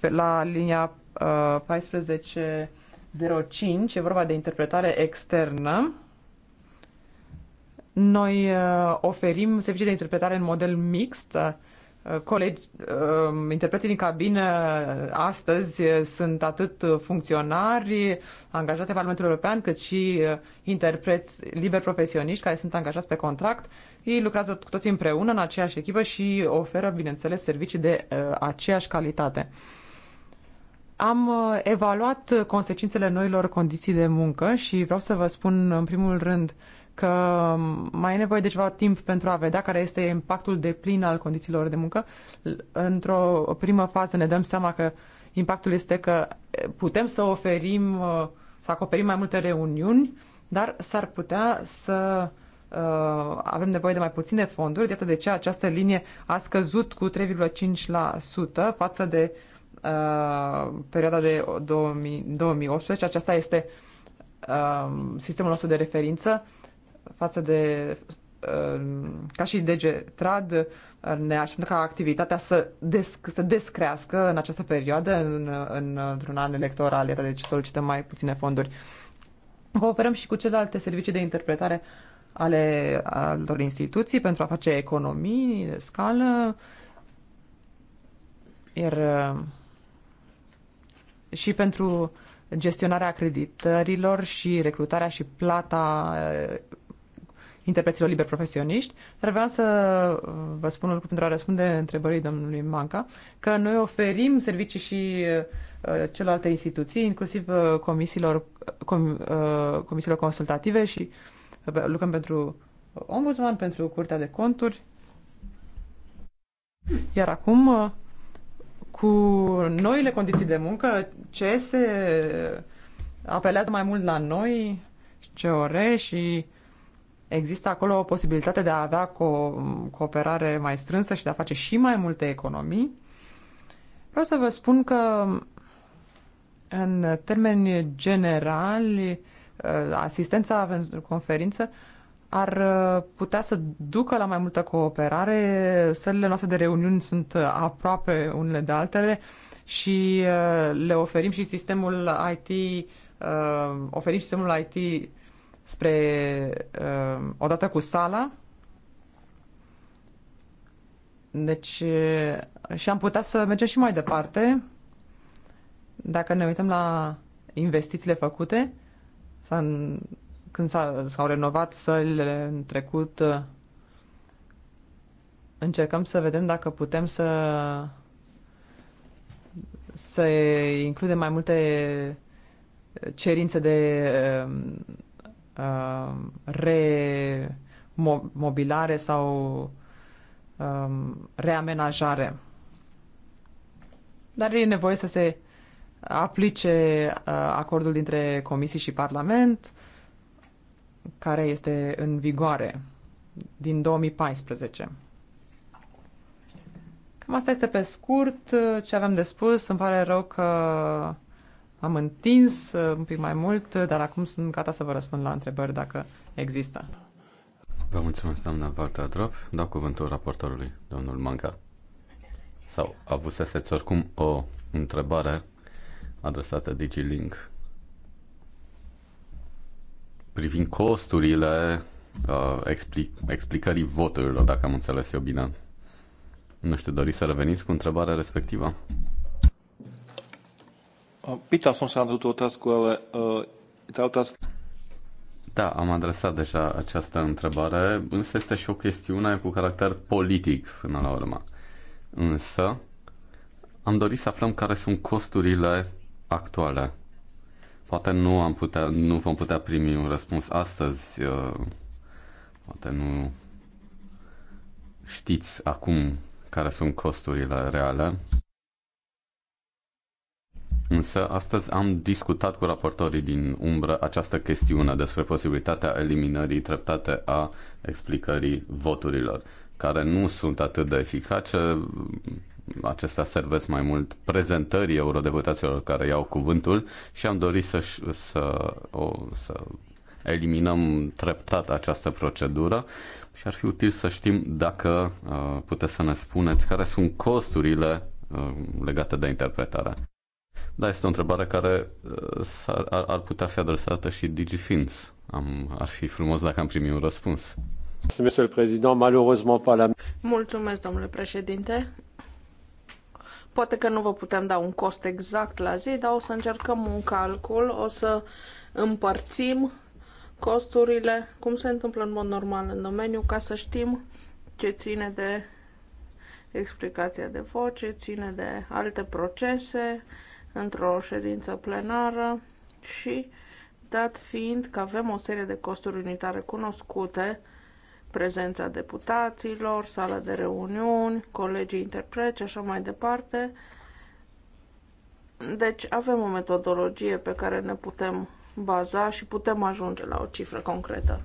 la linia uh, 1405, e vorba de interpretare externă. Noi uh, oferim servicii de interpretare în model mixt. Uh, Uh, colegi, uh, interpreții din cabină uh, astăzi sunt atât funcționari angajați în Parlamentul European, cât și interpreți liber profesioniști care sunt angajați pe contract. Ei lucrează cu toții împreună în aceeași echipă și oferă, bineînțeles, servicii de aceeași calitate. Am evaluat consecințele noilor condiții de muncă și vreau să vă spun în primul rând că mai e nevoie de ceva timp pentru a vedea care este impactul de plin al condițiilor de muncă. Într-o primă fază ne dăm seama că impactul este că putem să oferim, să acoperim mai multe reuniuni, dar s-ar putea să uh, avem nevoie de mai puține fonduri. Iată de ce această linie a scăzut cu 3,5% față de uh, perioada de 2018. Aceasta este uh, sistemul nostru de referință față de uh, ca și DG Trad, uh, ne așteptăm ca activitatea să, des, să descrească în această perioadă, în, în, într-un an electoral, iată, deci solicităm mai puține fonduri. Cooperăm și cu celelalte servicii de interpretare ale altor instituții pentru a face economii de scală, iar uh, și pentru gestionarea acreditărilor și recrutarea și plata interpreților liber profesioniști, dar vreau să vă spun un lucru pentru a răspunde întrebării domnului Manca, că noi oferim servicii și uh, celelalte instituții, inclusiv uh, comisiilor, uh, com, comisiilor consultative și lucrăm pentru ombudsman, pentru Curtea de Conturi. Iar acum, cu noile condiții de muncă, ce se apelează mai mult la noi, COR și există acolo o posibilitate de a avea co- cooperare mai strânsă și de a face și mai multe economii. Vreau să vă spun că, în termeni generali, uh, asistența pentru conferință ar uh, putea să ducă la mai multă cooperare. Sălile noastre de reuniuni sunt aproape unele de altele și uh, le oferim și sistemul IT, oferim și sistemul IT spre, uh, odată cu sala. Deci, uh, și am putea să mergem și mai departe. Dacă ne uităm la investițiile făcute, s-a, când s-a, s-au renovat sălile în trecut, uh, încercăm să vedem dacă putem să să includem mai multe cerințe de uh, uh, remobilare sau um, uh, reamenajare. Dar e nevoie să se aplice uh, acordul dintre Comisii și Parlament, care este în vigoare din 2014. Cam asta este pe scurt uh, ce aveam de spus. Îmi pare rău că am întins uh, un pic mai mult, uh, dar acum sunt gata să vă răspund la întrebări dacă există. Vă mulțumesc, doamna Valta Drop. Dau cuvântul raportorului, domnul Manga. Sau avuseseți oricum o întrebare adresată DigiLink privind costurile uh, explic- explicării voturilor, dacă am înțeles eu bine. Nu știu, doriți să reveniți cu întrebarea respectivă? Pýtal som sa na túto otázku, ale tá otázka... Da, am adresat deja această întrebare, însă este și o chestiune cu caracter politic până la urmă. Însă, am dorit să aflăm care sunt costurile actuale. Poate nu, am putea, nu vom putea primi un răspuns astăzi, poate nu știți acum care sunt costurile reale, Însă astăzi am discutat cu raportorii din umbră această chestiune despre posibilitatea eliminării treptate a explicării voturilor, care nu sunt atât de eficace. Acestea servesc mai mult prezentării eurodeputaților care iau cuvântul și am dorit să, să, o, să eliminăm treptat această procedură și ar fi util să știm dacă uh, puteți să ne spuneți care sunt costurile uh, legate de interpretare. Da, este o întrebare care uh, ar, ar putea fi adresată și DigiFins. Am, ar fi frumos dacă am primit un răspuns. Mulțumesc, domnule președinte. Poate că nu vă putem da un cost exact la zi, dar o să încercăm un calcul, o să împărțim costurile, cum se întâmplă în mod normal în domeniu, ca să știm ce ține de explicația de voce, ține de alte procese, într-o ședință plenară și dat fiind că avem o serie de costuri unitare cunoscute, prezența deputaților, sala de reuniuni, colegii interpreți așa mai departe. Deci avem o metodologie pe care ne putem baza și putem ajunge la o cifră concretă.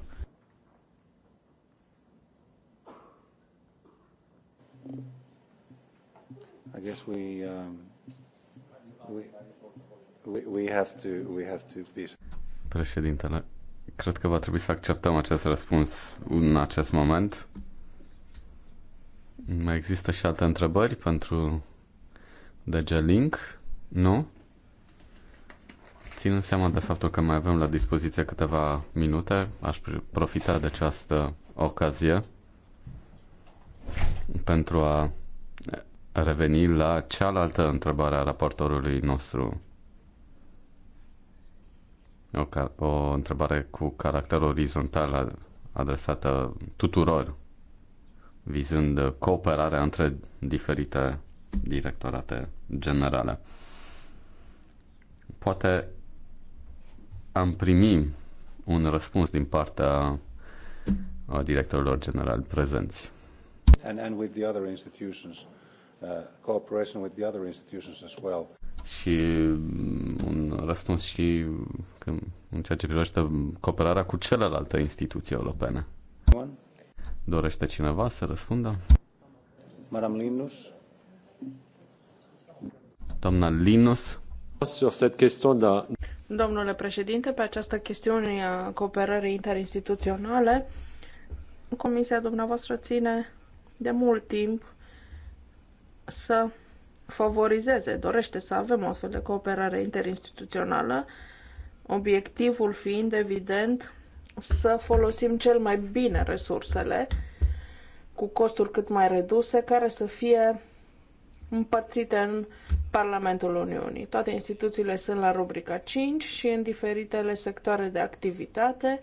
I guess we um, Președintele, cred că va trebui să acceptăm acest răspuns în acest moment. Mai există și alte întrebări pentru DG Link? Nu? Ținând seama de faptul că mai avem la dispoziție câteva minute, aș profita de această ocazie pentru a reveni la cealaltă întrebare a raportorului nostru. O, o întrebare cu caracter orizontal adresată tuturor, vizând cooperarea între diferite directorate generale. Poate am primit un răspuns din partea directorilor generali prezenți. And, and with the other institutions. Uh, cooperation with the other institutions as well. Și mm, un răspuns și în ceea ce privește cooperarea cu celelalte instituții europene. One. Dorește cineva să răspundă? Madame Linus. Doamna Linus. Domnule președinte, pe această chestiune a cooperării interinstituționale, Comisia dumneavoastră ține de mult timp să favorizeze, dorește să avem o astfel de cooperare interinstituțională, obiectivul fiind, evident, să folosim cel mai bine resursele cu costuri cât mai reduse, care să fie împărțite în Parlamentul Uniunii. Toate instituțiile sunt la rubrica 5 și în diferitele sectoare de activitate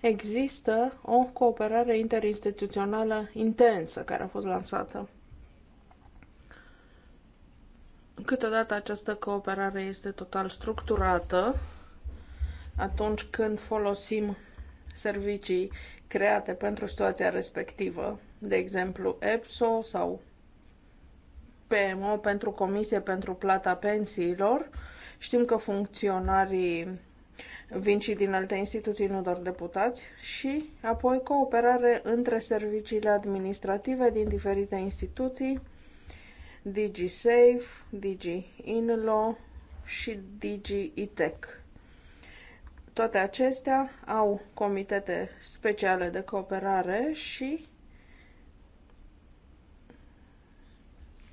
există o cooperare interinstituțională intensă care a fost lansată. Câteodată această cooperare este total structurată atunci când folosim servicii create pentru situația respectivă, de exemplu EPSO sau PMO pentru Comisie pentru Plata Pensiilor. Știm că funcționarii vin și din alte instituții, nu doar deputați, și apoi cooperare între serviciile administrative din diferite instituții, DigiSafe, DigiInlo și DigiITech. Toate acestea au comitete speciale de cooperare și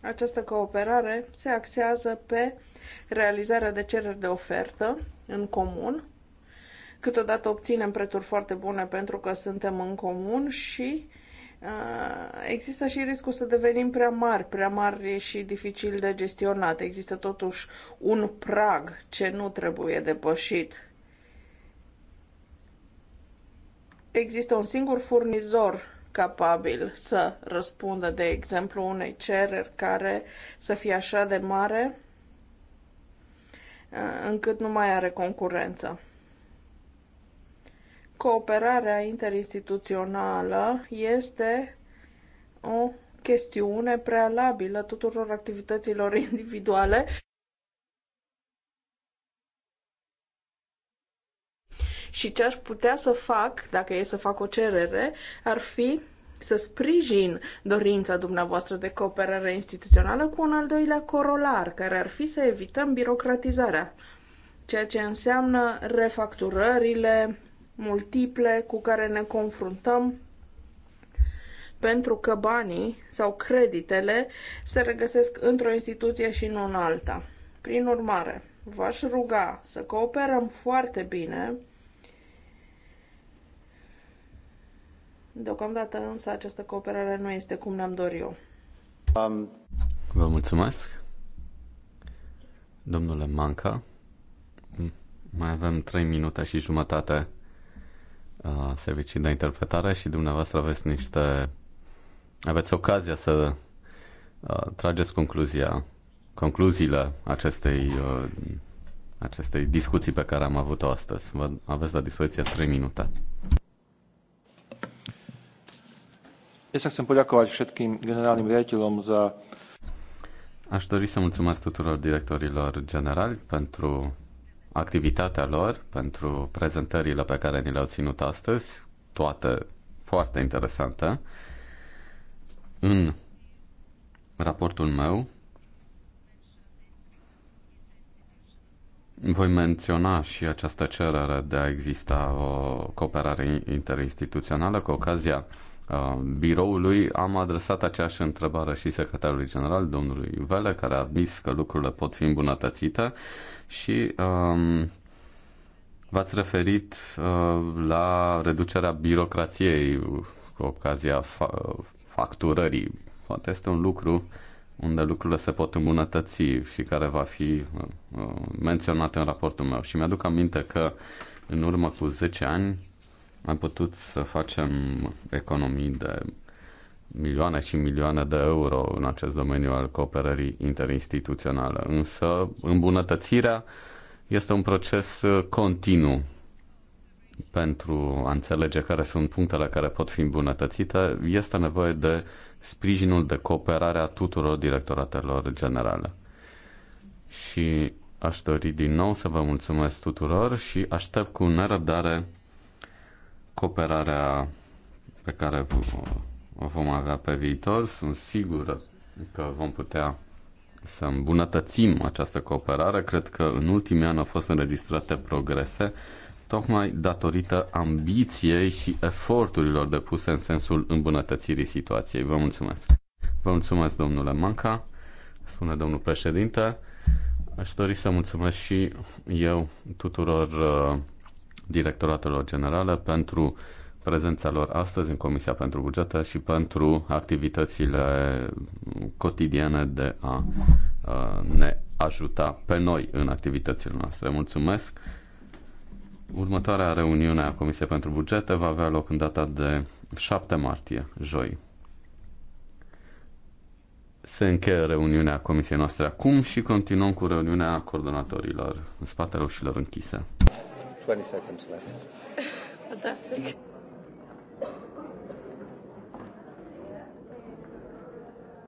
această cooperare se axează pe realizarea de cereri de ofertă în comun. Câteodată obținem prețuri foarte bune pentru că suntem în comun și uh, Ah, există și riscul să devenim prea mari, prea mari și dificil de gestionat. Există totuși un prag ce nu trebuie depășit. Există un singur furnizor capabil să răspundă, de exemplu, unei cereri care să fie așa de mare ah, încât nu mai are concurență. Cooperarea interinstituțională este o chestiune prealabilă tuturor activităților <laughs> individuale și ce aș putea să fac, dacă e să fac o cerere, ar fi să sprijin dorința dumneavoastră de cooperare instituțională cu un al doilea corolar, care ar fi să evităm birocratizarea, ceea ce înseamnă refacturările, multiple cu care ne confruntăm pentru că banii sau creditele se regăsesc într-o instituție și nu în alta. Prin urmare, v-aș ruga să cooperăm foarte bine. Deocamdată însă această cooperare nu este cum ne-am dorit eu. Um. Vă mulțumesc. Domnule Manca, mai avem 3 minute și jumătate Uh, servicii de interpretare și dumneavoastră aveți niște aveți ocazia să uh, trageți concluzia concluziile acestei uh, acestei discuții pe care am avut-o astăzi. Vă aveți la dispoziție 3 minute. Aș dori să mulțumesc tuturor directorilor generali pentru activitatea lor, pentru prezentările pe care ni le-au ținut astăzi, toate foarte interesante. În raportul meu voi menționa și această cerere de a exista o cooperare interinstituțională cu ocazia Uh, biroului, am adresat aceeași întrebare și secretarului general, domnului Vele, care a admis că lucrurile pot fi îmbunătățite și um, v-ați referit uh, la reducerea birocrației cu ocazia fa- facturării. Poate este un lucru unde lucrurile se pot îmbunătăți și care va fi uh, menționat în raportul meu. Și mi-aduc aminte că în urmă cu 10 ani am putut să facem economii de milioane și milioane de euro în acest domeniu al cooperării interinstituționale. Însă îmbunătățirea este un proces uh, continuu pentru a înțelege care sunt punctele care pot fi îmbunătățite, este nevoie de sprijinul de cooperare a tuturor directoratelor generale. Și aș dori din nou să vă mulțumesc tuturor și aștept cu nerăbdare cooperarea pe care o vom avea pe viitor. Sunt sigur că vom putea să îmbunătățim această cooperare. Cred că în ultimii ani au fost înregistrate progrese tocmai datorită ambiției și eforturilor depuse în sensul îmbunătățirii situației. Vă mulțumesc! Vă mulțumesc, domnule Manca, spune domnul președinte. Aș dori să mulțumesc și eu tuturor uh, directoratelor generale pentru prezența lor astăzi în Comisia pentru Bugete și pentru activitățile cotidiene de a ne ajuta pe noi în activitățile noastre. Mulțumesc! Următoarea reuniune a Comisiei pentru Bugete va avea loc în data de 7 martie, joi. Se încheie reuniunea comisiei noastre acum și continuăm cu reuniunea coordonatorilor în spatele ușilor închise. 20 seconds left. Fantastic.